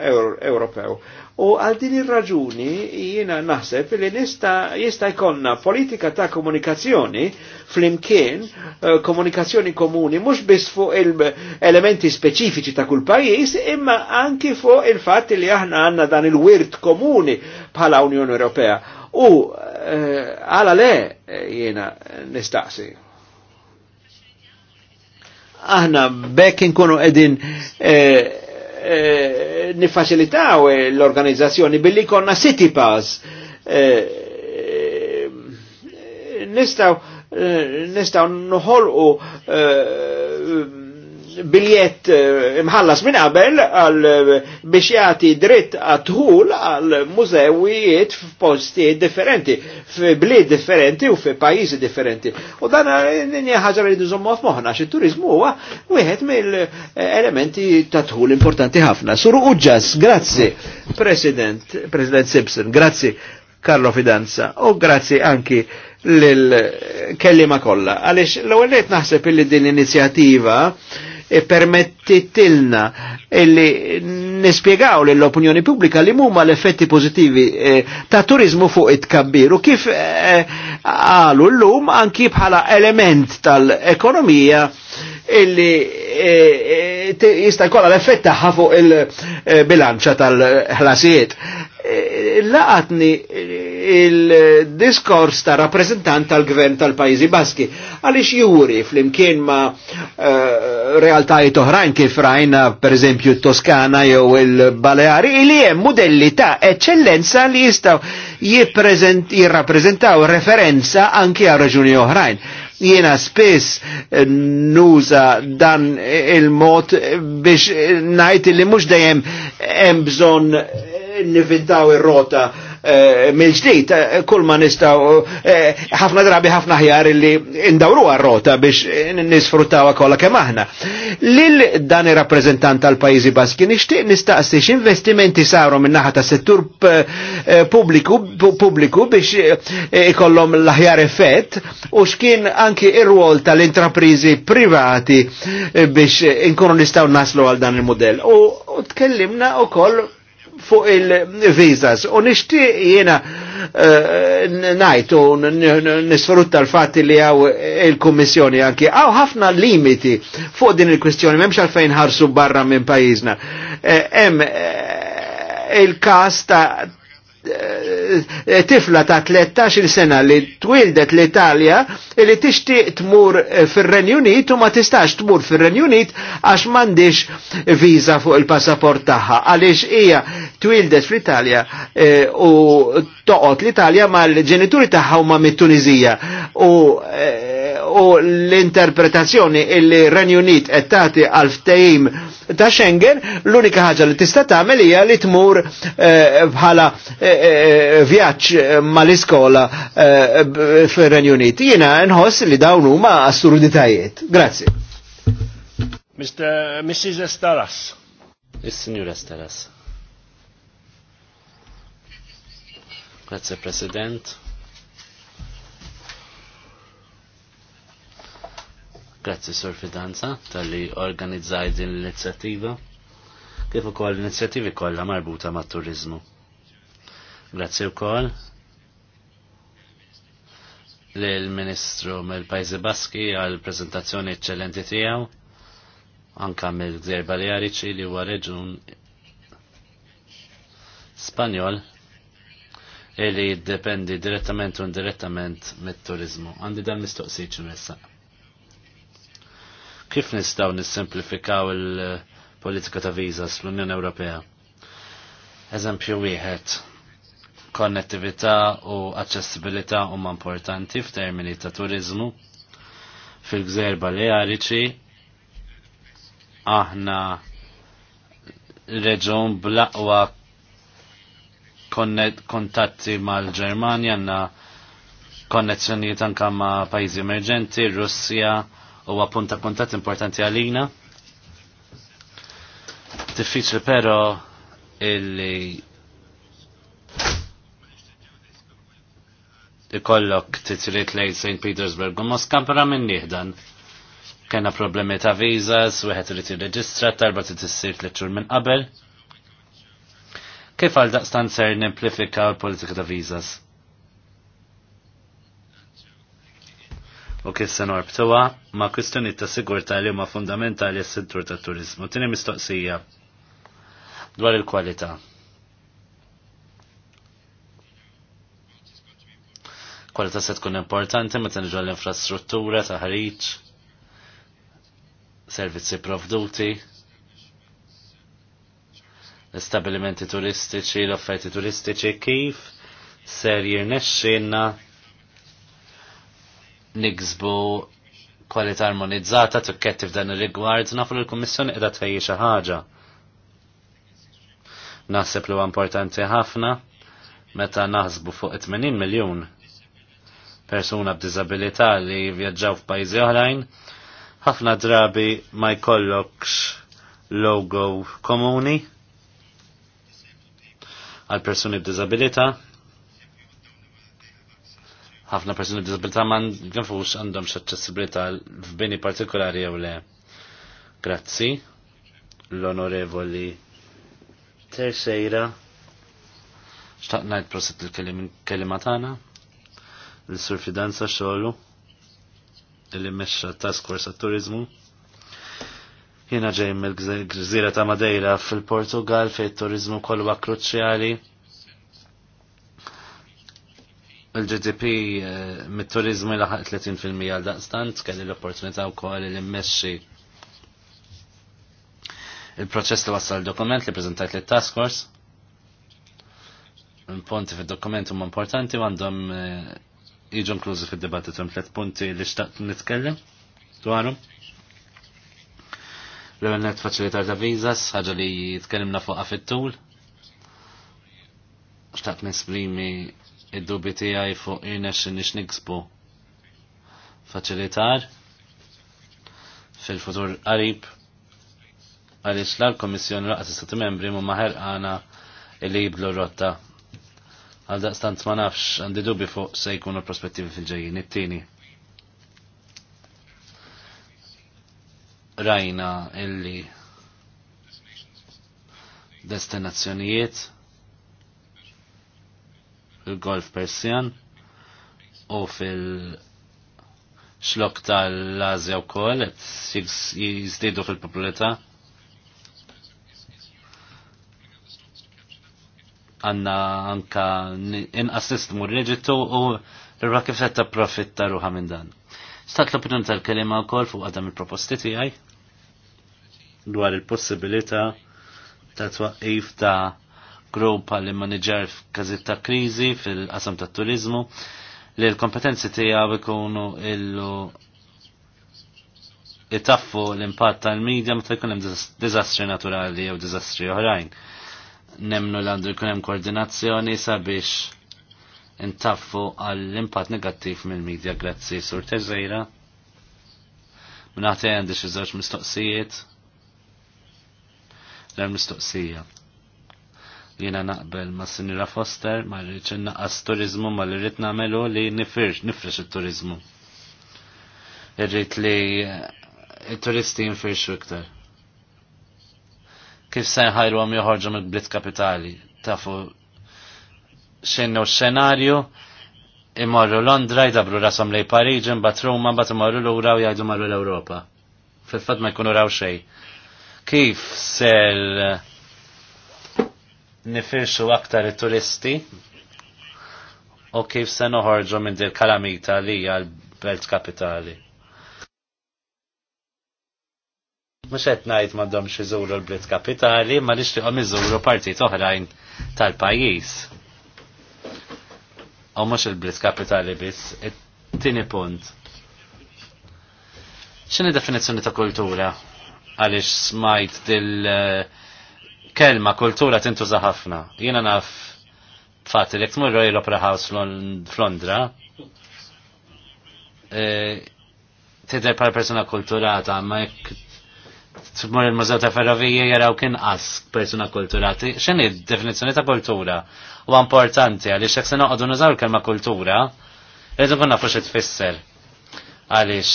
Ewropew. U għal din ir-raġuni jiena naħseb li nista jista' jkollna politika ta' komunikazzjoni flimkien eh, komunikazzjoni komuni mhux biss fuq il-elementi speċifiċi ta' kull pajjiż, imma anki fuq il-fatt li aħna għandna dan il-wirt komuni bħala Unjoni Ewropea. U eh, għala le eh, jiena nistaqsi aħna bekk inkunu edin eh, eh, l-organizzazzjoni billi konna city pass. Eh, eh, nistaw eh, nistaw nħolqu eh, biljett eh, imħallas minn qabel għal eh, biex jagħti dritt għadħul għal mużewijiet f'postijiet differenti, f'bliet differenti u f'pajjiżi differenti. U dan hija eh, ħaġa li nżommu f'moħħna xi turizmu huwa wieħed mill-elementi ta' dħul importanti ħafna. Suru Uġġas, grazzi President, President Simpson, grazzi Karlo Fidanza u grazzi anki lil kellima kolla Għaliex l-ewwel naħseb illi din inizjativa e permettitilna illi nispiegaw l-opinjoni pubblika li mumma l-effetti pozitivi eh, ta' turizmu fuq it-kabbiru kif eh, għalu eh, l-lum anki bħala element tal-ekonomija illi eh, eh jista' jkollha l-effett tagħha fuq il-bilanċa eh, tal-ħlasijiet laqatni il-diskors ta' rappresentant tal-gvern tal-Pajjiżi Baski Għalix juri fl-imkien ma' eh, realtajiet oħrajn kif rajna pereżempju t-Toskana jew il-Baleari li hemm modelli ta' eccellenza li jistaw jirrappresentaw referenza anki għal raġuni oħrajn jiena spess eh, nuża dan il-mod biex najt li mhux dejjem hemm bżonn nivintaw ir-rota eh, mill-ġdid, eh, kull ma nistaw, eh, ħafna drabi ħafna ħjar li indawru għal rota biex nisfruttawa kollha kemm aħna. Lil dan ir rappresentant tal-Pajjiżi Baski nixtieq nistaqsi investimenti saru minnaħa naħa tas-settur publiku biex ikollhom l-aħjar effett u x'kien anki ir-rwol tal-intraprizi privati biex inkunu nistaw naslu għal dan il-modell. U tkellimna koll fuq il-vizas. U nishtiq jena eh, najtu nisfrutta l-fat li għaw il-Kommissjoni anki. Għaw ħafna limiti fuq din il-kwestjoni, memx għalfejn ħarsu barra minn pajizna. Em, eh, eh, il-kas ta' Eh, tifla ta' 13 sena li twildet l-Italja li tixtieq tmur eh, fir-Renju Unit u ma tistax tmur fir-Renju Unit għax m'għandix viża fuq il-passaport tagħha għaliex hija twildet fl-Italja eh, u toqgħod l-Italja mal-ġenituri tagħha huma mit-Tunizija u u l-interpretazzjoni illi Renju Unit qed tagħti għal ftehim ta' Schengen l-unika ħaġa li tista' tagħmel hija li tmur bħala Eh, vjaċ eh, mal-iskola eh, fil-Renju Unit. Jena nħoss li dawn huma assurditajiet. Grazie. Mr. Mrs. Estaras. is signor Estaras. Grazie President. Grazzi Sur Fidanza tal-li organizzaj din l inizjativa kif ukoll l-inizjattivi kollha marbuta mat-turizmu. Grazzi wkoll l ministru mill pajzi Baski għal prezentazzjoni eċċellenti tiegħu anka mill gzir Baljariċi li huwa reġun Spanjol li jiddependi direttament u indirettament mit-turizmu. Għandi dan mistoqsiċ imessa. Kif nistaw nissimplifikaw il-politika ta' vizas l unjoni Ewropea? Eżempju wieħed, konnettività u aċċessibilità huma importanti f'termini ta' turizmu fil-gżer għariċi. aħna reġun blaqwa kontatti mal-Ġermanja għanna konnezzjonijiet anka ma' pajjiżi emerġenti, ir-Russija u appunta kontatti importanti għalina. Diffiċli però illi ikollok titrit lejn St. Petersburg u Moskva para minn nieħdan. Kena problemi ta' u wieħed irid jirreġistra, tarba titissir tliċur minn qabel. Kif għal daqstan ser nimplifika l-politika ta' vizas? U kif se norbtuha ma' kwistjoni ta' sigurtà li huma fundamentali s sintur tat-turiżmu. Tini mistoqsija dwar il-kwalità. kwalità se tkun importanti meta niġu l-infrastruttura, ta' taħriġ, servizzi provduti, l establimenti turistiċi, l-offerti turistiċi, kif ser jirnexxinna niksbu kwalità armonizzata tukketti f'dan ir-rigward nafu l-Kummissjoni qiegħda tfejji xi ħaġa. Naħseb li huwa importanti ħafna meta naħsbu fuq 80 miljun persuna b'diżabilità li vjaġġaw f'pajjiżi oħrajn, ħafna drabi ma jkollokx logo komuni għal persuni b'diżabilità. Ħafna persuni b'diżabilità ma nafux għandhom x'aċċessibilità f'bini partikolari jew le. Grazzi l-onorevoli Tersejra xtaqnajt prosit il kelimatana tagħna l-surfidanza xollu illi meċa task force għat-turizmu. Jiena ġej mill-gżira ta' Madeira fil-Portugal fejn turizmu kollu kruċjali. Il-GDP eh, mit-turizmu laħaq 30% għal daqstant kelli l-opportunità wkoll li meċi il-proċess li wassal dokument li prezentajt li task force. Il-ponti fil-dokument huma importanti għandhom eh, jiġu inklużi fid-dibattitu hemm tliet punti li xtaqt nitkellem dwarhom. L-ewwel net faċilitar ta' vizas, ħaġa li jitkellimna fuqha fit-tul. Xtaqt nesprimi id-dubi tiegħi fuq inex nix niksbu faċilitar fil-futur qarib għaliex l-Komissjoni laqas istati membri mu maħer għana li jiblu rotta Għal daqstant ma nafx għandi dubi fuq se jkunu prospettivi fil-ġejjin. It-tieni. Rajna illi destinazzjonijiet il-Golf Persian u fil- xlok tal-Azja u koll, jizdidu fil-popoleta, għanna anka inqassist mur reġitu u l-ra kif setta profitta ruħa minn dan. Stat l-opinjoni tal-kelima u kol fuq għadam il-proposti tijaj dwar il-possibilita ta' twaqif ta' grupp għalli manager f'kazit ta' krizi fil-qasam ta' turizmu li l-kompetenzi tijaw ikunu illu itaffu l-impatt tal-medja meta jkun hemm diżastri naturali jew diżastri oħrajn nemnu l għandu jkun hemm koordinazzjoni sabiex intaffu għall-impatt negattiv mill-medja grazzi sur teżejra. Minnaħti għandix iżoċ mistoqsijiet. L-hemm mistoqsija. Jena naqbel ma' Sinira Foster ma' rridx naqqas turizmu ma' li rrid namelu li nifirx nifrex it-turizmu. Irrid li eh, il turisti jinfirxu iktar kif se nħajru għam joħorġu mill blitz kapitali. Tafu xinnu xenarju, imorru Londra, jdabru rasom lej Parigi, mbat Ruma, mbat imorru l-ura u jgħidu marru l-Europa. Fil-fat ma jkunu raw xej. Kif ser nifirxu aktar il-turisti u kif se noħorġu minn dil kalamita li għal l-belt kapitali. Mux qed ngħid m'għandhomx iżuru l-Blit Kapitali, ma nixtieqhom iżuru partit oħrajn tal-pajjiż. U mhux il brit Kapitali biss, it-tieni punt. X'inhi definizzjoni ta' kultura? Għaliex smajt dil eh, kelma kultura tintuża ħafna. Jiena naf fat li tmur l Opera House f'Londra, eh, tidher bħal persuna kulturata, ma jekk tmur il-Mużew ta' Ferrovija jaraw kien qas persuna kulturati. X'inhi d-definizzjoni ta' kultura? U importanti għaliex jekk se noqogħdu nużaw il-kelma kultura, rridu nkun nafux it-fisser. Għaliex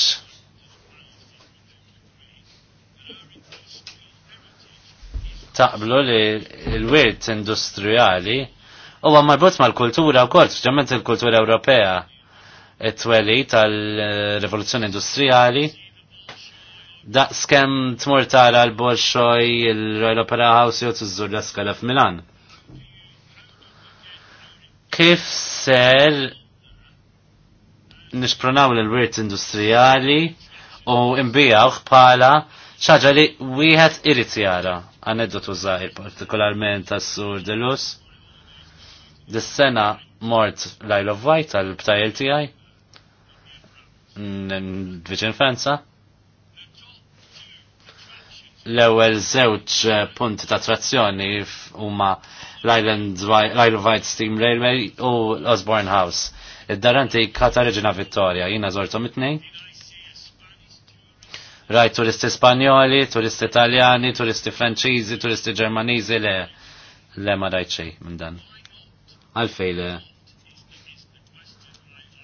taqblu li l-wirt industrijali huwa marbut mal-kultura wkoll, speċjalment il-kultura Ewropea it-tweli tal-rivoluzzjoni industrijali daqskem tmur tara l-Bolshoi, l royal Opera House, jew tiżżur l-Skala f'Milan. Kif ser nisprunaw l-wirt industrijali u imbijaw bħala ċaġa li wieħed irid jara aneddotu zaħir partikolarment għas sur Delus. Dis-sena mort l of White għal-btajl tiegħi. dviċin Franza l-ewel zewċ eh, punti ta' trazzjoni huma l-Island of Wight Steam Railway u l-Osborne House. Id-daranti kata Reġina Vittoria, jina zortom mitnej. Raj turisti Spanjoli, turisti Italjani, turisti Franċiżi, turisti Ġermaniżi, le, le ma rajċej minn dan. Għalfej le.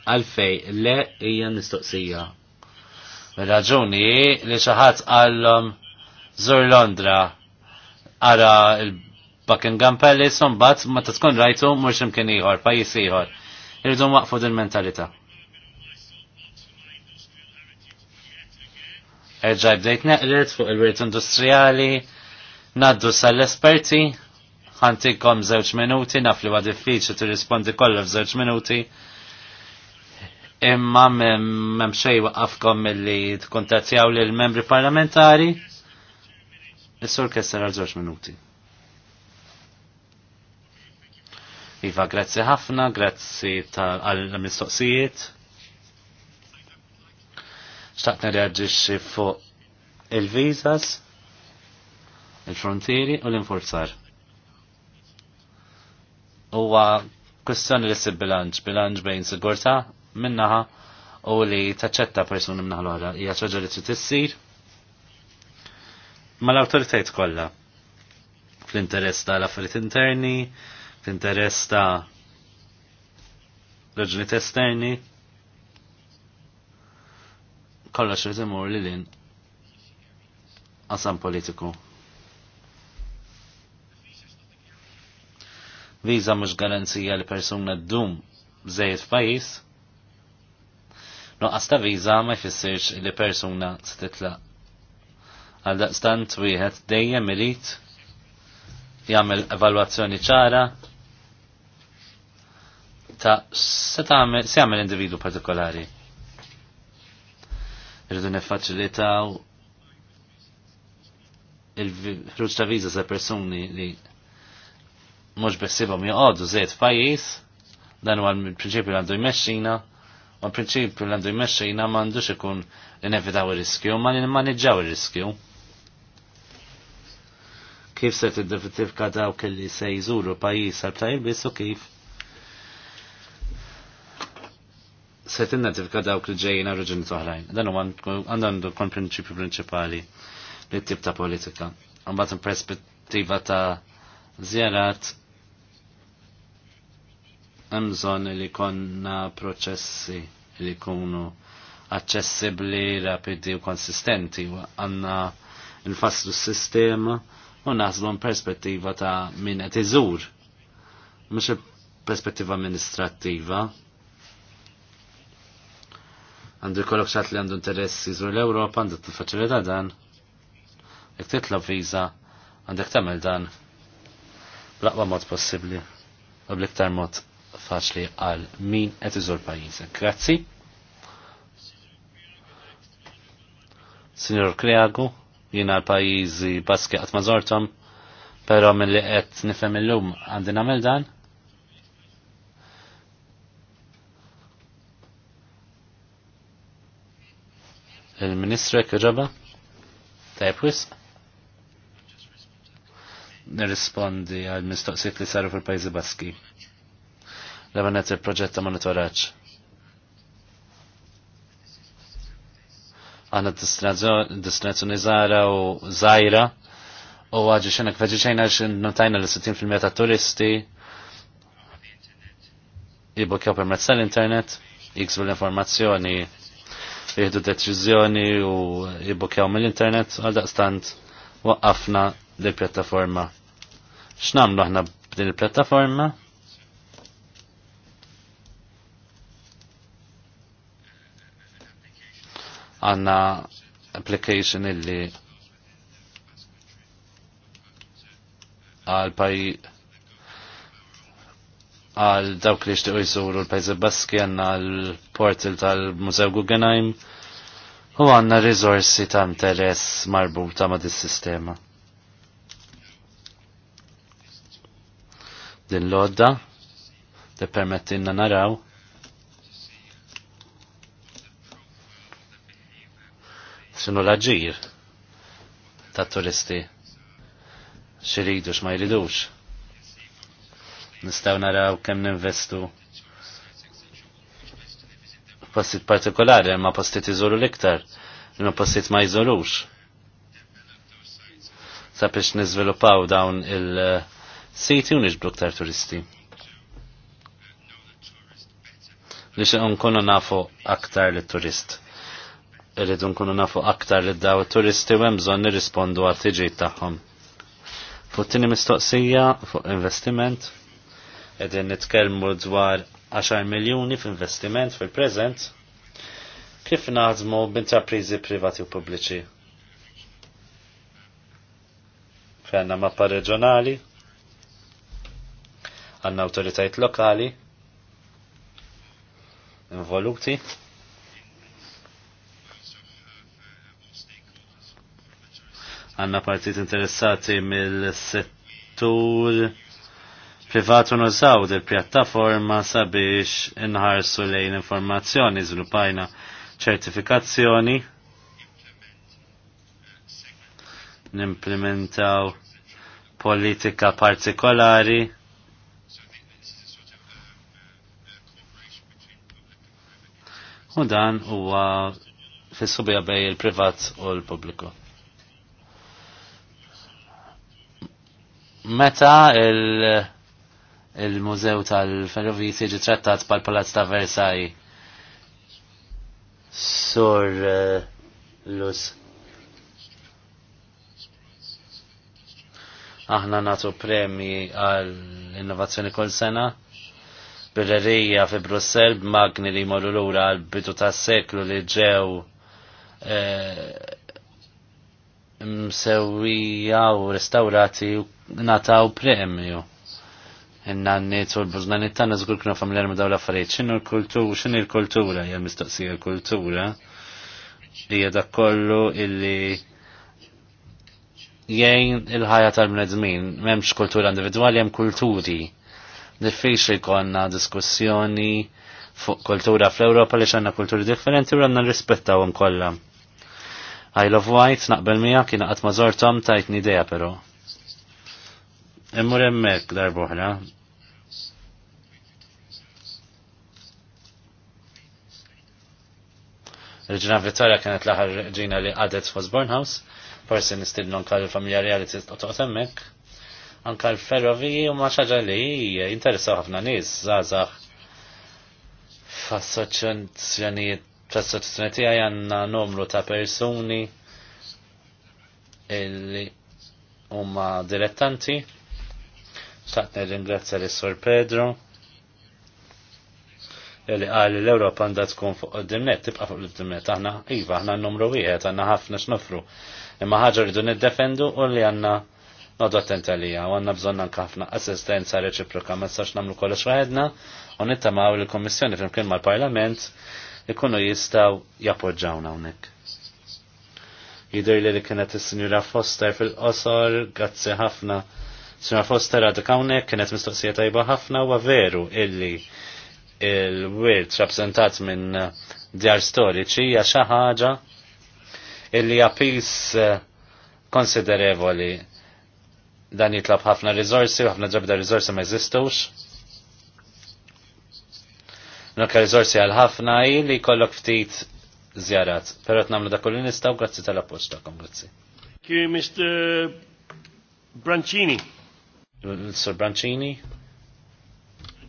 Għalfej le hija mistoqsija. Raġuni li xaħat għallom um, Zur Londra ara il-Buckingham Palace un bat ma ta' tkun rajtu mux imkien ieħor, pajis ieħor. Irridu waqfu din mentalità. Erġaj bdejt neqrit fuq il-wirt industrijali, naddu sal-esperti, ħantikom żewġ minuti, naf li huwa diffiċli tirrispondi kollha f'żewġ minuti. Imma m'hemm xejn waqafkom milli tkuntattjaw lill membri parlamentari. Is-sur kessar għal żewġ minuti. Iva, grazzi ħafna, grazzi tal-mistoqsijiet. Xtaqt nirreagġixxi fuq il-vizas, il-frontieri u l-infurzar. Huwa kwestjoni li ssib bilanċ, bilanċ bejn sigurtà minnaħa u li taċċetta persuni minnaħa l-oħra. Hija ċoġa li trid issir mal-autoritajt kollha. Fl-interess tal-affarijiet interni, fl-interess ta' raġunijiet esterni, Kolla irid imur li lin qasam politiku. Viza mhux garanzija li persuna d-dum bżejjed f'pajjiż, No, ta' viża ma jfissirx li persuna s titlaq Għal daqstant wieħed dejjem irid jagħmel evalwazzjoni ċara ta' se jagħmel individwu partikolari. Irridu niffaċilitaw il-ħruġ ta' viża se persuni li mhux bessibhom joqogħdu żejt pajjiż, dan huwa l-prinċipju għandu jmexxina, u l-prinċipju li għandu jmexxina m'għandux ikun inevitaw nevitaw ir-riskju, ma li nimmaneġġaw ir-riskju kif se tiddividifika dawk li se jżuru pajjiż għal tajjeb biss u kif se tinnatifika dawk li ġejjin għal reġuni oħrajn. Dan għandan għandu kon prinċipju prinċipali li tip ta' politika. Għambat perspettiva ta' zjarat għamżon li konna proċessi li kunu accessibli, rapidi u konsistenti. Għanna nfasslu s-sistema u naħsbu perspettiva ta' min qed iżur. Mhux perspettiva amministrattiva. Għandu jkollok xat li għandu interess jiżur l-Ewropa għandu tiffaċilita dan. Jekk titla' viża għandek tagħmel dan Blaqwa mod possibbli u bl-iktar mod faċli għal min qed iżur pajjiżek. Grazzi. Signor Creago jina l-pajizi baski għat mażortom, pero minn li għet nifem il-lum għandina għamil dan. Il-ministrek ġaba? Tajb wisq? nirrispondi għal mistoqsijiet li saru fil pajizi Baski. L-għanet il-proġett ta' monitoraċ. għanna distrazzjoni zara u zaħira u għagġi xena kveġi ċejna notajna l-60% ta' turisti jibbukjaw permezz tal-internet, jiksbu l-informazzjoni, jihdu deċiżjoni u jibbukjaw mill-internet għal daqstant waqqafna l-pjattaforma. X'namlu aħna b'din il-pjattaforma? għanna application illi għal paj għal dawk li xtiqo jżuru l-Pajzi Baski għanna l-portal tal-Mużew Guggenheim u għanna rizorsi ta' interess marbuta ma' dis-sistema. Din l-odda, te permettinna naraw xinu laġir ta' turisti xiridu xma jridux. Nistaw naraw kem ninvestu postit partikolari, ma postit iżuru liktar, ma postit ma jizurux. biex nizvilupaw dawn il-siti u nixbru ktar turisti. Li xe unkunu nafu aktar li turist irridu nkunu nafu aktar li daw turisti u hemm bżonn nirrispondu għal tiġid tagħhom. Fuq tieni mistoqsija fuq investiment qegħdin nitkellmu dwar 10 miljuni f'investiment fil-preżent kif naħdmu b'intrapriżi privati u pubbliċi. Fejna mappa reġjonali, għandna awtoritajiet lokali, involuti, għanna partit interessati mill-settur privat unużaw il pjattaforma sabiex inħarsu lejn informazzjoni żlupajna ċertifikazzjoni nimplementaw politika partikolari u dan huwa fis-subja bej il-privat u l-pubbliku. Meta il-Mużew il mużew tal ferroviji tiġi trattat pal palazz ta' Versailles sur uh, eh, lus. Aħna natu premji għall innovazzjoni kol sena birrerija fi Brussel b'magni li jmorru lura għal bidu ta' seklu li ġew e, eh, msewija u restaurati u nataw premju. Inna n-nit l-bużnanit tanna zgur kienu familjar ma daw l-affarijiet. Xinu l-kultura, xinu l-kultura, jgħal mistoqsija l-kultura. Ija dak kollu illi jgħin il-ħajja tal-bnedmin, memx kultura individuali, jem kulturi. Diffiċli konna diskussjoni fuq kultura fl-Europa li xanna kulturi differenti u għanna rispettawhom kollha. I love white, naqbel mija, kina għatma zortom tajtni ideja pero. Immur emmek darbohra. Il-ġina Vittoria kienet l-aħħar ġina li għadet f'Osborne House, forsi nistidnu anka l-familja reali toqgħod hemmhekk. Anka l ferrovi u maċħaġa li jinteressaw ħafna nies zazax. f'assoċjazzjonijiet f'assoċjazzjoni tiegħi għandna numru ta' persuni illi huma dilettanti Saqt nirringrazzja lis sur Pedro li għalli l-Ewropa għandha tkun fuq id-dimnet, tibqa' fuq id-dimnet aħna iva aħna n-numru wieħed għandna ħafna x'nofru. Imma ħaġa rridu niddefendu u li għandna nodu attenta li u għanna bżonna nkafna assistenza reċiproka ma s-sax namlu kollox waħedna u nittamaw il kummissjoni flimkien mal parlament ikunu jistaw jappoġġawna hawnhekk. Jidur li li kienet il-Sinjura Foster fil-qosor, grazzi ħafna Sra Foster għadek hawnhekk kienet mistoqsija tajba ħafna u veru illi il-wirt rappresentat minn djar storiċi hija xi ħaġa illi japis eh, konsiderevoli dan jitlab ħafna rizorsi, ħafna ġabda rizorsi ma jeżistux. Nokka rizorsi għal ħafna li kollok ftit zjarat. Pero t-namlu da kolli nistaw, grazzi tal-appoċ ta' grazzi. Kiri Mr. Brancini. L-Sor Brancini?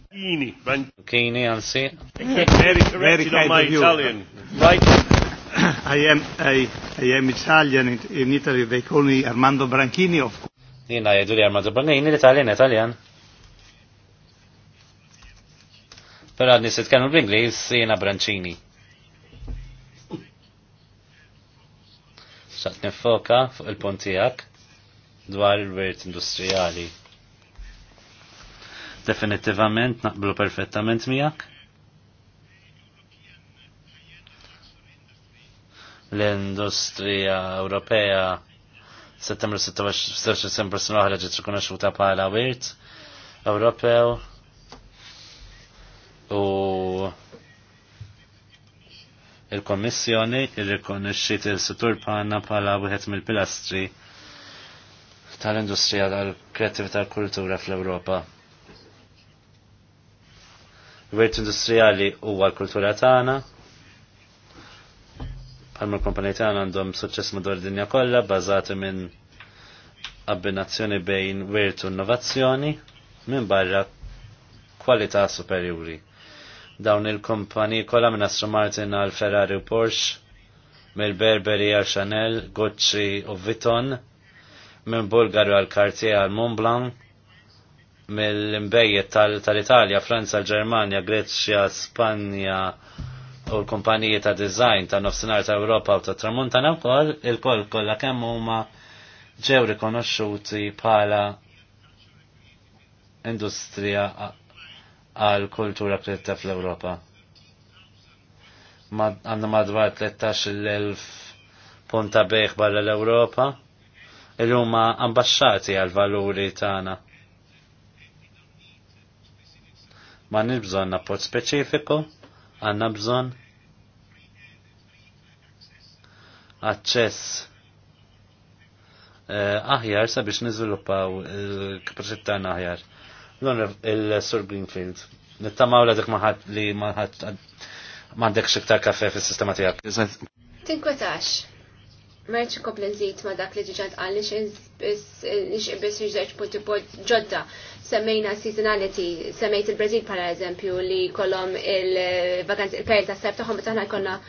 Kini, Kini, anzi. Very correct on my Italian. Right? [coughs] I am, I, I am Italian. In in Italy they call me Armando Branchini, of course. I do the Armando Branchini, l Italian Italjan. Pero għadni se tkellmu bl-Inglis, Brancini. Branchini. Xaqt nifoka fuq il-puntijak dwar il-wirt industrijali definitivament naqblu perfettament miegħek. L-industrija Ewropea settembru 26 settembru sena oħra ġiet rikonoxxuta bħala wirt Ewropew u il-Kommissjoni irrikonoxxiet il-settur pana bħala wieħed mill-pilastri tal-industrija tal-kreatività tal-kultura fl-Ewropa il-wirt industrijali huwa l-kultura tagħna. Palma l-kompanija tagħna għandhom suċċess madwar id-dinja kollha bbażati minn abbinazzjoni bejn wirt u innovazzjoni minn barra kwalità superjuri. Dawn il-kumpaniji kollha minn Astro Martin għal Ferrari u Porsche, mill Berberi għal Chanel, Gucci u Vuitton, minn Bulgaru għal Cartier għal Montblanc, mill-imbejjet tal-Italja, Franza, Ġermanja, Greċja, Spanja u l-kumpaniji ta' design ta' nofsinhar ta' Ewropa u ta' Tramuntana wkoll il-koll kollha kemm huma ġew rikonoxxuti bħala industrija għal kultura kretta fl-Ewropa. Għanna madwar 13.000 punta beħ barra l-Ewropa il-huma ambasċati għal valuri tagħna ma nibżon napport speċifiku, għanna bżon aċċess eh, aħjar sabiex nizviluppaw il-kapacit eh, aħjar. aħjar. il-Sur Greenfield. Nittamaw l-għadek maħat li maħat m'għandekx iktar kafe fis-sistema tiegħek. Tinkwetax merċ kopli nżid ma dak li ġiġant għal nix biss nix punti ġodda. Semmejna seasonality, semmejt il-Brazil para eżempju li kolom il-vakanzi, il pejl ta' s-seb taħom taħna konna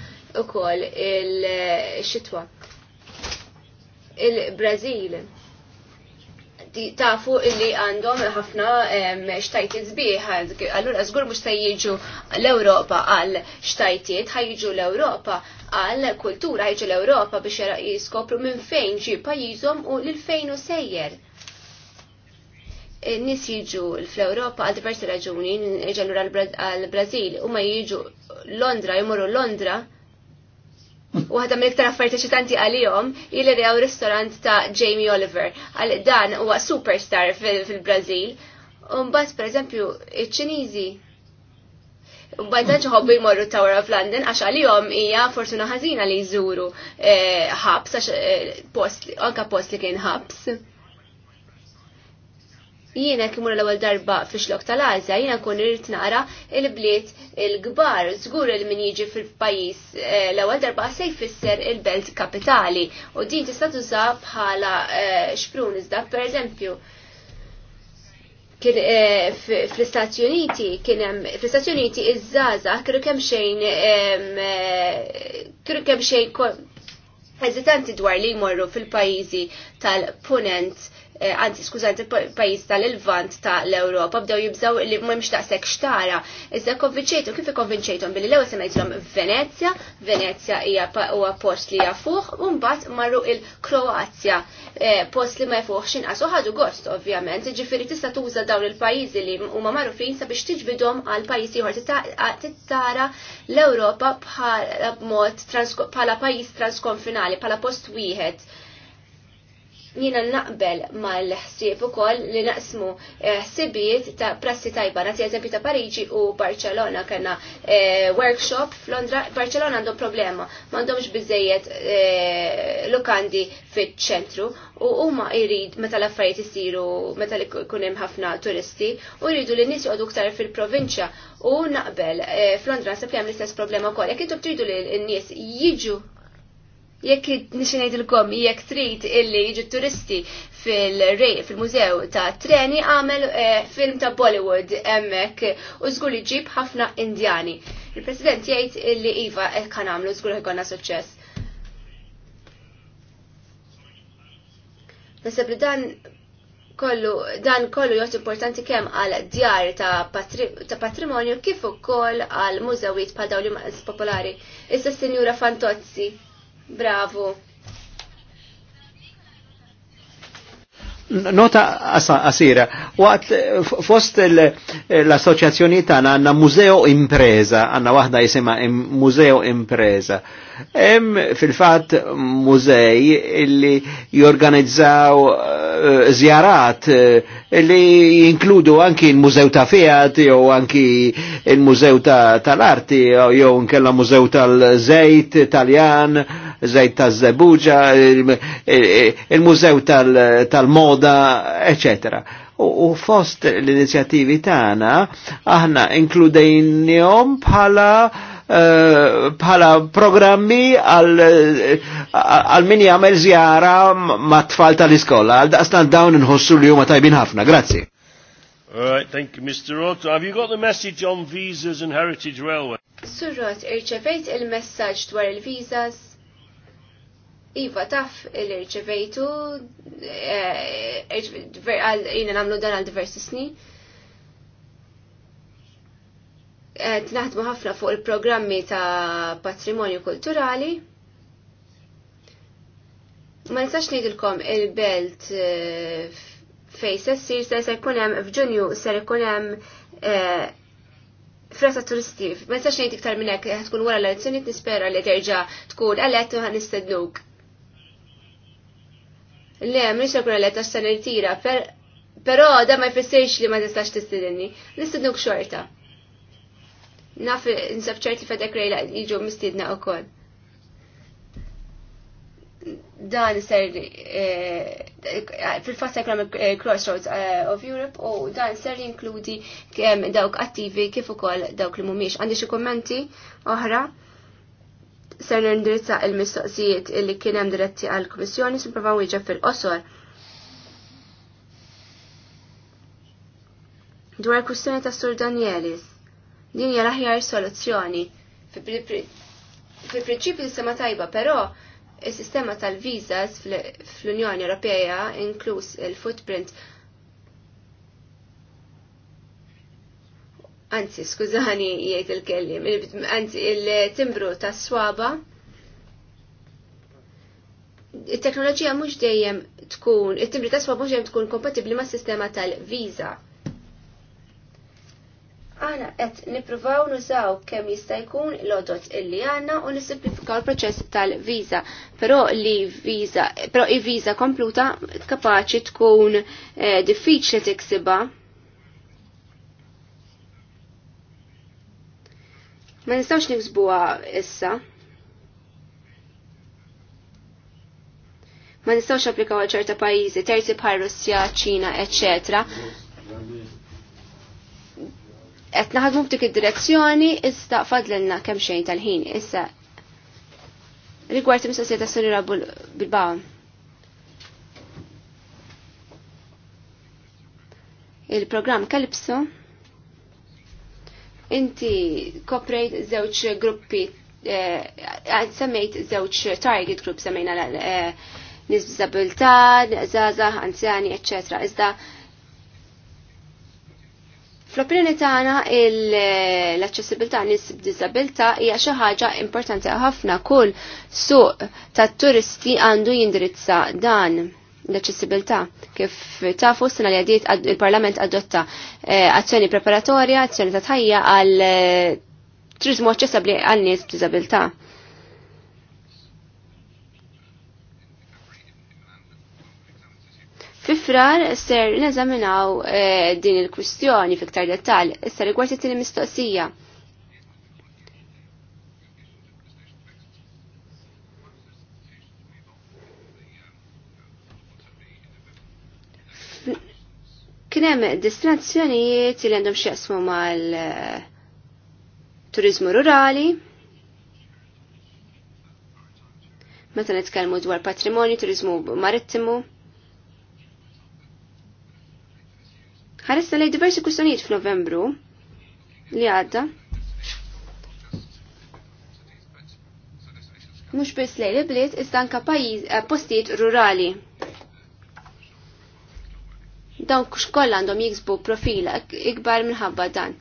u koll il-xitwa. Il-Brazil tafu li għandhom ħafna xtajtiet zbieħ, allura zgur mux jiġu l-Europa għal xtajtiet, ħajġu l-Europa għal kultura jiġu l-Ewropa biex jiskopru minn fejn ġi pajjiżhom u lil fejn u sejjer. Nis jiġu fl-Ewropa għal diversi raġuni, ġenura għal-Brazil, u ma jiġu Londra, jmorru Londra, U għadha mill-iktar affarijiet eċitanti għalihom ili rew ristorant ta' Jamie Oliver. Għal dan huwa superstar fil-Brażil. Mbagħad pereżempju iċ-Ċiniżi Mbagħad morru jmorru of London, għax għal-jom hija fortuna ħażina li jżuru eh, ħabs għax eh, post post li kien ħabs. Jiena kien l-ewwel darba fi xlok tal azja jiena nkun irrid nara il-bliet il-kbar, żgur il min jiġi fil-pajjiż eh, l-ewwel darba se jfisser il-belt kapitali u din tista' tuża bħala xprun iżda pereżempju. eżempju kien eh, fl-Istati Uniti kien hemm fl-Istati Uniti iż żaża kienu kemm xejn eh, kienu kemm xejn eżitanti dwar li jmorru fil-pajjiżi tal-punent għanzi eh, skużant il-pajis tal-Ilvant tal-Europa bdew jibżaw li m'hemmx daqshekk xtara. Iżda konvinċejtu kif konvinċejtu billi l-ewwel semejtilhom Venezia, Venezja hija huwa post li jafuħ, un u mbagħad marru il-Kroazja eh, post li ma jafuħ inqas u ħadu gost ovvjament, ġifiri tista' tuża dawn il-pajjiżi li huma magħrufin sabiex tiġbidhom għal pajjiż ieħor tittara l-Ewropa bħala mod bħala pajjiż transkonfinali, bħala post wieħed jina naqbel mal-ħsieb ukoll li naqsmu eh, ħsibijiet ta' prassi tajba. Nati eżempju ta' Pariġi u Barcelona kena eh, workshop f'Londra. Barcelona għandhom problema, m'għandhomx bizzejiet eh, lokandi fiċ-ċentru u huma jrid meta l-affarijiet isiru meta li kun hemm ħafna turisti u jridu li nies joqgħdu ktar fil-provinċja u naqbel f'Londra nsepp li hemm l-istess problema wkoll. Jekk intom tridu li n-nies jiġu jekk nixinajt il-kom, jekk trid illi jġi turisti fil-rej, fil-mużew ta' treni, għamel eh, film ta' Bollywood emmek u zgur li ġib ħafna indjani. Il-president jgħid illi Iva eh, kan għamlu zgur ħikonna suċċess. Nasab li dan kollu dan kollu jgħot importanti kemm għal djar ta', patri, ta patrimonju kif ukoll għal mużewiet bħal dawn popolari. Issa Sinjura Fantozzi Bravo. Nota asira, waqt fost l associazzjoni tana għanna Museo Impreza, għanna wahda jisema Museo Impreza. Hemm fil fat mużej illi jorganizzaw eh, zjarat illi eh, jinkludu anki il mużew ta' Fiat jew anki il mużew tal-Arti jew nkella Mużew tal zejt Taljan Zejt ta' zebuġa, il-mużew tal-moda, eccetera. U fost l-inizjativi tagħna aħna inkludejnjom bħala eh, bħala programmi għal min jagħmel żjara ma' tfal tal-iskola. Għal daqstan dawn inħossu li huma tajbin ħafna. Grazzi. All right, thank you, Mr. Roth. Have you got the message on visas and heritage railway? Sur Roth, irċevejt il-messaġġ dwar il-visas Iva, taf il-irċevejtu, eh, jina namlu dan għal diversi snin. Eh, tnaħdmu ħafna fuq il-programmi ta' patrimonju kulturali. Ma nistax ngħidilkom il-belt eh, fej se ssir se se jkun hemm f'Ġunju se jkun hemm frasa turisti. Ma nistax ngħid iktar minn hekk tkun wara l-elezzjonijiet nispera li terġa' tkun elett u ħanistednuk. Le, mniex nkun eletta x'sa nirtira, però da ma jfissirx li ma tistax tistidinni. Nistidnuk xorta. Naf nsab ċert li fedek rejla jiġu mistidna wkoll. Dan ser eh, fil-fatt economic crossroads eh, of Europe u dan ser jinkludi dawk attivi kif ukoll dawk li mhumiex. Għandi xi kummenti oħra? ser nindirizza il-mistoqsijiet illi kien hemm diretti għall-Kummissjoni simprovaw iġa fil-qosor. Dwar kwistjoni ta' Sur Danielis, din hija l-aħjar soluzzjoni. Fil-prinċipju sistema tajba, però il sistema tal-vizas fl-Unjoni Ewropea inkluż il-footprint anzi, skużani jgħid il-kellim, anzi, il-timbru ta' swaba, il-teknoloġija mhux dejjem tkun, it-timbru ta' swaba mhux dejjem tkun kompatibbli mas sistema tal-viza. Għana qed nippruvaw nużaw kemm jista' jkun l-odot illi għandna u nisimplifikaw il-proċess tal-viża, però li viża, però i viża kompluta kapaċi tkun eh, diffiċli tiksiba. Ma nistawx niksbuha issa. Ma nistawx applikaw għal ċerta pajjiżi, terzi bħal Russja, Ċina, eċċetera. Qed naħdmu f'dik id-direzzjoni issa fadlilna kemm xejn tal-ħin issa. Rigward imsaqsija ta' Sunira Bilbao. Il-programm Kalipso Inti koprejt żewġ gruppi, eh, semmejt żewġ target group semmejna eh, nis n zaza, anzjani, etc. Iżda Fl-opinjoni tagħna eh, l-aċċessibilità nies b'diżabilità hija xi ħaġa importanti ħafna kull suq tat-turisti għandu jindrizza dan l-accessibilità. Kif tafu s li għadiet il-Parlament adotta eh, azzjoni preparatorja, azzjoni ta' tħajja għal eh, turizmu accessibli għal nies b'diżabilità. Fifrar ser neżaminaw eh, din il-kwistjoni fiktar dettal, issa rigward it-tieni mistoqsija Kien hemm distrazzjonijiet li għandhom x'jaqsmu mal eh, turizmu rurali. Meta nitkellmu dwar patrimonju, turizmu marittimu. Ħaresna lej diversi kwistjonijiet f'Novembru li għadda. Mhux biss lejn li bliet iżda anke eh, postijiet rurali dawk xkoll għandhom jiksbu profil ikbar minħabba dan.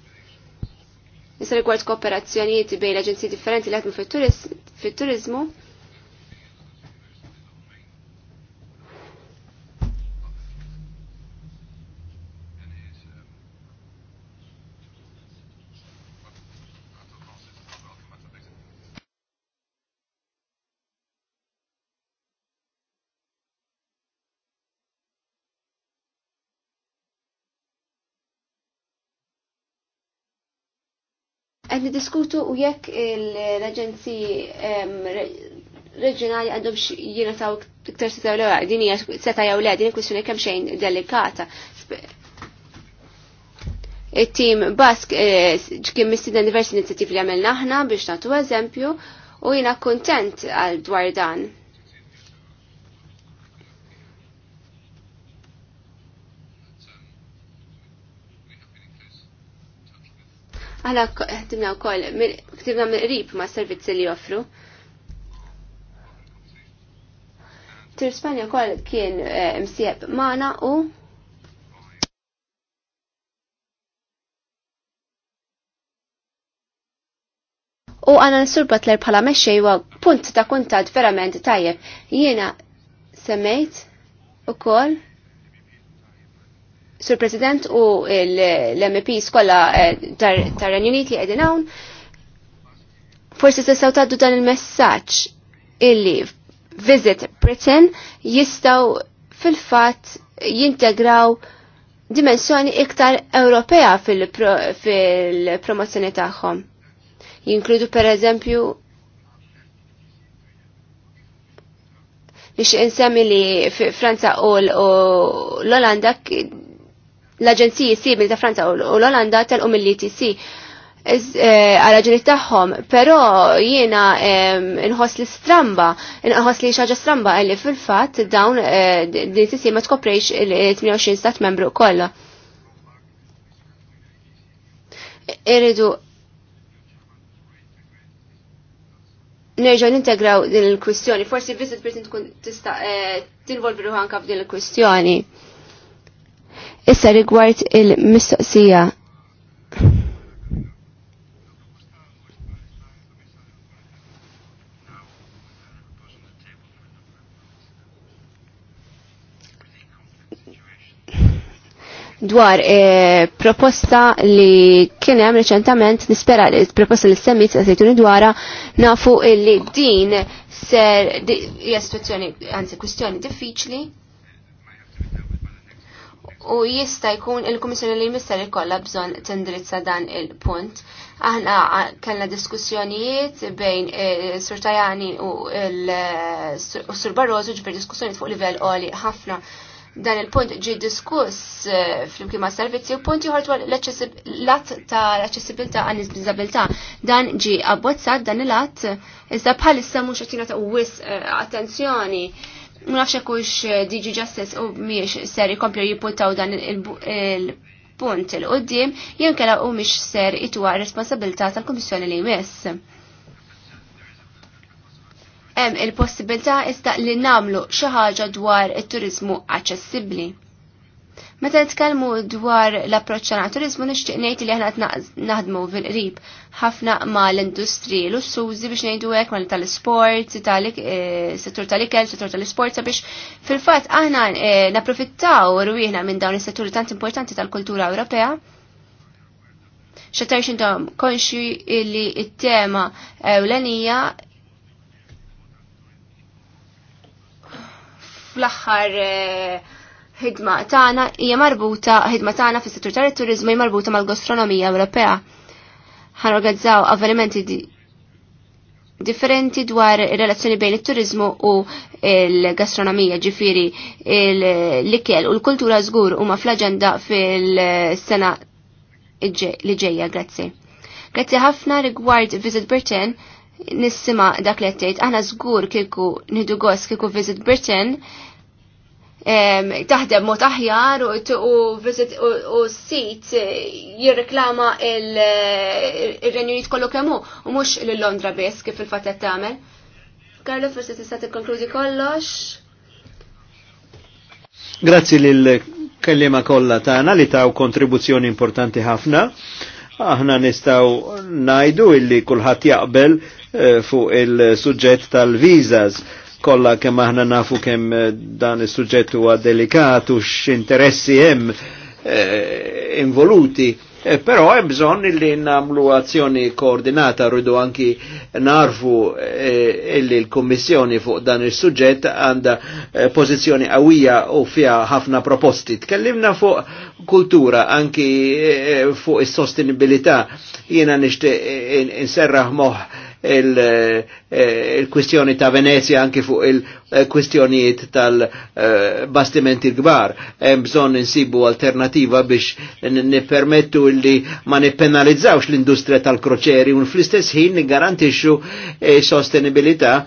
Issa rigward kooperazzjonijiet bejn aġenziji differenti li għedmu fit-turizmu, Għed nidiskutu u jekk l-Aġenziji reġjonali għandhom jiena taw iktar seta' l din hija seta' jew le din kwistjoni kemm xejn delikata. It-tim Bask eh, kien mistiedna diversi inizjattivi li għamilna aħna biex nagħtu eżempju u jiena kuntent għal dwar dan. Għala ktibna wkoll koll, mill-qrib ma' servizzi li joffru. Tir Spanja wkoll kien eh, msieb magħna u U għana n-surbat l bħala meċċej punt ta' kuntad verament tajjeb. Jiena semmejt u koll Sur President u l-MP skolla eh, tar Unit li għedin hawn, forsi tistaw taddu dan il-messaġġ illi Visit Britain jistaw fil-fatt jintegraw dimensjoni iktar Ewropea fil-promozzjoni tagħhom. Jinkludu per eżempju biex insemmi li Franza u l-Olanda l-aġenziji simili ta' Franza u l-Olanda tal-qum l-ITC eh, għal-ġenit taħħom, pero jiena nħos li stramba, nħos li xaġa stramba għalli fil-fat dawn eh, din sissi ma tkoprejx il-28 stat membru kolla. Irridu nerġaw nintegraw din il-kwistjoni, forsi visit Britain tkun tista' eh, tinvolvi ruħanka f'din il-kwistjoni. Issa rigward il-mistoqsija dwar e, proposta li kien hemm reċentament nispera li proposta li semmit se sejtuni dwara nafu li din ser hija situazzjoni anzi kwistjoni diffiċli u jista' jkun il-Kummissjoni li jmisser ikollha bżonn tindirizza dan il-punt. Aħna kellna diskussjonijiet bejn eh, Sur Tajani u eh, Sur Barroso ġber diskussjonijiet fuq livell għoli ħafna. Dan il-punt ġi diskuss eh, fl-imkien ma' servizzi u punti ħort l-att ta' l accessibilta għan disabilità. Dan ġi abbozzat dan il-att, iżda bħalissa mhux qed ta' wis attenzjoni. Uh, Mnax kux eh, DG Justice u miex ser ikomplu jipputaw dan il-punt il-qoddim, jien kela u miex ser itwa responsabilta tal-Komissjoni li jmiss. Hemm il-possibilità ista li namlu xi ħaġa dwar it-turizmu aċċessibbli. Meta nitkellmu dwar l-approċċ tal-naturizmu nixtieq ngħid li aħna qed naħdmu fil-qrib ħafna mal-industri lussużi biex ngħidu hekk mal tal-isport, eh, settur tal-ikel, settur tal-isport sabiex fil-fatt aħna eh, napprofittaw rwieħna minn dawn is-setturi tant importanti tal-kultura Ewropea Xetarx intom konxi illi t tema ewlenija fl-axħar eh, ħidma tagħna hija marbuta ħidma tagħna fis-settur tal turiżmu hija marbuta mal-gastronomija Ewropea. organizzaw avvenimenti differenti dwar ir-relazzjoni bejn it-turizmu u l-gastronomija, ġifiri l-ikel u l-kultura żgur huma fl-aġenda fil-sena li ġejja, grazzi. Grazzi ħafna rigward Visit Britain nissima dak li għattejt, aħna żgur kieku nidu gos kieku Visit Britain taħdem mod aħjar u sit eh, jirreklama il-Renju eh, Unit kollu kemmu u mhux lil Londra biss kif il-fatet tagħmel. Karlo forsi tista' tikkonkludi kollox. Grazzi lill kellima kollha tagħna li taw kontribuzzjoni importanti ħafna. Aħna nistgħu ngħidu illi kulħadd jaqbel eh, fuq il-suġġett tal-vizas Kolla kemm aħna nafu kemm eh, dan is-suġġett huwa delikatu x'interessi hemm eh, involuti. Eh, però hemm bżonn li nagħmlu azzjoni koordinata rridu anki narfu eh, illi l kommissjoni fuq dan is-suġġett għandha pozizjoni eh, pożizzjoni qawwija u fiha ħafna proposti. Tkellimna fuq kultura anki eh, fuq is-sostenibilità jiena nixtieq inserraħ moħħ il-kwistjoni eh, ta' Venezia anki fuq il-kwistjonijiet eh, tal-bastimenti eh, l-gbar. Hemm bżonn insibu alternativa biex nippermettu li ma nippenalizzawx l-industrija tal-kroċeri u fl-istess ħin niggarantixxu sostenibilità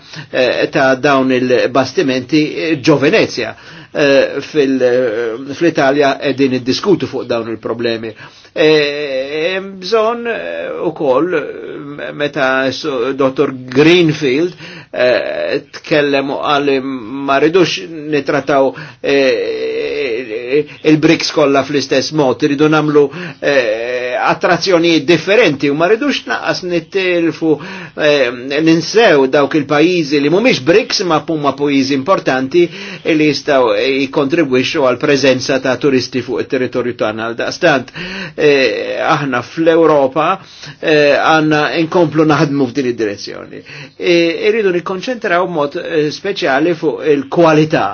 ta' dawn il-bastimenti ġo Venezia Eh, fil eh, italja edin id-diskutu fuq dawn il-problemi. E, e, Bżon eh, u koll, meta dottor Greenfield tkellem u għalli ma ridux nitrataw il brix kolla fl-istess mod, ridu namlu attrazzjonijiet differenti u ma rridux naqas nittilfu ehm, ninsew dawk il-pajjiżi li mhumiex BRICS ma huma pajjiżi importanti li jistgħu jikkontribwixxu għal preżenza ta' turisti fuq it-territorju tagħna għal daqstant eh, aħna fl-Ewropa eh, għandna inkomplu naħdmu f'din id-direzzjoni. E, irridu nikkonċentraw mod eh, speċjali fuq il-kwalità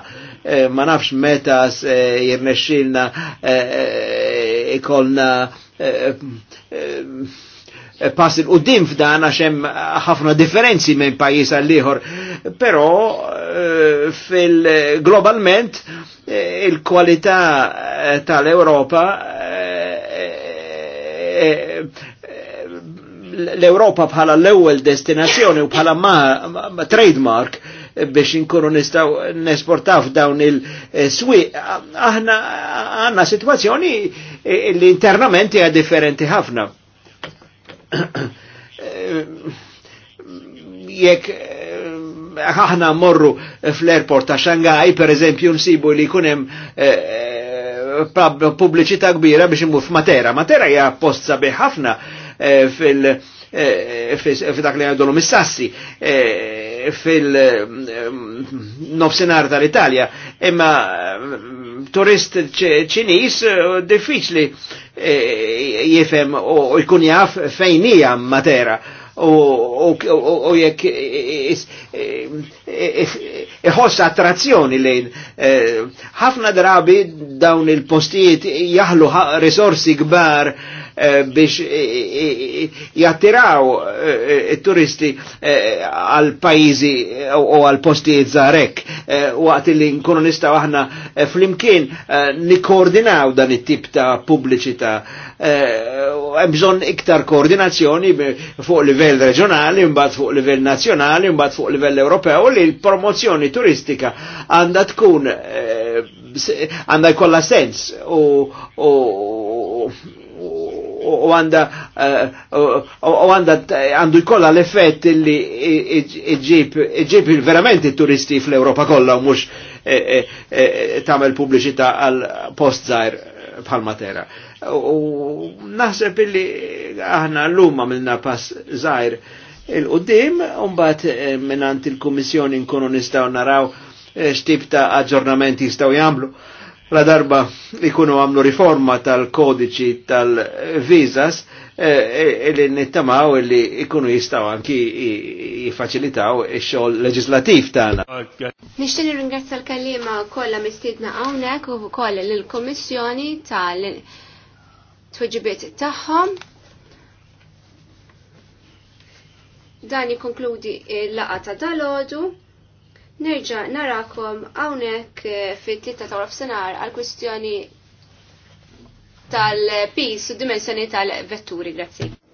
ma nafx meta jirnexxilna ikolna Eh, eh, pass il-qoddim f'dan għax hemm ħafna differenzi minn pajjiż għal ieħor, però eh, fil-globalment il-kwalità tal-Ewropa l-Ewropa bħala l-ewwel destinazzjoni u bħala ma trademark biex inkunu nistaw nesportaw dawn il-swi. Aħna għanna situazzjoni li internament hija differenti ħafna. Jekk aħna morru fl-airport ta' Shanghai, per eżempju, nsibu li kunem eh, pubbliċità kbira biex imur f'Matera. Matera hija post sabiħ ħafna eh, fil- Eh, eh, f'dak li għandhom is-sassi eh, fil-nofsenar tal-Italja, imma turist ċinis diffiċli jifem u jkun jaf fejnija matera u jekk iħoss attrazzjoni lejn. Eh, ħafna drabi dawn il-postijiet jaħlu risorsi kbar eh, biex jattiraw eh, turisti għal pajizi u għal postijiet zarek għat li nkunu nistaw aħna fl-imkien nikkoordinaw dan it-tip ta' pubbliċità. Hemm bżonn iktar koordinazzjoni fuq livell livell reġjonali, mbagħad fuq livell nazzjonali, mbagħad fuq livell Ewropew li l-promozzjoni turistika għandha tkun eh, għandha jkollha sens u u għanda eh, għandu jkolla l-effett li iġib verament il turisti fl europa kollha u mhux eh, tagħmel pubbliċità għal post żgħir pal matera u naħseb illi aħna l lumma minna pass zaħir il-qoddim, unbat eh, minnant il-Kommissjoni nkunu nistaw naraw eh, xtib ta' aġġornamenti jistaw jamlu la darba kunu għamlu riforma tal-kodiċi tal-vizas eh, li nittamaw li ikunu jistaw anki jifacilitaw il-xol leġislativ tana. Nishtin ringrazzja l-kallima kolla mistidna għawnek u kolla l-Komissjoni tal- tweġibiet tagħhom. Dan jikonkludi l-laqa ta' dalodu. Nerġa' narakom hawnhekk eh, fit-titta ta' senar għal kwistjoni tal-pis u dimensjoni tal-vetturi. Grazie.